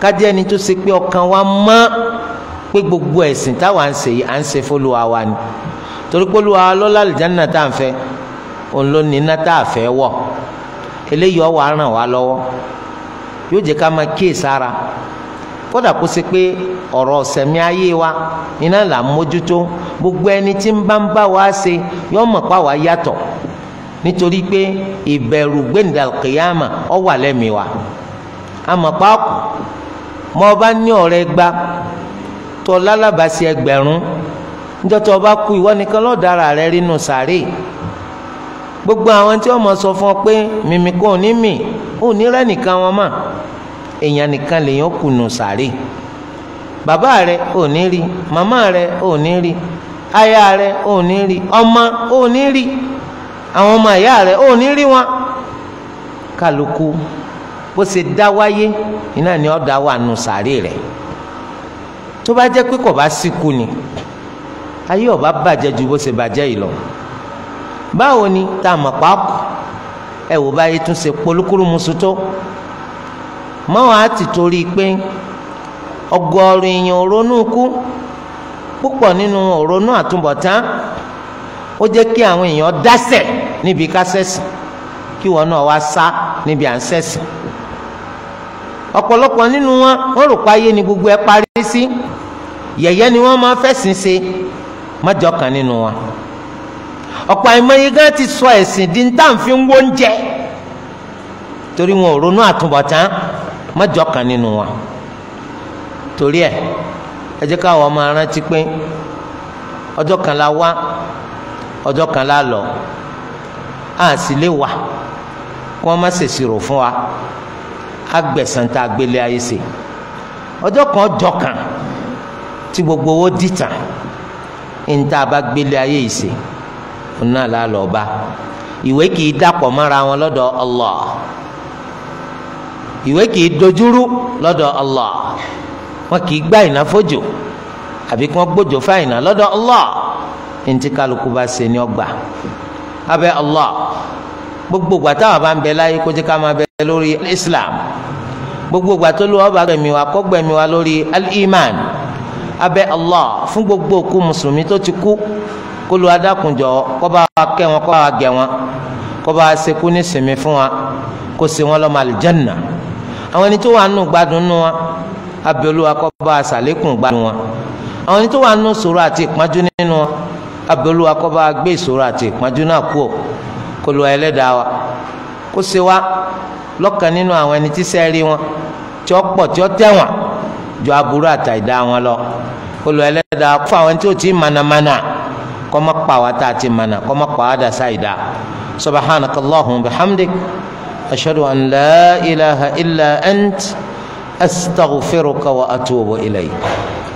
kájẹ́ ẹni tó ṣe pé ọkàn wa mọ́ pé gbogbo ẹ̀sìn táwa ń ṣe yìí à ń ṣe fÓlúwa wa ni torí pé Olúwa lọ́lá àlùjáná tá à ń fẹ́ òun ló ní iná tá à fẹ́ wọ̀ eléyìí ọwọ́ á ràn wá lọ́wọ́ yóò jẹ́ ká máa kíyèsára. kódà kó ṣe pé ọ̀rọ̀ ọ̀sẹ̀mí ayé wa iná là ń mójútó gbogbo ẹni tí ń bá ń bá wa ṣe yọ́n mọ̀ pa wá yàtọ̀ nítorí pé ìbẹ̀rù gbẹ̀ndàkìyàmà ó wà lẹ́mìí wa àmọ́ pàákù mọ́ ọba ní ọ̀rẹ́ gba tọ́ lálàbàṣe ẹgbẹ̀rún níjọ́ tó ọba kú ìwọ nìkan lọ́ọ́ dára rẹ rínú sàárè gbogbo àwọn tí wọ́n mọ̀ sọ fún ọ pé mímí kò ní mì ò ní rẹ́ nìkan wọn mọ̀ èèyàn nìkan lèèyàn kùnú sàárè bàbá rẹ ò ní rí màmá rẹ ò ní rí aya rẹ ò ní rí ọmọ ò ní rí àwọn ọmọ ìyá rẹ ò ní rí wọn kálukú bó ṣe dá wáyé iná ni ọ dá wà nù sàárè rẹ tó bá jẹ́ pé kò bá síkú ni ayé ọba bàjẹ́ ju bó ṣe bàjẹ́ yìí lọ báwo ni tá a mọ̀ pàápù ẹ wò báyìí tún ṣe polúkúrú musu tó mọ́ wàá ti torí pé ọgọ́rùn èèyàn òrónú kú púpọ̀ nínú òrónú àtúbọ̀tán ó jẹ́ kí àwọn èèyàn dásẹ̀ níbi kásẹ̀sì kí wọn náà wá sá níbi à ọ̀pọ̀lọpọ̀ nínú wọn ni gbogbo ẹ parí sí ni máa ṣe ti sọ di torí wọn ò ronú ma jọkàn nínú wa torí ẹ ẹ jẹ́ káwọn ọmọ arántí pé ọjọ́ kan la wá ọjọ kan la lọ a sì lè wà kí ma má ṣèṣirò fún wa á gbẹ̀san tá a gbélé ayé ṣe ọjọ kan ọjọ́ kan tí gbogbo owó dìtà ń tá a bá gbélé ayé yìí ṣe òun náà la lọ bá ìwé kì í dàpọ̀ mọ́ra wọn lọ́dọ̀ Allah. ìwé kì í dojúrú lọ́dọ̀ Allah wọn kì í gbá ìná fójò àbí kí wọ́n gbójò fáìnà lọ́dọ̀ Allah ntí kálukú bá ṣe ní ọgbà abẹ́ Allah gbogbo ìgbà táwa bá ń bẹ láyé kó jẹ́ ká máa bẹ lórí Islam gbogbo ìgbà tó lù ọba gbẹ̀mí wa kó gbẹ̀mí wa lórí al-iman abẹ́ Allah fún gbogbo òkú mùsùlùmí tó ti kú kó lu adákunjọ kó bá wa kẹ́ wọn kó bá wa gẹ̀ wọn kó bá wa ṣekú ní sinmi fún wa kó ṣe wọn lọ́mọ àlìjẹ́nà àwọn ẹni tó wà nù gbádùn nù wọn abẹ olúwa kó bá a ṣàlékún gbádùn wọn àwọn ẹni tó wà nù ṣòro àti ìpọ́njú nínú wọn abẹ olúwa kó bá a gbé ìṣòro àti ìpọ́njú náà kú ò kó lu ẹlẹ́dàá wa kó ṣe wá lọ́kàn nínú àwọn ẹni tí sẹ́ẹ̀rí wọn tí ó pọ̀ tí ó tẹ̀wọ̀n ju aburú àtà ìdá wọn lọ kó lu ẹlẹ́dàá fún àwọn tí ò tí manamana kó má pa tá a ti mana kó má pa wá dà sáì dá subhanakallahumma أشهد أن لا إله إلا أنت أستغفرك وأتوب إليك